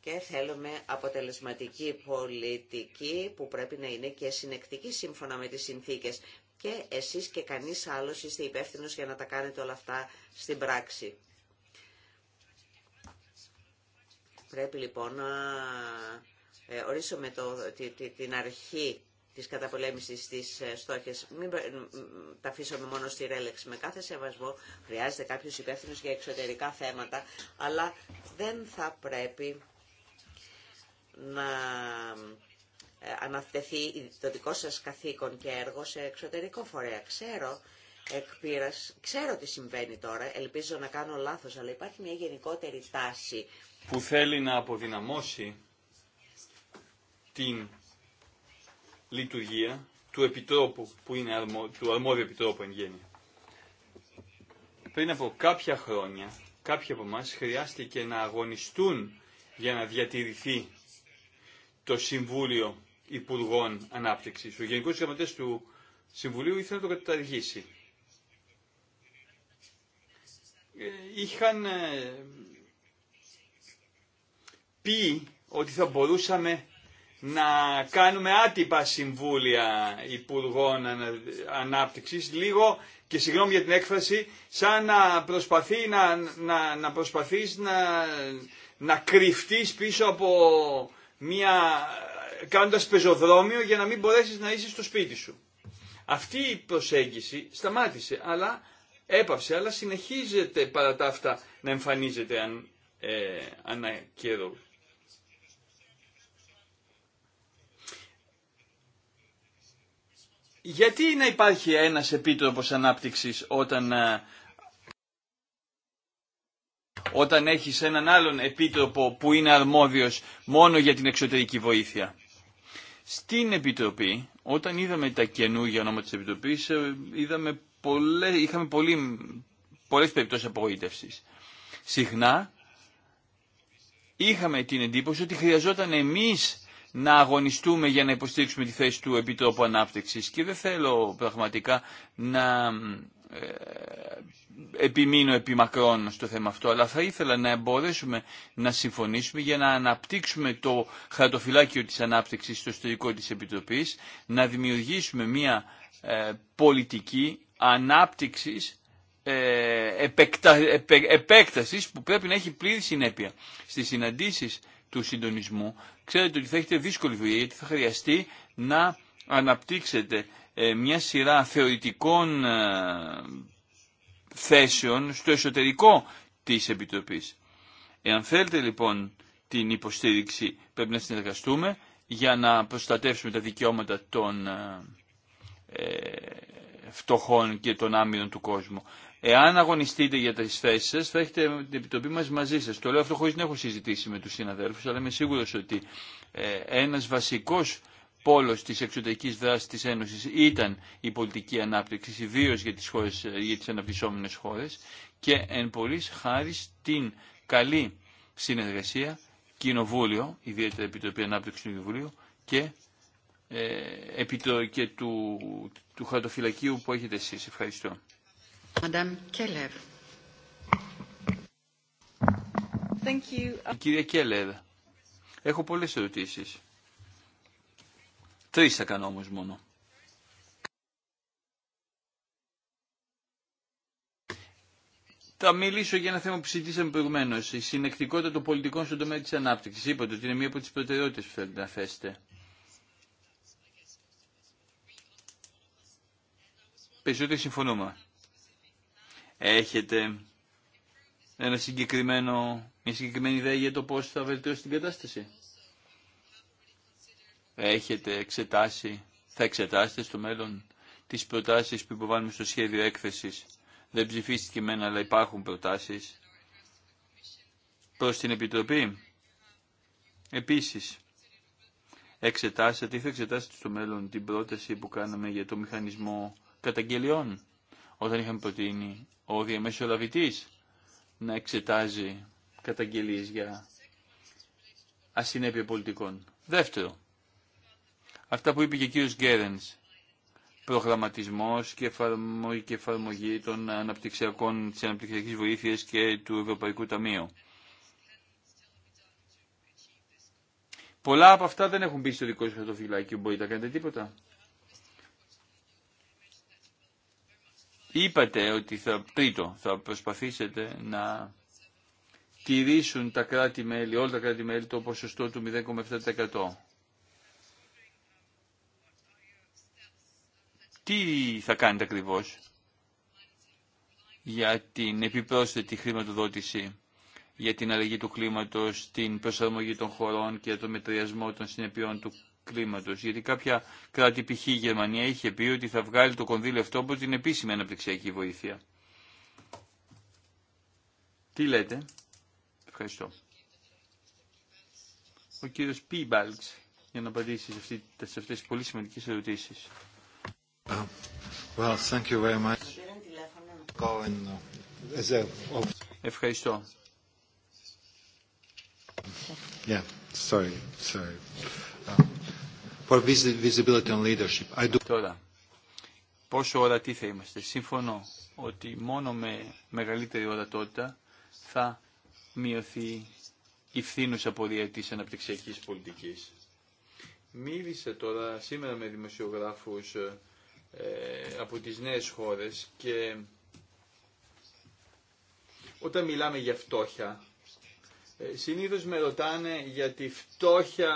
S4: και θέλουμε αποτελεσματική πολιτική που πρέπει να είναι και συνεκτική σύμφωνα με τις συνθήκες και εσείς και κανείς άλλος είστε υπεύθυνος για να τα κάνετε όλα αυτά στην πράξη. Πρέπει λοιπόν να ε, ορίσουμε το, την αρχή της καταπολέμησης της ε, στόχες. Μην τα αφήσουμε μόνο στη ρέλεξη. Με κάθε σεβασμό χρειάζεται κάποιος υπεύθυνο για εξωτερικά θέματα, αλλά δεν θα πρέπει να ε, αναφτεθεί το δικό σας καθήκον και έργο σε εξωτερικό φορέα. Ξέρω, εκπήρας, ξέρω τι συμβαίνει τώρα, ελπίζω να κάνω λάθος, αλλά υπάρχει μια γενικότερη τάση
S1: που θέλει να αποδυναμώσει την λειτουργία του επιτρόπου που είναι του αρμόδιου επιτρόπου εν γέννη. Πριν από κάποια χρόνια, κάποιοι από εμά χρειάστηκε να αγωνιστούν για να διατηρηθεί το Συμβούλιο Υπουργών ανάπτυξη. Ο Γενικό Γραμματέα του Συμβουλίου ήθελε να το καταργήσει. Ε, είχαν ε, πει ότι θα μπορούσαμε να κάνουμε άτυπα συμβούλια Υπουργών Ανάπτυξης, λίγο και συγγνώμη για την έκφραση, σαν να, προσπαθεί, να, να, να προσπαθείς να κρυφτείς πίσω από μια, κάνοντας πεζοδρόμιο για να μην μπορέσεις να είσαι στο σπίτι σου. Αυτή η προσέγγιση σταμάτησε, αλλά έπαυσε, αλλά συνεχίζεται παρά τα αυτά να εμφανίζεται αν, ε, ανά καιρό. Γιατί να υπάρχει ένας επίτροπος ανάπτυξης όταν ε, όταν έχεις έναν άλλον επίτροπο που είναι αρμόδιος μόνο για την εξωτερική βοήθεια. Στην Επιτροπή, όταν είδαμε τα καινούργια ονόματα της Επιτροπής, ε, είδαμε πολλές, είχαμε πολύ, πολλές περιπτώσεις απογοήτευσης. Συχνά είχαμε την εντύπωση ότι χρειαζόταν εμείς να αγωνιστούμε για να υποστήριξουμε τη θέση του Επιτρόπου Ανάπτυξης και δεν θέλω πραγματικά να ε, επιμείνω επιμακρών στο θέμα αυτό, αλλά θα ήθελα να μπορέσουμε να συμφωνήσουμε για να αναπτύξουμε το χαρτοφυλάκιο της ανάπτυξης στο ιστορικό της Επιτροπής, να δημιουργήσουμε μια ε, πολιτική ανάπτυξης ε, επέκτασης που πρέπει να έχει πλήρη συνέπεια στις συναντήσεις του συντονισμού. Ξέρετε ότι θα έχετε δύσκολη δουλειά γιατί θα χρειαστεί να αναπτύξετε ε, μια σειρά θεωρητικών ε, θέσεων στο εσωτερικό της Επιτροπής. Εάν θέλετε λοιπόν την υποστήριξη πρέπει να συνεργαστούμε για να προστατεύσουμε τα δικαιώματα των ε, φτωχών και των άμυρων του κόσμου. Εάν αγωνιστείτε για τις θέσεις σας, θα έχετε την επιτροπή μας μαζί σας. Το λέω αυτό χωρίς να έχω συζητήσει με τους συναδέλφους, αλλά είμαι σίγουρος ότι ένας βασικός πόλος της εξωτερικής δράσης της Ένωσης ήταν η πολιτική ανάπτυξη, ιδίω για τις, χώρες, για χώρες και εν πολλής χάρη στην καλή συνεργασία Κοινοβούλιο, ιδιαίτερα Επιτροπή Ανάπτυξη του Κοινοβουλίου και, ε, το και του, του χαρτοφυλακίου που έχετε εσείς. Ευχαριστώ. Thank you. Κυρία Κέλλερ, έχω πολλές ερωτήσεις. Τρεις θα κάνω όμως μόνο. Θα μιλήσω για ένα θέμα που συζητήσαμε προηγουμένω. Η συνεκτικότητα των πολιτικών στον τομέα τη ανάπτυξη. Είπατε ότι είναι μία από τι προτεραιότητε που θέλετε να θέσετε. Περισσότερο συμφωνούμε. Έχετε ένα συγκεκριμένο, μια συγκεκριμένη ιδέα για το πώς θα βελτιώσει την κατάσταση έχετε εξετάσει, θα εξετάσετε στο μέλλον τις προτάσεις που υποβάλλουμε στο σχέδιο έκθεσης. Δεν ψηφίστηκε εμένα, αλλά υπάρχουν προτάσεις προς την Επιτροπή. Επίσης, εξετάσετε ή θα εξετάσετε στο μέλλον την πρόταση που κάναμε για το μηχανισμό καταγγελιών, όταν είχαμε προτείνει ο διαμεσολαβητής να εξετάζει καταγγελίες για ασυνέπεια πολιτικών. Δεύτερο, Αυτά που είπε και ο κύριος Γκέρενς, προγραμματισμός και εφαρμογή, και των αναπτυξιακών, της αναπτυξιακής βοήθειας και του Ευρωπαϊκού Ταμείου. Πολλά από αυτά δεν έχουν μπει στο δικό σας χαρτοφυλάκι. Μπορείτε να κάνετε τίποτα. Είπατε ότι θα, τρίτο, θα προσπαθήσετε να τηρήσουν τα κράτη-μέλη, όλα τα κράτη-μέλη το ποσοστό του 0,7%. Τι θα κάνετε ακριβώς για την επιπρόσθετη χρηματοδότηση για την αλλαγή του κλίματος, την προσαρμογή των χωρών και το μετριασμό των συνεπειών του κλίματος. Γιατί κάποια κράτη, π.χ. η Γερμανία, είχε πει ότι θα βγάλει το κονδύλι αυτό από την επίσημη αναπτυξιακή βοήθεια. Τι λέτε. Ευχαριστώ. Ο κύριος Πίμπαλξ για να απαντήσει σε αυτές τις πολύ σημαντικές ερωτήσεις.
S3: Well, thank you very much.
S1: Ευχαριστώ. Yeah, sorry, sorry. For visibility on leadership, I Τώρα, πόσο ορατοί θα είμαστε. Συμφωνώ ότι μόνο με μεγαλύτερη ορατότητα θα μειωθεί η φθήνουσα πορεία της αναπτυξιακής πολιτικής. Μίλησα τώρα σήμερα με δημοσιογράφους ε, ε, από τις νέες χώρες και όταν μιλάμε για φτώχεια, ε, συνήθως με ρωτάνε γιατί τη φτώχεια,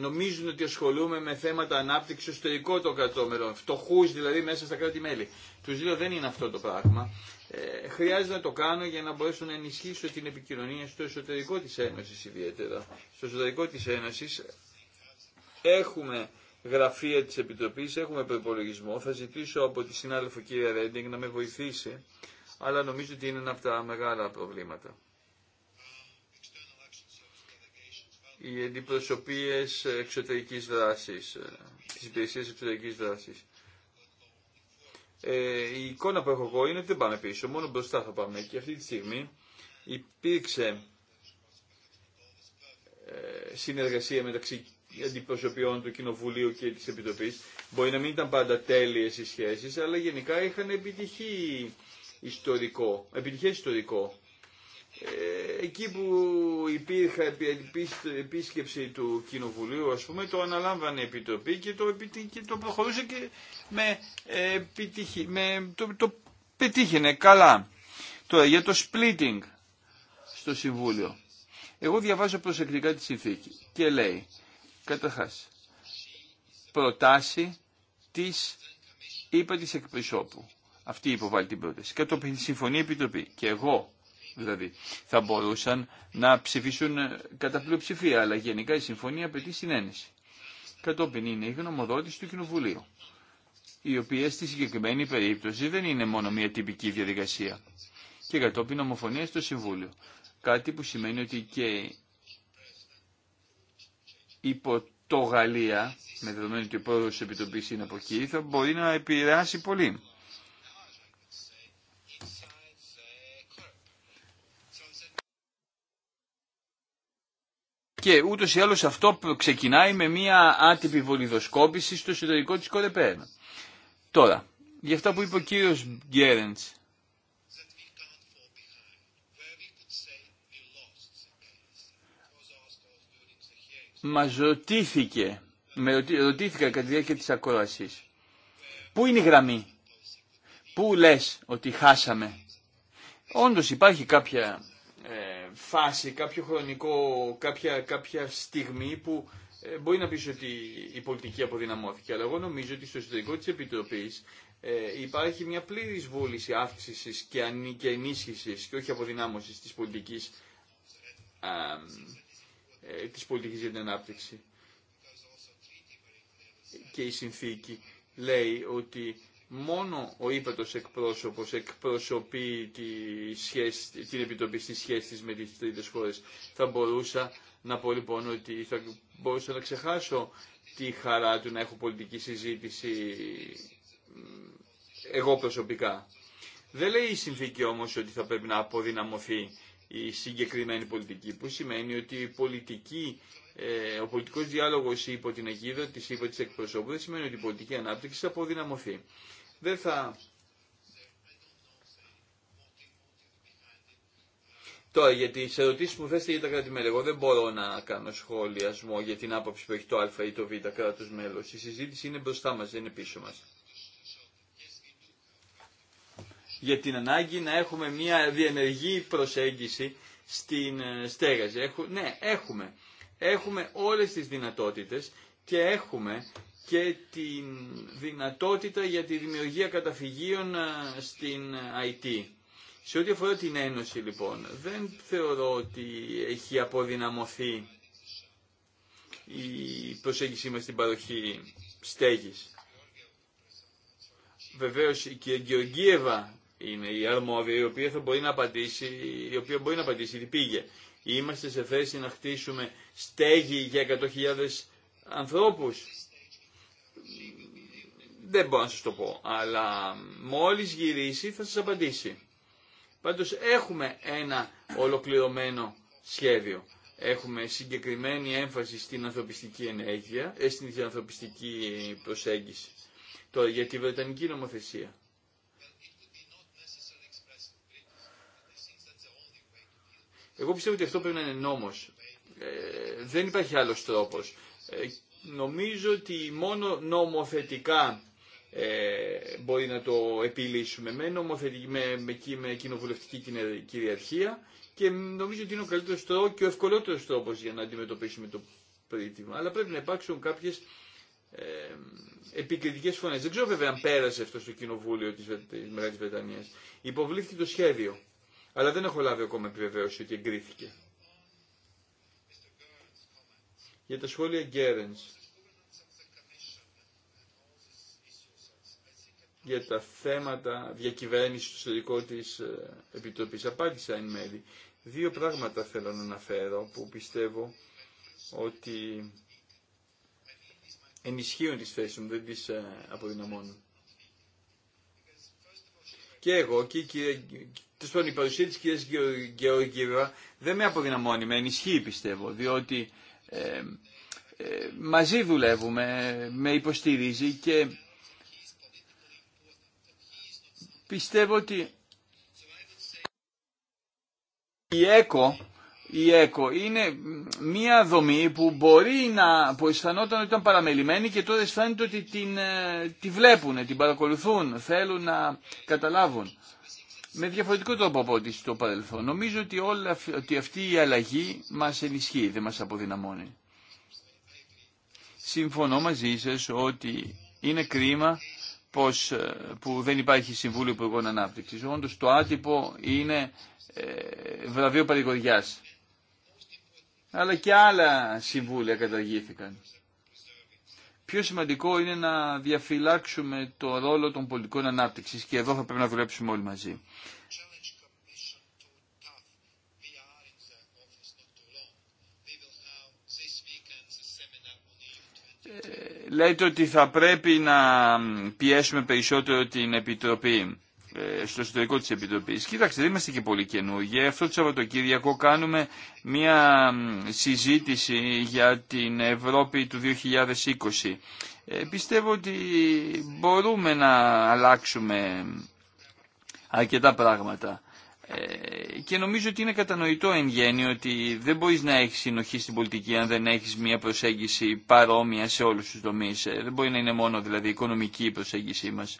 S1: νομίζουν ότι ασχολούμαι με θέματα ανάπτυξης στο εσωτερικό των κρατών φτωχούς δηλαδή μέσα στα κράτη-μέλη. Τους λέω δεν είναι αυτό το πράγμα. Ε, χρειάζεται να το κάνω για να μπορέσω να ενισχύσω την επικοινωνία στο εσωτερικό της Ένωσης ιδιαίτερα. Στο εσωτερικό της Ένωσης έχουμε γραφεία της Επιτροπής έχουμε προπολογισμό. Θα ζητήσω από τη συνάδελφο κύριε Ρέντινγκ να με βοηθήσει, αλλά νομίζω ότι είναι ένα από τα μεγάλα προβλήματα. Οι αντιπροσωπείες εξωτερικής δράσης, της υπηρεσίας εξωτερικής δράσης. Ε, η εικόνα που έχω εγώ είναι ότι δεν πάμε πίσω, μόνο μπροστά θα πάμε. Και αυτή τη στιγμή υπήρξε ε, συνεργασία μεταξύ αντιπροσωπιών του Κοινοβουλίου και της Επιτροπής. Μπορεί να μην ήταν πάντα τέλειες οι σχέσεις, αλλά γενικά είχαν επιτυχή ιστορικό, επιτυχές ιστορικό. Ε, εκεί που υπήρχε επίσκεψη του Κοινοβουλίου, ας πούμε, το αναλάμβανε η Επιτροπή και το, και το προχωρούσε και με, ε, επιτυχή, με το, το πετύχαινε καλά. Τώρα για το splitting στο Συμβούλιο. Εγώ διαβάζω προσεκτικά τη συνθήκη και λέει Καταρχάς, προτάσει της είπα της εκπροσώπου. Αυτή υποβάλλει την πρόταση. Κατόπιν συμφωνεί Επιτροπή. Και εγώ δηλαδή θα μπορούσαν να ψηφίσουν ε, κατά πλειοψηφία, αλλά γενικά η συμφωνία απαιτεί συνένεση. Κατόπιν είναι η γνωμοδότηση του Κοινοβουλίου, η οποία στη συγκεκριμένη περίπτωση δεν είναι μόνο μια τυπική διαδικασία. Και κατόπιν ομοφωνία στο Συμβούλιο. Κάτι που σημαίνει ότι και υπό το Γαλλία, με δεδομένο ότι ο πρόεδρος της Επιτροπής είναι από εκεί, θα μπορεί να επηρεάσει πολύ. Και ούτω ή άλλω αυτό ξεκινάει με μια άτυπη βολιδοσκόπηση στο εσωτερικό τη Κορεπέρα. Τώρα, για αυτά που είπε ο κύριο Γκέρεντ μας ρωτήθηκε, με ρωτήθηκα κατά τη διάρκεια της ακρόαση. πού είναι η γραμμή, πού λες ότι χάσαμε. Όντως υπάρχει κάποια ε, φάση, κάποιο χρονικό, κάποια, στιγμή που ε, μπορεί να πεις ότι η πολιτική αποδυναμώθηκε, αλλά εγώ νομίζω ότι στο εσωτερικό της Επιτροπής ε, υπάρχει μια πλήρης βούληση αύξησης και, αν, και ενίσχυσης και όχι αποδυνάμωσης της πολιτικής ε, ε, της πολιτικής για την ανάπτυξη. Και η συνθήκη λέει ότι μόνο ο ύπατος εκπρόσωπος εκπροσωπεί τη σχέση, την επιτροπή στη σχέση της με τις τρίτες χώρες. Θα μπορούσα να πω λοιπόν ότι θα μπορούσα να ξεχάσω τη χαρά του να έχω πολιτική συζήτηση εγώ προσωπικά. Δεν λέει η συνθήκη όμως ότι θα πρέπει να αποδυναμωθεί η συγκεκριμένη πολιτική, που σημαίνει ότι η πολιτική, ε, ο πολιτικός διάλογος υπό την αιγίδα της υπό της εκπροσώπου σημαίνει ότι η πολιτική ανάπτυξη θα αποδυναμωθεί. Δεν θα... Τώρα, για τι ερωτήσει που θέσετε για τα κράτη-μέλη, εγώ δεν μπορώ να κάνω σχολιασμό για την άποψη που έχει το Α ή το Β κράτο μέλο. Η συζήτηση είναι μπροστά μα, δεν είναι πίσω μα για την ανάγκη να έχουμε μια διενεργή προσέγγιση στην ε, στέγαση. ναι, έχουμε. Έχουμε όλες τις δυνατότητες και έχουμε και τη δυνατότητα για τη δημιουργία καταφυγίων ε, στην ε, IT. Σε ό,τι αφορά την Ένωση λοιπόν, δεν θεωρώ ότι έχει αποδυναμωθεί η προσέγγιση μας στην παροχή στέγης. Βεβαίως η κυρία είναι η αρμόδια η οποία θα μπορεί να απαντήσει, η οποία μπορεί να απαντήσει τι πήγε. Είμαστε σε θέση να χτίσουμε στέγη για 100.000 ανθρώπους. Δεν μπορώ να σας το πω, αλλά μόλις γυρίσει θα σας απαντήσει. Πάντως έχουμε ένα ολοκληρωμένο σχέδιο. Έχουμε συγκεκριμένη έμφαση στην ανθρωπιστική ενέργεια, ε, στην ανθρωπιστική προσέγγιση. Τώρα για τη Βρετανική νομοθεσία. Εγώ πιστεύω ότι αυτό πρέπει να είναι νόμο ε, δεν υπάρχει άλλος τρόπος. Ε, νομίζω ότι μόνο νομοθετικά ε, μπορεί να το επιλύσουμε με, με, με, κοινοβουλευτική κυριαρχία και νομίζω ότι είναι ο καλύτερος τρόπο και ο ευκολότερο τρόπο για να αντιμετωπίσουμε το πρίτημα. Αλλά πρέπει να υπάρξουν κάποιες ε, επικριτικές φωνές. Δεν ξέρω βέβαια αν πέρασε αυτό στο κοινοβούλιο τη μεγάλη Βρετανία. Υποβλήθηκε το σχέδιο αλλά δεν έχω λάβει ακόμα επιβεβαίωση ότι εγκρίθηκε. Για τα σχόλια Γκέρενς, για τα θέματα διακυβέρνηση του ιστορικού τη ε, επιτροπή, απάντησα εν μέρη. Δύο πράγματα θέλω να αναφέρω που πιστεύω ότι ενισχύουν τις θέσεις μου, δεν τις ε, αποδυναμώνουν. Και εγώ και η κυρία Τέλο η παρουσία τη κυρία Γεωργίου δεν με αποδυναμώνει, με ενισχύει πιστεύω, διότι ε, ε, μαζί δουλεύουμε, με υποστηρίζει και πιστεύω ότι η ΕΚΟ, η ΕΚΟ είναι μία δομή που μπορεί να που αισθανόταν ότι ήταν παραμελημένη και τώρα αισθάνεται ότι την, ε, τη βλέπουν, την παρακολουθούν, θέλουν να καταλάβουν με διαφορετικό τρόπο από ό,τι στο παρελθόν. Νομίζω ότι, όλα, ότι αυτή η αλλαγή μας ενισχύει, δεν μας αποδυναμώνει. Συμφωνώ μαζί σας ότι είναι κρίμα πως, ε, που δεν υπάρχει Συμβούλιο Υπουργών ανάπτυξη, όντω το άτυπο είναι ε, βραβείο Αλλά και άλλα συμβούλια καταργήθηκαν πιο σημαντικό είναι να διαφυλάξουμε το ρόλο των πολιτικών ανάπτυξη, και εδώ θα πρέπει να δουλέψουμε όλοι μαζί. Ε, λέτε ότι θα πρέπει να πιέσουμε περισσότερο την Επιτροπή. Ε, στο εσωτερικό της Επιτροπής. Κοίταξτε, δεν είμαστε και πολύ καινούργοι. Αυτό το Σαββατοκύριακο κάνουμε μια συζήτηση για την Ευρώπη του 2020. Ε, πιστεύω ότι μπορούμε να αλλάξουμε αρκετά πράγματα. Ε, και νομίζω ότι είναι κατανοητό εν γέννη ότι δεν μπορείς να έχεις συνοχή στην πολιτική αν δεν έχεις μια προσέγγιση παρόμοια σε όλους τους τομείς. δεν μπορεί να είναι μόνο δηλαδή οικονομική η προσέγγιση μας.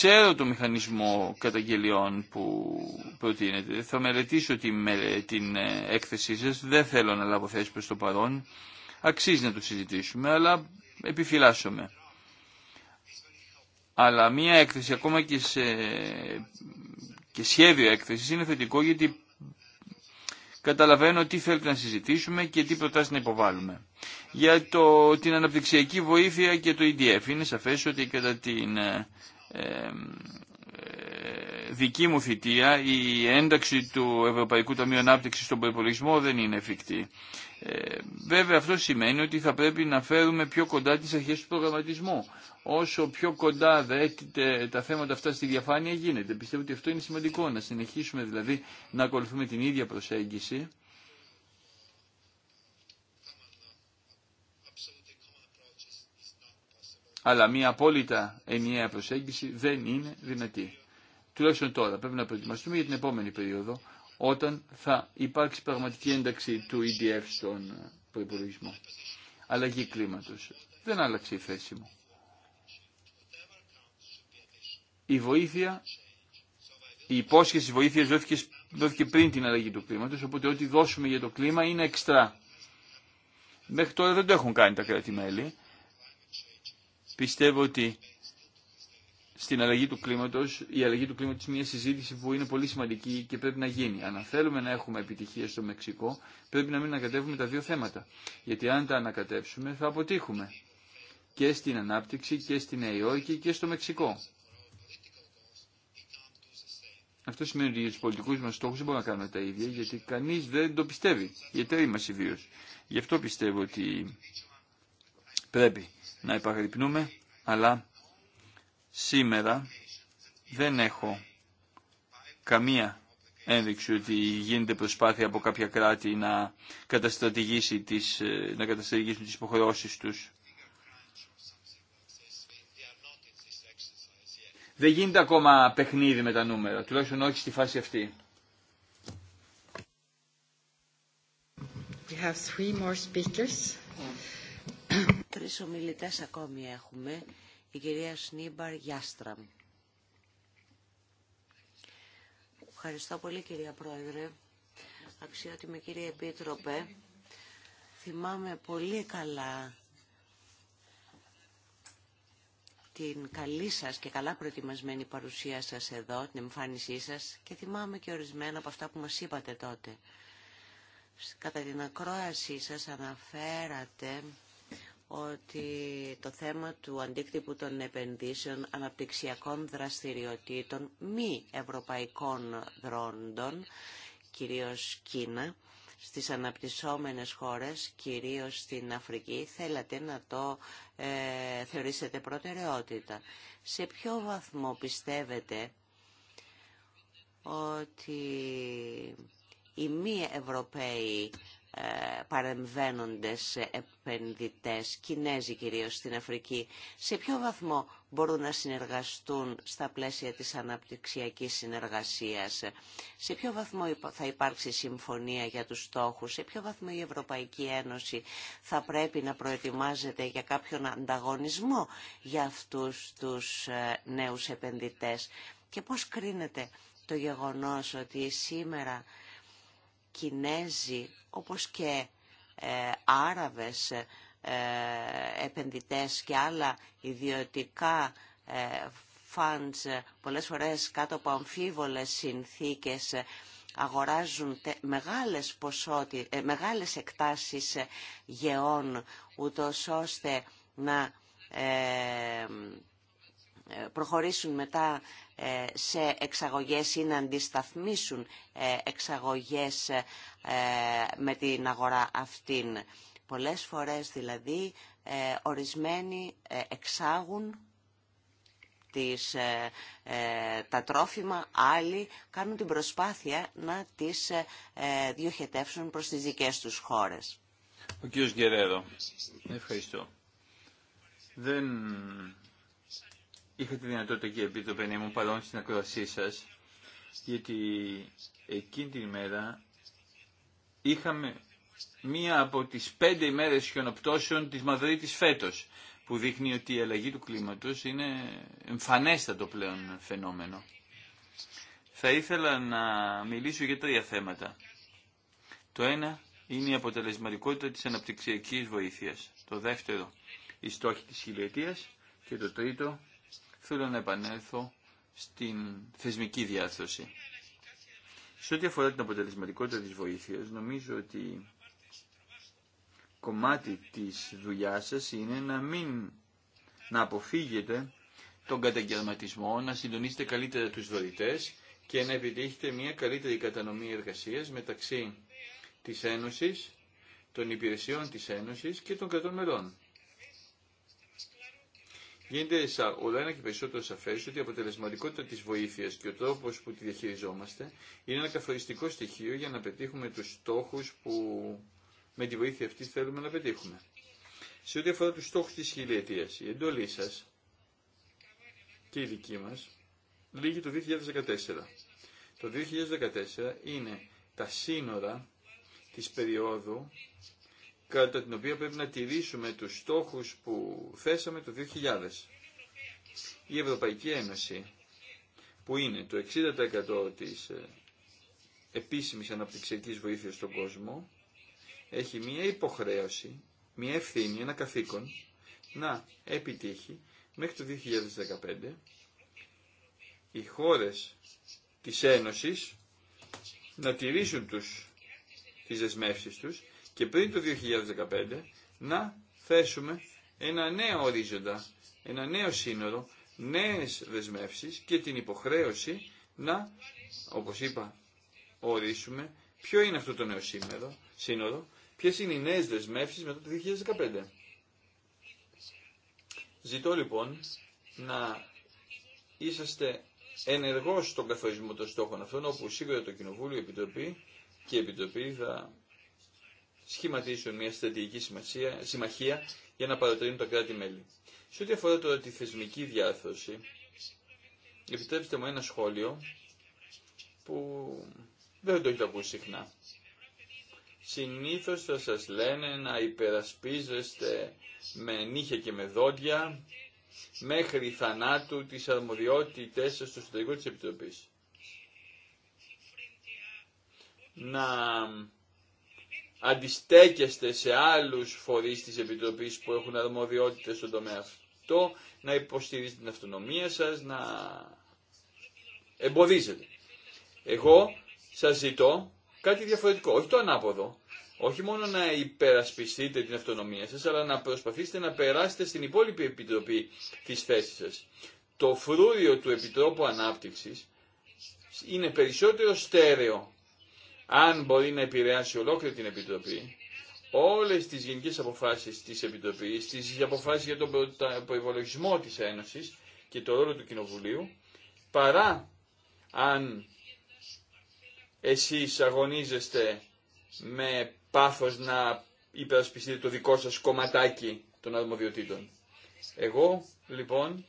S1: Ξέρω το μηχανισμό καταγγελιών που προτείνεται. Θα μελετήσω την ε, έκθεσή σας. Δεν θέλω να λάβω θέση προς το παρόν. Αξίζει να το συζητήσουμε, αλλά επιφυλάσσομαι. Αλλά μία έκθεση, ακόμα και, σε... και σχέδιο έκθεση, είναι θετικό γιατί καταλαβαίνω τι θέλετε να συζητήσουμε και τι προτάσεις να υποβάλουμε. Για το... την αναπτυξιακή βοήθεια και το EDF είναι σαφές ότι κατά την ε, ε, δική μου θητεία η ένταξη του Ευρωπαϊκού Ταμείου Ανάπτυξης στον προπολογισμό δεν είναι εφικτή. Ε, βέβαια αυτό σημαίνει ότι θα πρέπει να φέρουμε πιο κοντά τις αρχές του προγραμματισμού. Όσο πιο κοντά δέχεται τα θέματα αυτά στη διαφάνεια γίνεται. Πιστεύω ότι αυτό είναι σημαντικό, να συνεχίσουμε δηλαδή να ακολουθούμε την ίδια προσέγγιση αλλά μια απόλυτα ενιαία προσέγγιση δεν είναι δυνατή. Τουλάχιστον τώρα πρέπει να προετοιμαστούμε για την επόμενη περίοδο όταν θα υπάρξει πραγματική ένταξη του EDF στον ε, προπολογισμό. Αλλαγή κλίματο. Δεν άλλαξε η θέση μου. Η βοήθεια, η υπόσχεση βοήθεια δόθηκε, δόθηκε πριν την αλλαγή του κλίματο, οπότε ό,τι δώσουμε για το κλίμα είναι εξτρά. Μέχρι τώρα δεν το έχουν κάνει τα κράτη-μέλη Πιστεύω ότι στην αλλαγή του κλίματος, η αλλαγή του κλίματος είναι μια συζήτηση που είναι πολύ σημαντική και πρέπει να γίνει. Αν θέλουμε να έχουμε επιτυχία στο Μεξικό, πρέπει να μην ανακατεύουμε τα δύο θέματα. Γιατί αν τα ανακατέψουμε θα αποτύχουμε και στην ανάπτυξη και στην Νέα Υόρκη και στο Μεξικό. Αυτό σημαίνει ότι για του πολιτικού μα στόχου δεν μπορούμε να κάνουμε τα ίδια, γιατί κανεί δεν το πιστεύει. Οι εταίροι μα ιδίω. Γι' αυτό πιστεύω ότι πρέπει να υπαγρυπνούμε, αλλά σήμερα δεν έχω καμία ένδειξη ότι γίνεται προσπάθεια από κάποια κράτη να, καταστρατηγήσει τις, ε, να καταστρατηγήσουν τις υποχρεώσεις τους. Δεν γίνεται ακόμα παιχνίδι με τα νούμερα, τουλάχιστον όχι στη φάση αυτή.
S4: We have three more speakers. Τρεις ομιλητές ακόμη έχουμε. Η κυρία Σνίμπαρ Γιάστραμ. Ευχαριστώ πολύ κυρία Πρόεδρε. Αξιότιμη κύριε Επίτροπε. Θυμάμαι πολύ καλά την καλή σας και καλά προετοιμασμένη παρουσία σας εδώ, την εμφάνισή σας και θυμάμαι και ορισμένα από αυτά που μας είπατε τότε. Κατά την ακρόασή σας αναφέρατε ότι το θέμα του αντίκτυπου των επενδύσεων αναπτυξιακών δραστηριοτήτων μη ευρωπαϊκών δρόντων, κυρίως Κίνα, στις αναπτυσσόμενες χώρες, κυρίως στην Αφρική, θέλατε να το ε, θεωρήσετε προτεραιότητα. Σε ποιο βαθμό πιστεύετε ότι οι μη Ευρωπαίοι ε, παρεμβαίνοντες επενδυτές, Κινέζοι κυρίως στην Αφρική, σε ποιο βαθμό μπορούν να συνεργαστούν στα πλαίσια της αναπτυξιακής συνεργασίας, σε ποιο βαθμό θα υπάρξει συμφωνία για τους στόχους, σε ποιο βαθμό η Ευρωπαϊκή Ένωση θα πρέπει να προετοιμάζεται για κάποιον ανταγωνισμό για αυτούς τους ε, νέους επενδυτές και πώς κρίνεται το γεγονός ότι σήμερα Κινέζοι όπως και ε, Άραβες ε, επενδυτές και άλλα ιδιωτικά ε, funds πολλές φορές κάτω από αμφίβολες συνθήκες αγοράζουν μεγάλες, ποσότη, μεγάλες εκτάσεις γεών ούτως ώστε να προχωρήσουν μετά ε, σε εξαγωγές ή να αντισταθμίσουν ε, εξαγωγές ε, με την αγορά αυτήν. Πολλές φορές δηλαδή ορισμένοι εξάγουν τις, τα τρόφιμα, άλλοι κάνουν την προσπάθεια να τις διοχετεύσουν προς τις δικές τους χώρες.
S1: Ο κύριος ευχαριστώ. Δεν είχα τη δυνατότητα και Επίτροπε να ήμουν παρόν στην ακροασή σας γιατί εκείνη την ημέρα είχαμε μία από τις πέντε ημέρες χιονοπτώσεων της Μαδρίτης φέτος που δείχνει ότι η αλλαγή του κλίματος είναι εμφανέστατο πλέον φαινόμενο. Θα ήθελα να μιλήσω για τρία θέματα. Το ένα είναι η αποτελεσματικότητα της αναπτυξιακής βοήθειας. Το δεύτερο, οι στόχοι της χιλιετίας. Και το τρίτο, θέλω να επανέλθω στην θεσμική διάθεση. Σε ό,τι αφορά την αποτελεσματικότητα της βοήθειας, νομίζω ότι κομμάτι της δουλειά σας είναι να μην να αποφύγετε τον καταγγελματισμό, να συντονίσετε καλύτερα τους δωρητές και να επιτύχετε μια καλύτερη κατανομή εργασίας μεταξύ της Ένωσης, των υπηρεσιών της Ένωσης και των κρατών μελών γίνεται όλο ένα και περισσότερο σαφέ ότι η αποτελεσματικότητα τη βοήθεια και ο τρόπο που τη διαχειριζόμαστε είναι ένα καθοριστικό στοιχείο για να πετύχουμε του στόχου που με τη βοήθεια αυτή θέλουμε να πετύχουμε. Σε ό,τι αφορά του στόχου τη χιλιετία, η εντολή σα και η δική μα λύγει το 2014. Το 2014 είναι τα σύνορα της περίοδου κατά την οποία πρέπει να τηρήσουμε τους στόχους που θέσαμε το 2000. Η Ευρωπαϊκή Ένωση, που είναι το 60% της ε, επίσημης αναπτυξιακής βοήθειας στον κόσμο, έχει μία υποχρέωση, μία ευθύνη, ένα καθήκον, να επιτύχει μέχρι το 2015 οι χώρες της Ένωσης να τηρήσουν τους, τις δεσμεύσεις τους και πριν το 2015 να θέσουμε ένα νέο ορίζοντα, ένα νέο σύνορο, νέες δεσμεύσεις και την υποχρέωση να, όπως είπα, ορίσουμε ποιο είναι αυτό το νέο σύνορο, σύνορο ποιες είναι οι νέες δεσμεύσεις μετά το 2015. Ζητώ λοιπόν να είσαστε ενεργός στον καθορισμό των στόχων αυτών, όπου σίγουρα το Κοινοβούλιο, Επιτροπή και η Επιτροπή θα σχηματίσουν μια στρατηγική συμμαχία για να παρατείνουν τα κράτη-μέλη. Σε ό,τι αφορά τώρα τη θεσμική διάρθρωση, επιτρέψτε μου ένα σχόλιο που δεν το έχετε ακούσει συχνά. Συνήθως θα σας λένε να υπερασπίζεστε με νύχια και με δόντια μέχρι θανάτου τις αρμοδιότητες στο εσωτερικό της Επιτροπής. Να αντιστέκεστε σε άλλους φορείς της Επιτροπής που έχουν αρμοδιότητες στον τομέα αυτό, να υποστηρίζετε την αυτονομία σας, να εμποδίζετε. Εγώ σας ζητώ κάτι διαφορετικό, όχι το ανάποδο. Όχι μόνο να υπερασπιστείτε την αυτονομία σας, αλλά να προσπαθήσετε να περάσετε στην υπόλοιπη επιτροπή της θέσης σας. Το φρούριο του Επιτρόπου Ανάπτυξης είναι περισσότερο στέρεο αν μπορεί να επηρεάσει ολόκληρη την Επιτροπή, όλες τις γενικές αποφάσεις της Επιτροπής, τις αποφάσεις για τον προϋπολογισμό της Ένωσης και το ρόλο του Κοινοβουλίου, παρά αν εσείς αγωνίζεστε με πάθος να υπερασπιστείτε το δικό σας κομματάκι των αρμοδιοτήτων. Εγώ, λοιπόν,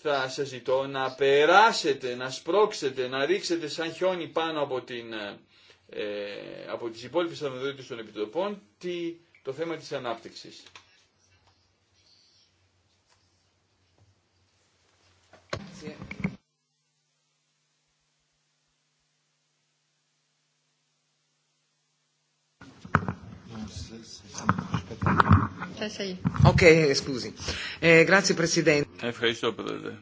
S1: θα σας ζητώ να περάσετε, να σπρώξετε, να ρίξετε σαν χιόνι πάνω από, την, ε, ε, από τις υπόλοιπες των επιτροπών το θέμα της ανάπτυξης. Eh, Ευχαριστώ, Πρόεδρε.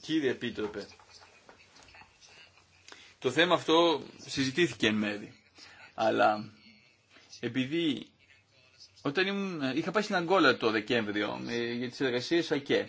S1: Κύριε Επίτροπε, το θέμα αυτό συζητήθηκε εν μέρη. Αλλά επειδή όταν ήμουν, είχα πάει στην Αγκόλα το Δεκέμβριο ε, για τις εργασίες ΑΚΕ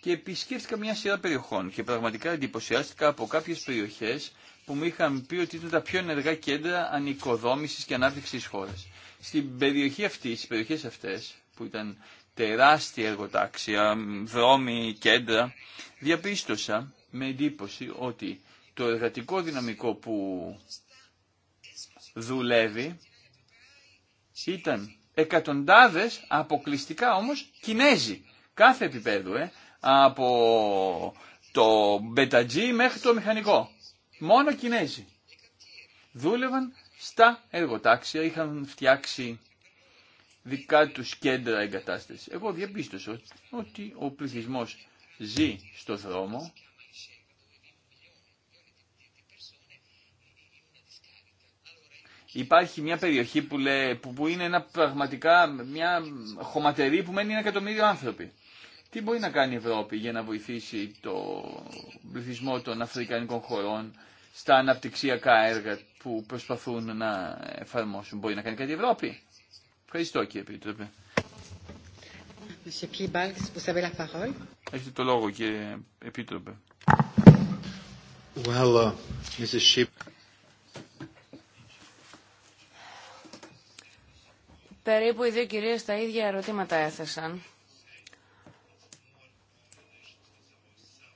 S1: και επισκέφτηκα μια σειρά περιοχών και πραγματικά εντυπωσιάστηκα από κάποιες περιοχές που μου είχαν πει ότι ήταν τα πιο ενεργά κέντρα ανοικοδόμηση και ανάπτυξης τη χώρα. Στην περιοχή αυτή, στις περιοχέ αυτέ, που ήταν τεράστια εργοτάξια, δρόμοι, κέντρα, διαπίστωσα με εντύπωση ότι το εργατικό δυναμικό που δουλεύει ήταν εκατοντάδες αποκλειστικά όμως Κινέζοι κάθε επίπεδο ε, από το μπετατζή μέχρι το μηχανικό Μόνο Κινέζοι. Δούλευαν στα εργοτάξια, είχαν φτιάξει δικά τους κέντρα εγκατάσταση. Εγώ διαπίστωσα ότι ο πληθυσμό ζει στο δρόμο, Υπάρχει μια περιοχή που, είναι πραγματικά μια χωματερή που μένει ένα εκατομμύριο άνθρωποι. Τι μπορεί να κάνει η Ευρώπη για να βοηθήσει το πληθυσμό των αφρικανικών χωρών στα αναπτυξιακά έργα που προσπαθούν να εφαρμόσουν. Μπορεί να κάνει κάτι η Ευρώπη. Ευχαριστώ κύριε Επίτροπε. Έχετε το λόγο κύριε Επίτροπε. Well, uh, Mrs.
S3: Περίπου οι δύο κυρίες τα ίδια ερωτήματα έθεσαν.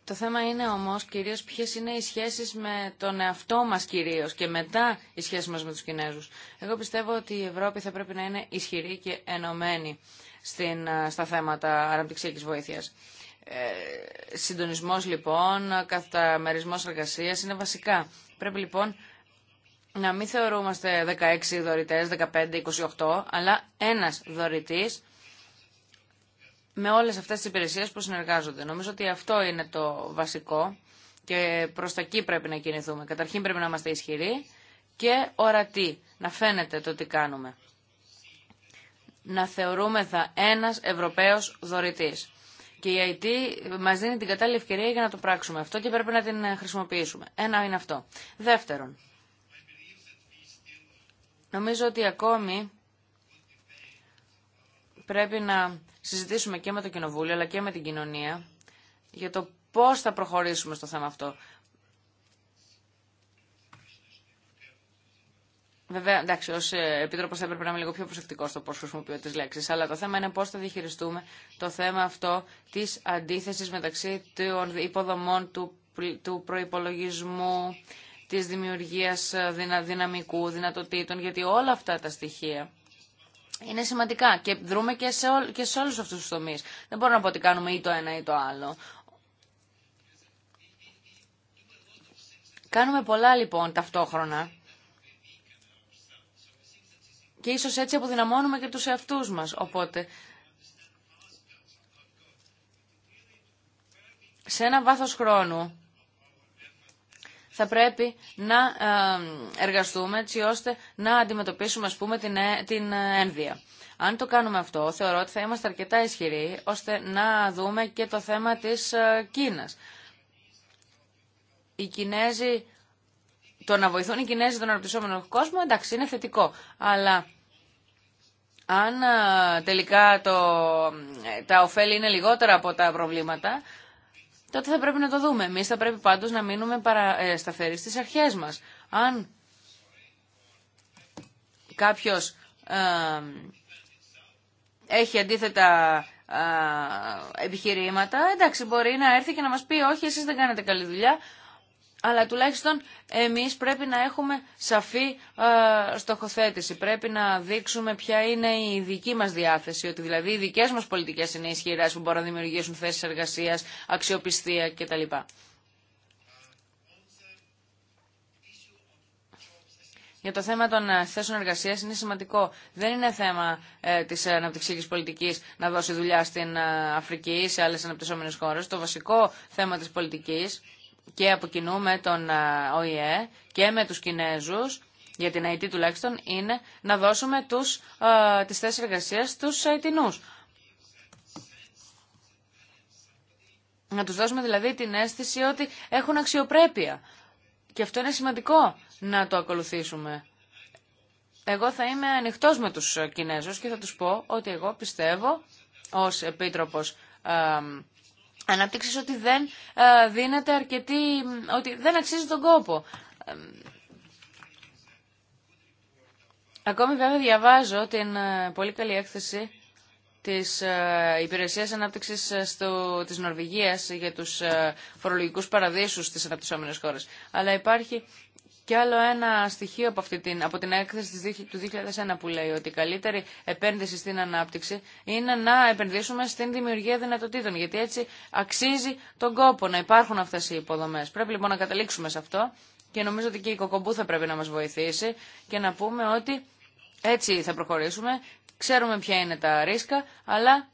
S3: Το θέμα είναι όμως κυρίως ποιε είναι οι σχέσεις με τον εαυτό μα κυρίως και μετά οι σχέσεις μας με τους Κινέζους. Εγώ πιστεύω ότι η Ευρώπη θα πρέπει να είναι ισχυρή και ενωμένη στην, στα θέματα αναπτυξιακή βοήθειας. Ε, συντονισμός λοιπόν, μερισμός εργασία είναι βασικά. Πρέπει λοιπόν να μην θεωρούμαστε 16 δωρητέ, 15, 28, αλλά ένα δωρητή με όλες αυτές τις υπηρεσίες που συνεργάζονται. Νομίζω ότι αυτό είναι το βασικό και προς τα εκεί πρέπει να κινηθούμε. Καταρχήν πρέπει να είμαστε ισχυροί και ορατοί, να φαίνεται το τι κάνουμε. Να θεωρούμε θα ένας Ευρωπαίος δωρητής. Και η IT μα δίνει την κατάλληλη ευκαιρία για να το πράξουμε αυτό και πρέπει να την ε, χρησιμοποιήσουμε. Ένα είναι αυτό. Δεύτερον, νομίζω ότι ακόμη πρέπει να συζητήσουμε και με το Κοινοβούλιο αλλά και με την κοινωνία για το πώς θα προχωρήσουμε στο θέμα αυτό. Βέβαια, εντάξει, ω ε, επίτροπο θα έπρεπε να είμαι λίγο πιο προσεκτικό στο πώ χρησιμοποιώ τι λέξει. Αλλά το θέμα είναι πώ θα διαχειριστούμε το θέμα αυτό τη αντίθεση μεταξύ των υποδομών του, του προπολογισμού, τη δημιουργία ε, δυναμικού, δυνατοτήτων. Γιατί όλα αυτά τα στοιχεία είναι σημαντικά και δρούμε και σε, ό, και σε όλους αυτούς τους τομείς. Δεν μπορώ να πω ότι κάνουμε ή το ένα ή το άλλο. Κάνουμε πολλά λοιπόν ταυτόχρονα και ίσως έτσι αποδυναμώνουμε και τους εαυτούς μας. Οπότε σε ένα βάθος χρόνου θα πρέπει να εργαστούμε έτσι ώστε να αντιμετωπίσουμε ας πούμε την, ε, την ε, ένδυα. Αν το κάνουμε αυτό, θεωρώ ότι θα είμαστε αρκετά ισχυροί ώστε να δούμε και το θέμα της ε, Κίνας. Οι Κινέζοι, το να βοηθούν οι Κινέζοι τον αναπτυσσόμενο κόσμο, εντάξει, είναι θετικό. Αλλά αν τελικά το, τα ωφέλη είναι λιγότερα από τα προβλήματα, τότε θα πρέπει να το δούμε. Εμεί θα πρέπει πάντως να μείνουμε παρα... ε, σταθεροί στι αρχές μας. Αν κάποιος έχει αντίθετα ε, επιχειρήματα, εντάξει μπορεί να έρθει και να μας πει όχι εσείς δεν κάνετε καλή δουλειά, αλλά τουλάχιστον εμείς πρέπει να έχουμε σαφή ε, στοχοθέτηση. Πρέπει να δείξουμε ποια είναι η δική μας διάθεση, ότι δηλαδή οι δικές μας πολιτικές είναι ισχυρές που μπορούν να δημιουργήσουν θέσεις εργασίας, αξιοπιστία κτλ. Για το θέμα των ε, θέσεων εργασία είναι σημαντικό. Δεν είναι θέμα ε, τη αναπτυξιακή πολιτική να δώσει δουλειά στην ε, Αφρική ή σε άλλε αναπτυσσόμενε χώρε. Το βασικό θέμα τη πολιτική και από κοινού με τον ε, ΟΗΕ και με τους Κινέζους, για την ΑΕΤ τουλάχιστον, είναι να δώσουμε τους, ε, τις θέσεις εργασίας στους ΑΕΤΙΝΟΥΣ. Να τους δώσουμε δηλαδή την αίσθηση ότι έχουν αξιοπρέπεια. Και αυτό είναι σημαντικό να το ακολουθήσουμε. Εγώ θα είμαι ανοιχτό με τους Κινέζους και θα τους πω ότι εγώ πιστεύω ως Επίτροπος ε, Ανάπτυξη ότι δεν ε, δίνεται αρκετή, ότι δεν αξίζει τον κόπο. Ακόμη βέβαια διαβάζω την ε, πολύ καλή έκθεση της ε, Υπηρεσίας Ανάπτυξης στο, της Νορβηγίας για τους φορολογικούς παραδείσους στις αναπτυσσόμενες χώρες. Αλλά υπάρχει και άλλο ένα στοιχείο από, αυτή την, από την έκθεση του 2001 που λέει ότι η καλύτερη επένδυση στην ανάπτυξη είναι να επενδύσουμε στην δημιουργία δυνατοτήτων. Γιατί έτσι αξίζει τον κόπο να υπάρχουν αυτέ οι υποδομέ. Πρέπει λοιπόν να καταλήξουμε σε αυτό και νομίζω ότι και η Κοκομπού θα πρέπει να μα βοηθήσει και να πούμε ότι έτσι θα προχωρήσουμε. Ξέρουμε ποια είναι τα ρίσκα, αλλά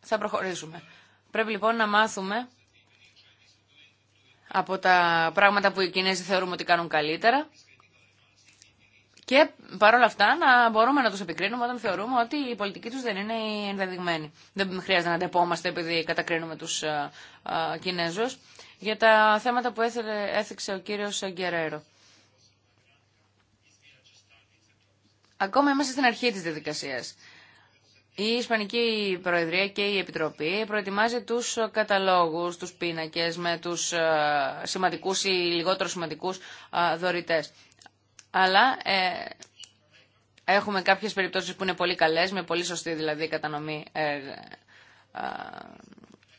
S3: θα προχωρήσουμε. Πρέπει λοιπόν να μάθουμε από τα πράγματα που οι Κινέζοι θεωρούμε ότι κάνουν καλύτερα και παρόλα αυτά να μπορούμε να τους επικρίνουμε όταν θεωρούμε ότι η πολιτική τους δεν είναι ενδεδειγμένη. Δεν χρειάζεται να αντεπόμαστε επειδή κατακρίνουμε τους ε, ε, Κινέζους για τα θέματα που έθιξε ο κύριος Γκερέρο. Ακόμα είμαστε στην αρχή της διαδικασίας. Η Ισπανική Προεδρία και η Επιτροπή προετοιμάζει τους καταλόγους, τους πίνακες με τους ε, σημαντικούς ή λιγότερο σημαντικούς ε, δωρητές. Αλλά ε, έχουμε κάποιες περιπτώσεις που είναι πολύ καλές, με πολύ σωστή δηλαδή κατανομή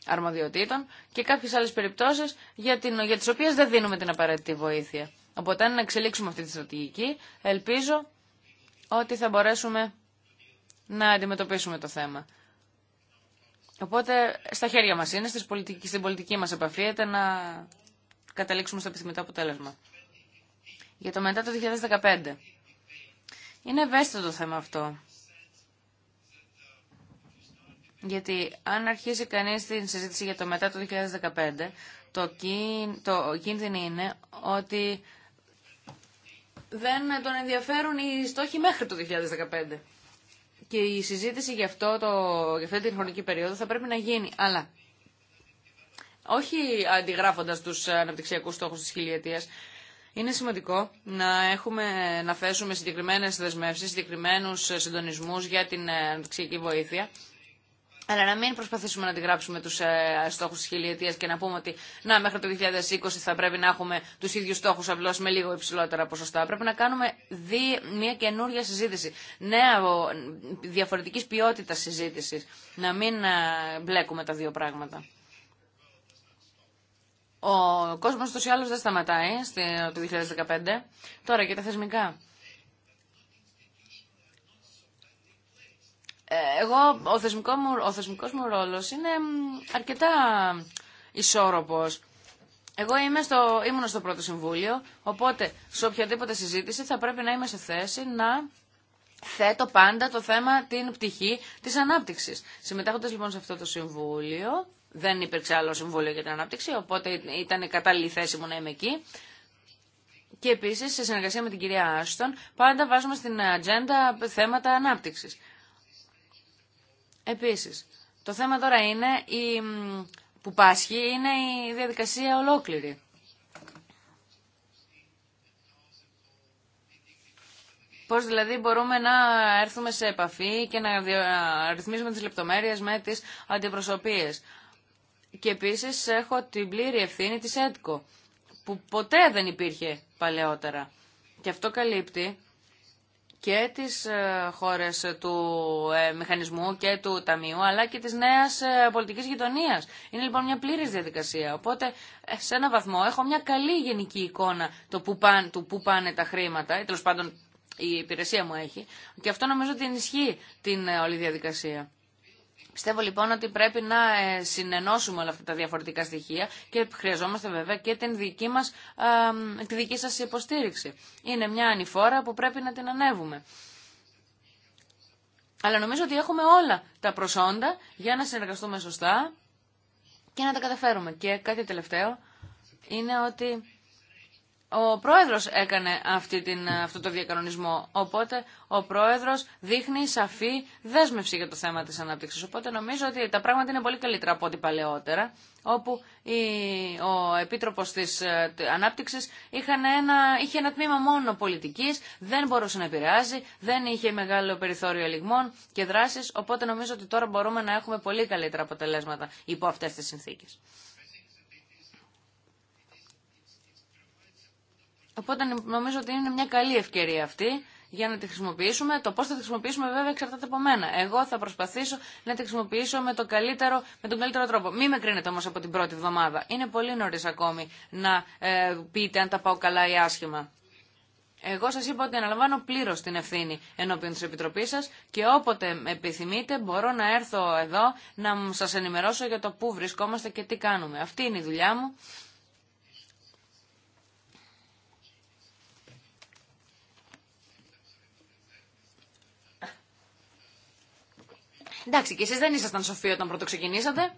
S3: αρμοδιοτήτων και κάποιες άλλες περιπτώσεις για, την, για τις οποίες δεν δίνουμε την απαραίτητη βοήθεια. Οπότε αν εξελίξουμε αυτή τη στρατηγική, ελπίζω ότι θα μπορέσουμε να αντιμετωπίσουμε το θέμα. Οπότε στα χέρια μας είναι, στις πολιτική, στην πολιτική μας επαφή, να καταλήξουμε στο επιθυμητό αποτέλεσμα. Για το μετά το 2015. Είναι ευαίσθητο το θέμα αυτό. Γιατί αν αρχίσει κανείς την συζήτηση για το μετά το 2015, το, κίν, το κίνδυνο είναι ότι δεν τον ενδιαφέρουν οι στόχοι μέχρι το 2015 και η συζήτηση για, αυτό το, για αυτή την χρονική περίοδο θα πρέπει να γίνει. Αλλά όχι αντιγράφοντας τους αναπτυξιακού στόχου της χιλιετίας, είναι σημαντικό να, έχουμε, να θέσουμε συγκεκριμένε δεσμεύσεις, συγκεκριμένου συντονισμού για την αναπτυξιακή βοήθεια αλλά να μην προσπαθήσουμε να αντιγράψουμε του ε, στόχου τη χιλιετία και να πούμε ότι να, μέχρι το 2020 θα πρέπει να έχουμε του ίδιου στόχου, απλώ με λίγο υψηλότερα ποσοστά. Πρέπει να κάνουμε δι, μια καινούργια συζήτηση. Νέα, διαφορετική ποιότητα συζήτηση. Να μην ε, μπλέκουμε τα δύο πράγματα. Ο κόσμο του ή άλλω δεν σταματάει το 2015. Τώρα και τα θεσμικά. Ε, εγώ, ο, θεσμικό μου, ο θεσμικός μου ρόλος είναι αρκετά ισόρροπος. Εγώ είμαι στο, ήμουν στο πρώτο συμβούλιο, οπότε σε οποιαδήποτε συζήτηση θα πρέπει να είμαι σε θέση να θέτω πάντα το θέμα την πτυχή της ανάπτυξης. Συμμετάχοντας λοιπόν σε αυτό το συμβούλιο, δεν υπήρξε άλλο συμβούλιο για την ανάπτυξη, οπότε ήταν η κατάλληλη θέση μου να είμαι εκεί. Και επίσης, σε συνεργασία με την κυρία Άστον, πάντα βάζουμε στην ατζέντα θέματα ανάπτυξης. Επίσης, το θέμα τώρα είναι η, που πάσχει είναι η διαδικασία ολόκληρη. Πώς δηλαδή μπορούμε να έρθουμε σε επαφή και να ρυθμίζουμε τις λεπτομέρειες με τις αντιπροσωπείες. Και επίσης έχω την πλήρη ευθύνη της ΕΤΚΟ, που ποτέ δεν υπήρχε παλαιότερα. Και αυτό καλύπτει και τις ε, χώρες του ε, μηχανισμού και του ταμείου, αλλά και της νέας ε, πολιτικής γειτονίας. Είναι λοιπόν μια πλήρης διαδικασία. Οπότε, σε ένα βαθμό, έχω μια καλή γενική εικόνα το που πάν, του που πάνε τα χρήματα, ή τέλος πάντων η υπηρεσία μου έχει, και αυτό νομίζω ότι ενισχύει την όλη διαδικασία. Πιστεύω λοιπόν ότι πρέπει να ε, συνενώσουμε όλα αυτά τα διαφορετικά στοιχεία και χρειαζόμαστε βέβαια και την δική μας, τη δική σας υποστήριξη. Είναι μια ανηφόρα που πρέπει να την ανέβουμε. Αλλά νομίζω ότι έχουμε όλα τα προσόντα για να συνεργαστούμε σωστά και να τα καταφέρουμε. Και κάτι τελευταίο είναι ότι ο πρόεδρος έκανε αυτή την, αυτό το διακανονισμό, οπότε ο πρόεδρος δείχνει σαφή δέσμευση για το θέμα της ανάπτυξης. Οπότε νομίζω ότι τα πράγματα είναι πολύ καλύτερα από ό,τι παλαιότερα, όπου ο Επίτροπος της ε, Ανάπτυξης είχαν ένα, είχε ένα τμήμα μόνο πολιτικής, δεν μπορούσε να επηρεάζει, δεν είχε μεγάλο περιθώριο ελιγμών και δράσεις, οπότε νομίζω ότι τώρα μπορούμε να έχουμε πολύ καλύτερα αποτελέσματα υπό αυτές τις συνθήκες. Οπότε νομίζω ότι είναι μια καλή ευκαιρία αυτή για να τη χρησιμοποιήσουμε. Το πώ θα τη χρησιμοποιήσουμε βέβαια εξαρτάται από μένα. Εγώ θα προσπαθήσω να τη χρησιμοποιήσω με, το καλύτερο, με τον καλύτερο τρόπο. Μην με κρίνετε όμω από την πρώτη εβδομάδα. Είναι πολύ νωρί ακόμη να ε, πείτε αν τα πάω καλά ή άσχημα. Εγώ σα είπα ότι αναλαμβάνω πλήρω την ευθύνη ενώπιον τη Επιτροπή σα και όποτε επιθυμείτε μπορώ να έρθω εδώ να σα ενημερώσω για το πού βρισκόμαστε και τι κάνουμε. Αυτή είναι η δουλειά μου. Εντάξει, και εσείς δεν ήσασταν σοφοί όταν πρώτο ξεκινήσατε.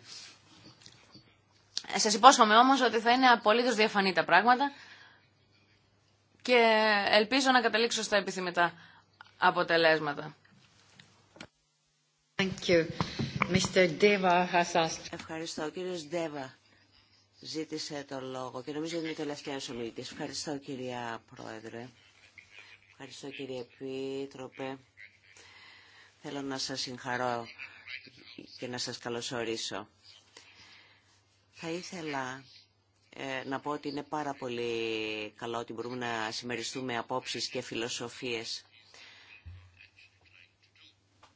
S3: Σας υπόσχομαι όμως ότι θα είναι απολύτω διαφανή τα πράγματα και ελπίζω να καταλήξω στα επιθυμητά
S4: αποτελέσματα. Thank you.
S2: Mr. Deva has asked.
S4: Ευχαριστώ. Ο κύριος Ντέβα ζήτησε το λόγο και νομίζω ότι είναι τελευταία ομιλητή. Ευχαριστώ κυρία Πρόεδρε. Ευχαριστώ κύριε Επίτροπε Θέλω να σας συγχαρώ και να σας καλωσορίσω. Θα ήθελα ε, να πω ότι είναι πάρα πολύ καλό ότι μπορούμε να συμμεριστούμε απόψεις και φιλοσοφίες.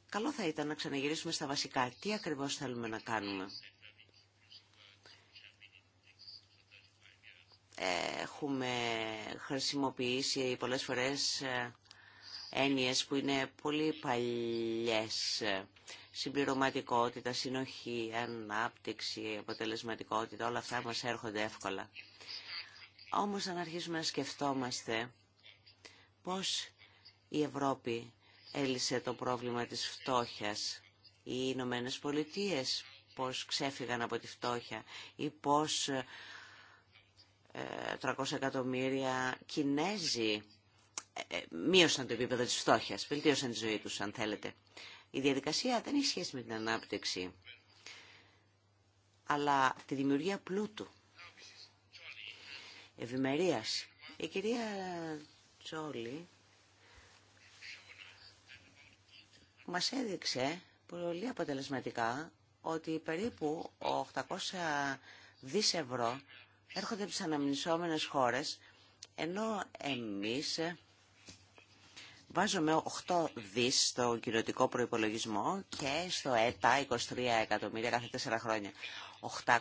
S4: Καλό θα ήταν να ξαναγυρίσουμε στα βασικά. Τι ακριβώς θέλουμε να κάνουμε. Ε, έχουμε χρησιμοποιήσει πολλές φορές ε, έννοιες που είναι πολύ παλιές. Συμπληρωματικότητα, συνοχή, ανάπτυξη, αποτελεσματικότητα, όλα αυτά μας έρχονται εύκολα. Όμως αν αρχίσουμε να σκεφτόμαστε πώς η Ευρώπη έλυσε το πρόβλημα της φτώχειας, οι Ηνωμένε Πολιτείε πώς ξέφυγαν από τη φτώχεια ή πώς 300 ε, εκατομμύρια Κινέζοι ε, μείωσαν το επίπεδο της φτώχειας, βελτίωσαν τη ζωή τους αν θέλετε. Η διαδικασία δεν έχει σχέση με την ανάπτυξη, αλλά τη δημιουργία πλούτου, ευημερίας. Η κυρία Τζόλι μας έδειξε πολύ αποτελεσματικά ότι περίπου 800 δις ευρώ έρχονται από τις αναμνησόμενες χώρες, ενώ εμείς Βάζουμε 8 δις στο κοινοτικό προϋπολογισμό και στο ΕΤΑ 23 εκατομμύρια κάθε τέσσερα χρόνια. 800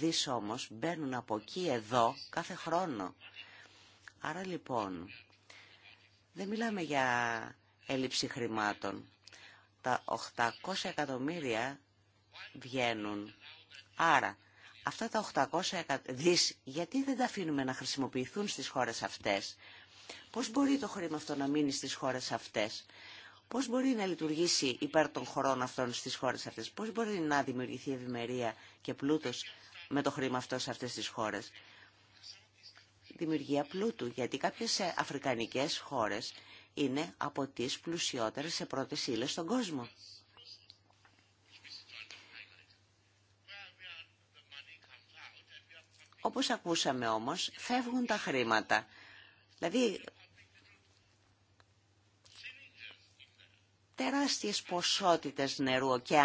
S4: δις όμως μπαίνουν από εκεί εδώ κάθε χρόνο. Άρα λοιπόν δεν μιλάμε για έλλειψη χρημάτων. Τα 800 εκατομμύρια βγαίνουν. Άρα αυτά τα 800 δις γιατί δεν τα αφήνουμε να χρησιμοποιηθούν στις χώρες αυτές Πώς μπορεί το χρήμα αυτό να μείνει στις χώρες αυτές. Πώς μπορεί να λειτουργήσει υπέρ των χωρών αυτών στις χώρες αυτές. Πώς μπορεί να δημιουργηθεί ευημερία και πλούτος με το χρήμα αυτό σε αυτές τις χώρες. Δημιουργία πλούτου, γιατί κάποιες ε, αφρικανικές χώρες είναι από τις πλουσιότερες σε πρώτες ύλες στον κόσμο. Όπως ακούσαμε όμως, φεύγουν τα χρήματα. Δηλαδή τεράστιες ποσότητες νερού, και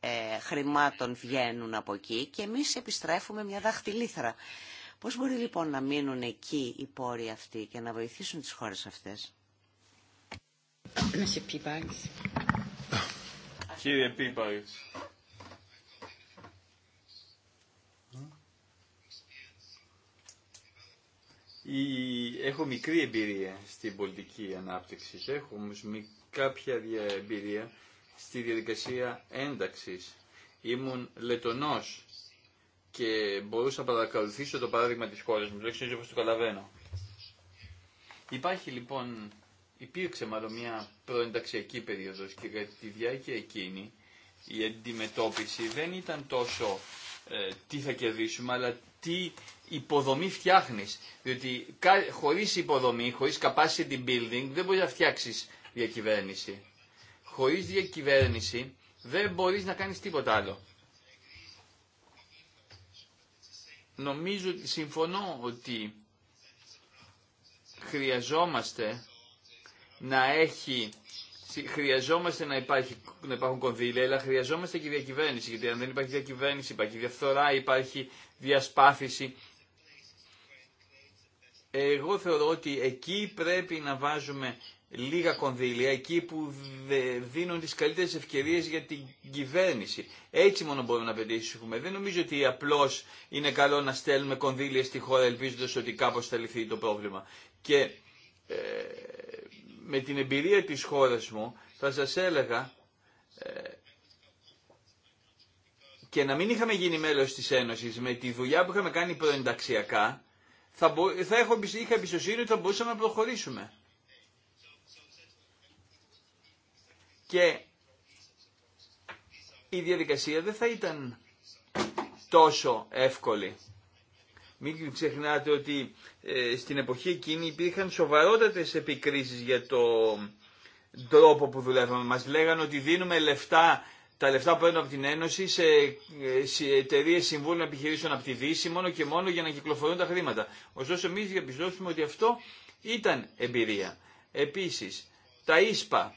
S4: ε, χρημάτων βγαίνουν από εκεί και εμείς επιστρέφουμε μια δαχτυλίθρα. Πώς μπορεί λοιπόν να μείνουν εκεί οι πόροι αυτοί και να βοηθήσουν τις χώρες αυτές.
S1: Κύριε Πίπαγης. Έχω μικρή εμπειρία στην πολιτική ανάπτυξη. Έχω όμως κάποια εμπειρία στη διαδικασία ένταξης. Ήμουν λετονός και μπορούσα να παρακολουθήσω το παράδειγμα της χώρας μου, ξέρω όπως το καταλαβαίνω. Υπάρχει λοιπόν, υπήρξε μάλλον μια προενταξιακή περίοδος και κατά τη διάρκεια εκείνη η αντιμετώπιση δεν ήταν τόσο ε, τι θα κερδίσουμε, αλλά τι υποδομή φτιάχνεις. Διότι χωρίς υποδομή, χωρίς capacity building δεν μπορείς να φτιάξεις διακυβέρνηση. Χωρίς διακυβέρνηση δεν μπορείς να κάνεις τίποτα άλλο. Νομίζω συμφωνώ ότι χρειαζόμαστε να έχει χρειαζόμαστε να, υπάρχει, να υπάρχουν κονδύλια, αλλά χρειαζόμαστε και διακυβέρνηση. Γιατί αν δεν υπάρχει διακυβέρνηση, υπάρχει διαφθορά, υπάρχει διασπάθηση. Εγώ θεωρώ ότι εκεί πρέπει να βάζουμε λίγα κονδύλια εκεί που δίνουν τις καλύτερες ευκαιρίες για την κυβέρνηση. Έτσι μόνο μπορούμε να πετύχουμε. Δεν νομίζω ότι απλώς είναι καλό να στέλνουμε κονδύλια στη χώρα ελπίζοντας ότι κάπως θα λυθεί το πρόβλημα. Και ε, με την εμπειρία της χώρας μου θα σας έλεγα ε, και να μην είχαμε γίνει μέλος της Ένωσης με τη δουλειά που είχαμε κάνει προενταξιακά θα, θα έχω, είχα εμπιστοσύνη ότι θα μπορούσαμε να προχωρήσουμε. και η διαδικασία δεν θα ήταν τόσο εύκολη. Μην ξεχνάτε ότι ε, στην εποχή εκείνη υπήρχαν σοβαρότατες επικρίσεις για το τρόπο που δουλεύαμε. Μας λέγανε ότι δίνουμε λεφτά, τα λεφτά που παίρνουν από την Ένωση σε, σε εταιρείε συμβούλων επιχειρήσεων από τη Δύση μόνο και μόνο για να κυκλοφορούν τα χρήματα. Ωστόσο εμείς διαπιστώσουμε ότι αυτό ήταν εμπειρία. Επίσης, τα ΙΣΠΑ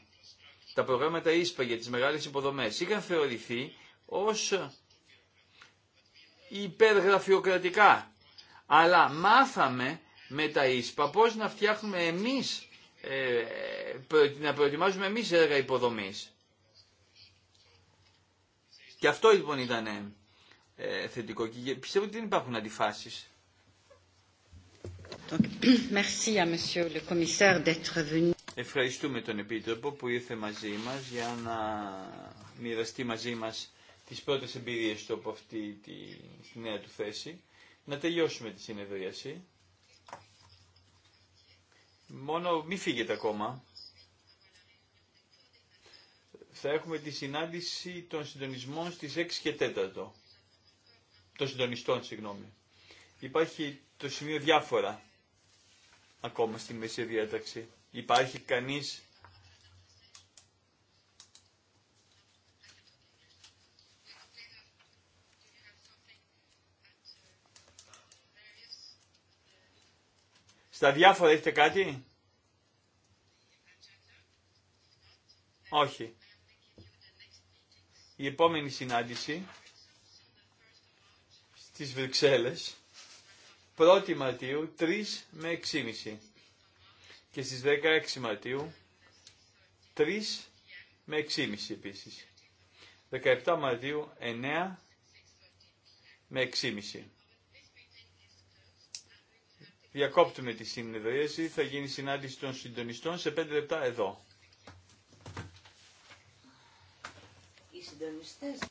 S1: τα προγράμματα ΙΣΠΑ για τις μεγάλες υποδομές είχαν θεωρηθεί ως υπεργραφειοκρατικά. Αλλά μάθαμε με τα ΙΣΠΑ πώς να φτιάχνουμε εμείς, ε, να προετοιμάζουμε εμείς έργα υποδομής. Και αυτό λοιπόν ήταν ε, θετικό και πιστεύω ότι δεν υπάρχουν αντιφάσεις.
S2: [coughs] merci à Monsieur le Commissaire d'être venu.
S1: Ευχαριστούμε τον Επίτροπο που ήρθε μαζί μας για να μοιραστεί μαζί μας τις πρώτες εμπειρίες του από αυτή τη, νέα του θέση. Να τελειώσουμε τη συνεδρίαση. Μόνο μη φύγετε ακόμα. Θα έχουμε τη συνάντηση των συντονισμών στις 6 και 4. Των συντονιστών, συγγνώμη. Υπάρχει το σημείο διάφορα ακόμα στη μέση διάταξη. Υπάρχει κανείς Στα διάφορα έχετε κάτι? Όχι. Η επόμενη συνάντηση στις Βρυξέλλες 1η Μαρτίου 3 με 6.30 και στις 16 Μαρτίου 3 με 6,5 επίσης. 17 Μαρτίου 9 με 6,5. Διακόπτουμε τη συνεδρίαση, θα γίνει συνάντηση των συντονιστών σε 5 λεπτά εδώ.
S4: Οι συντονιστές...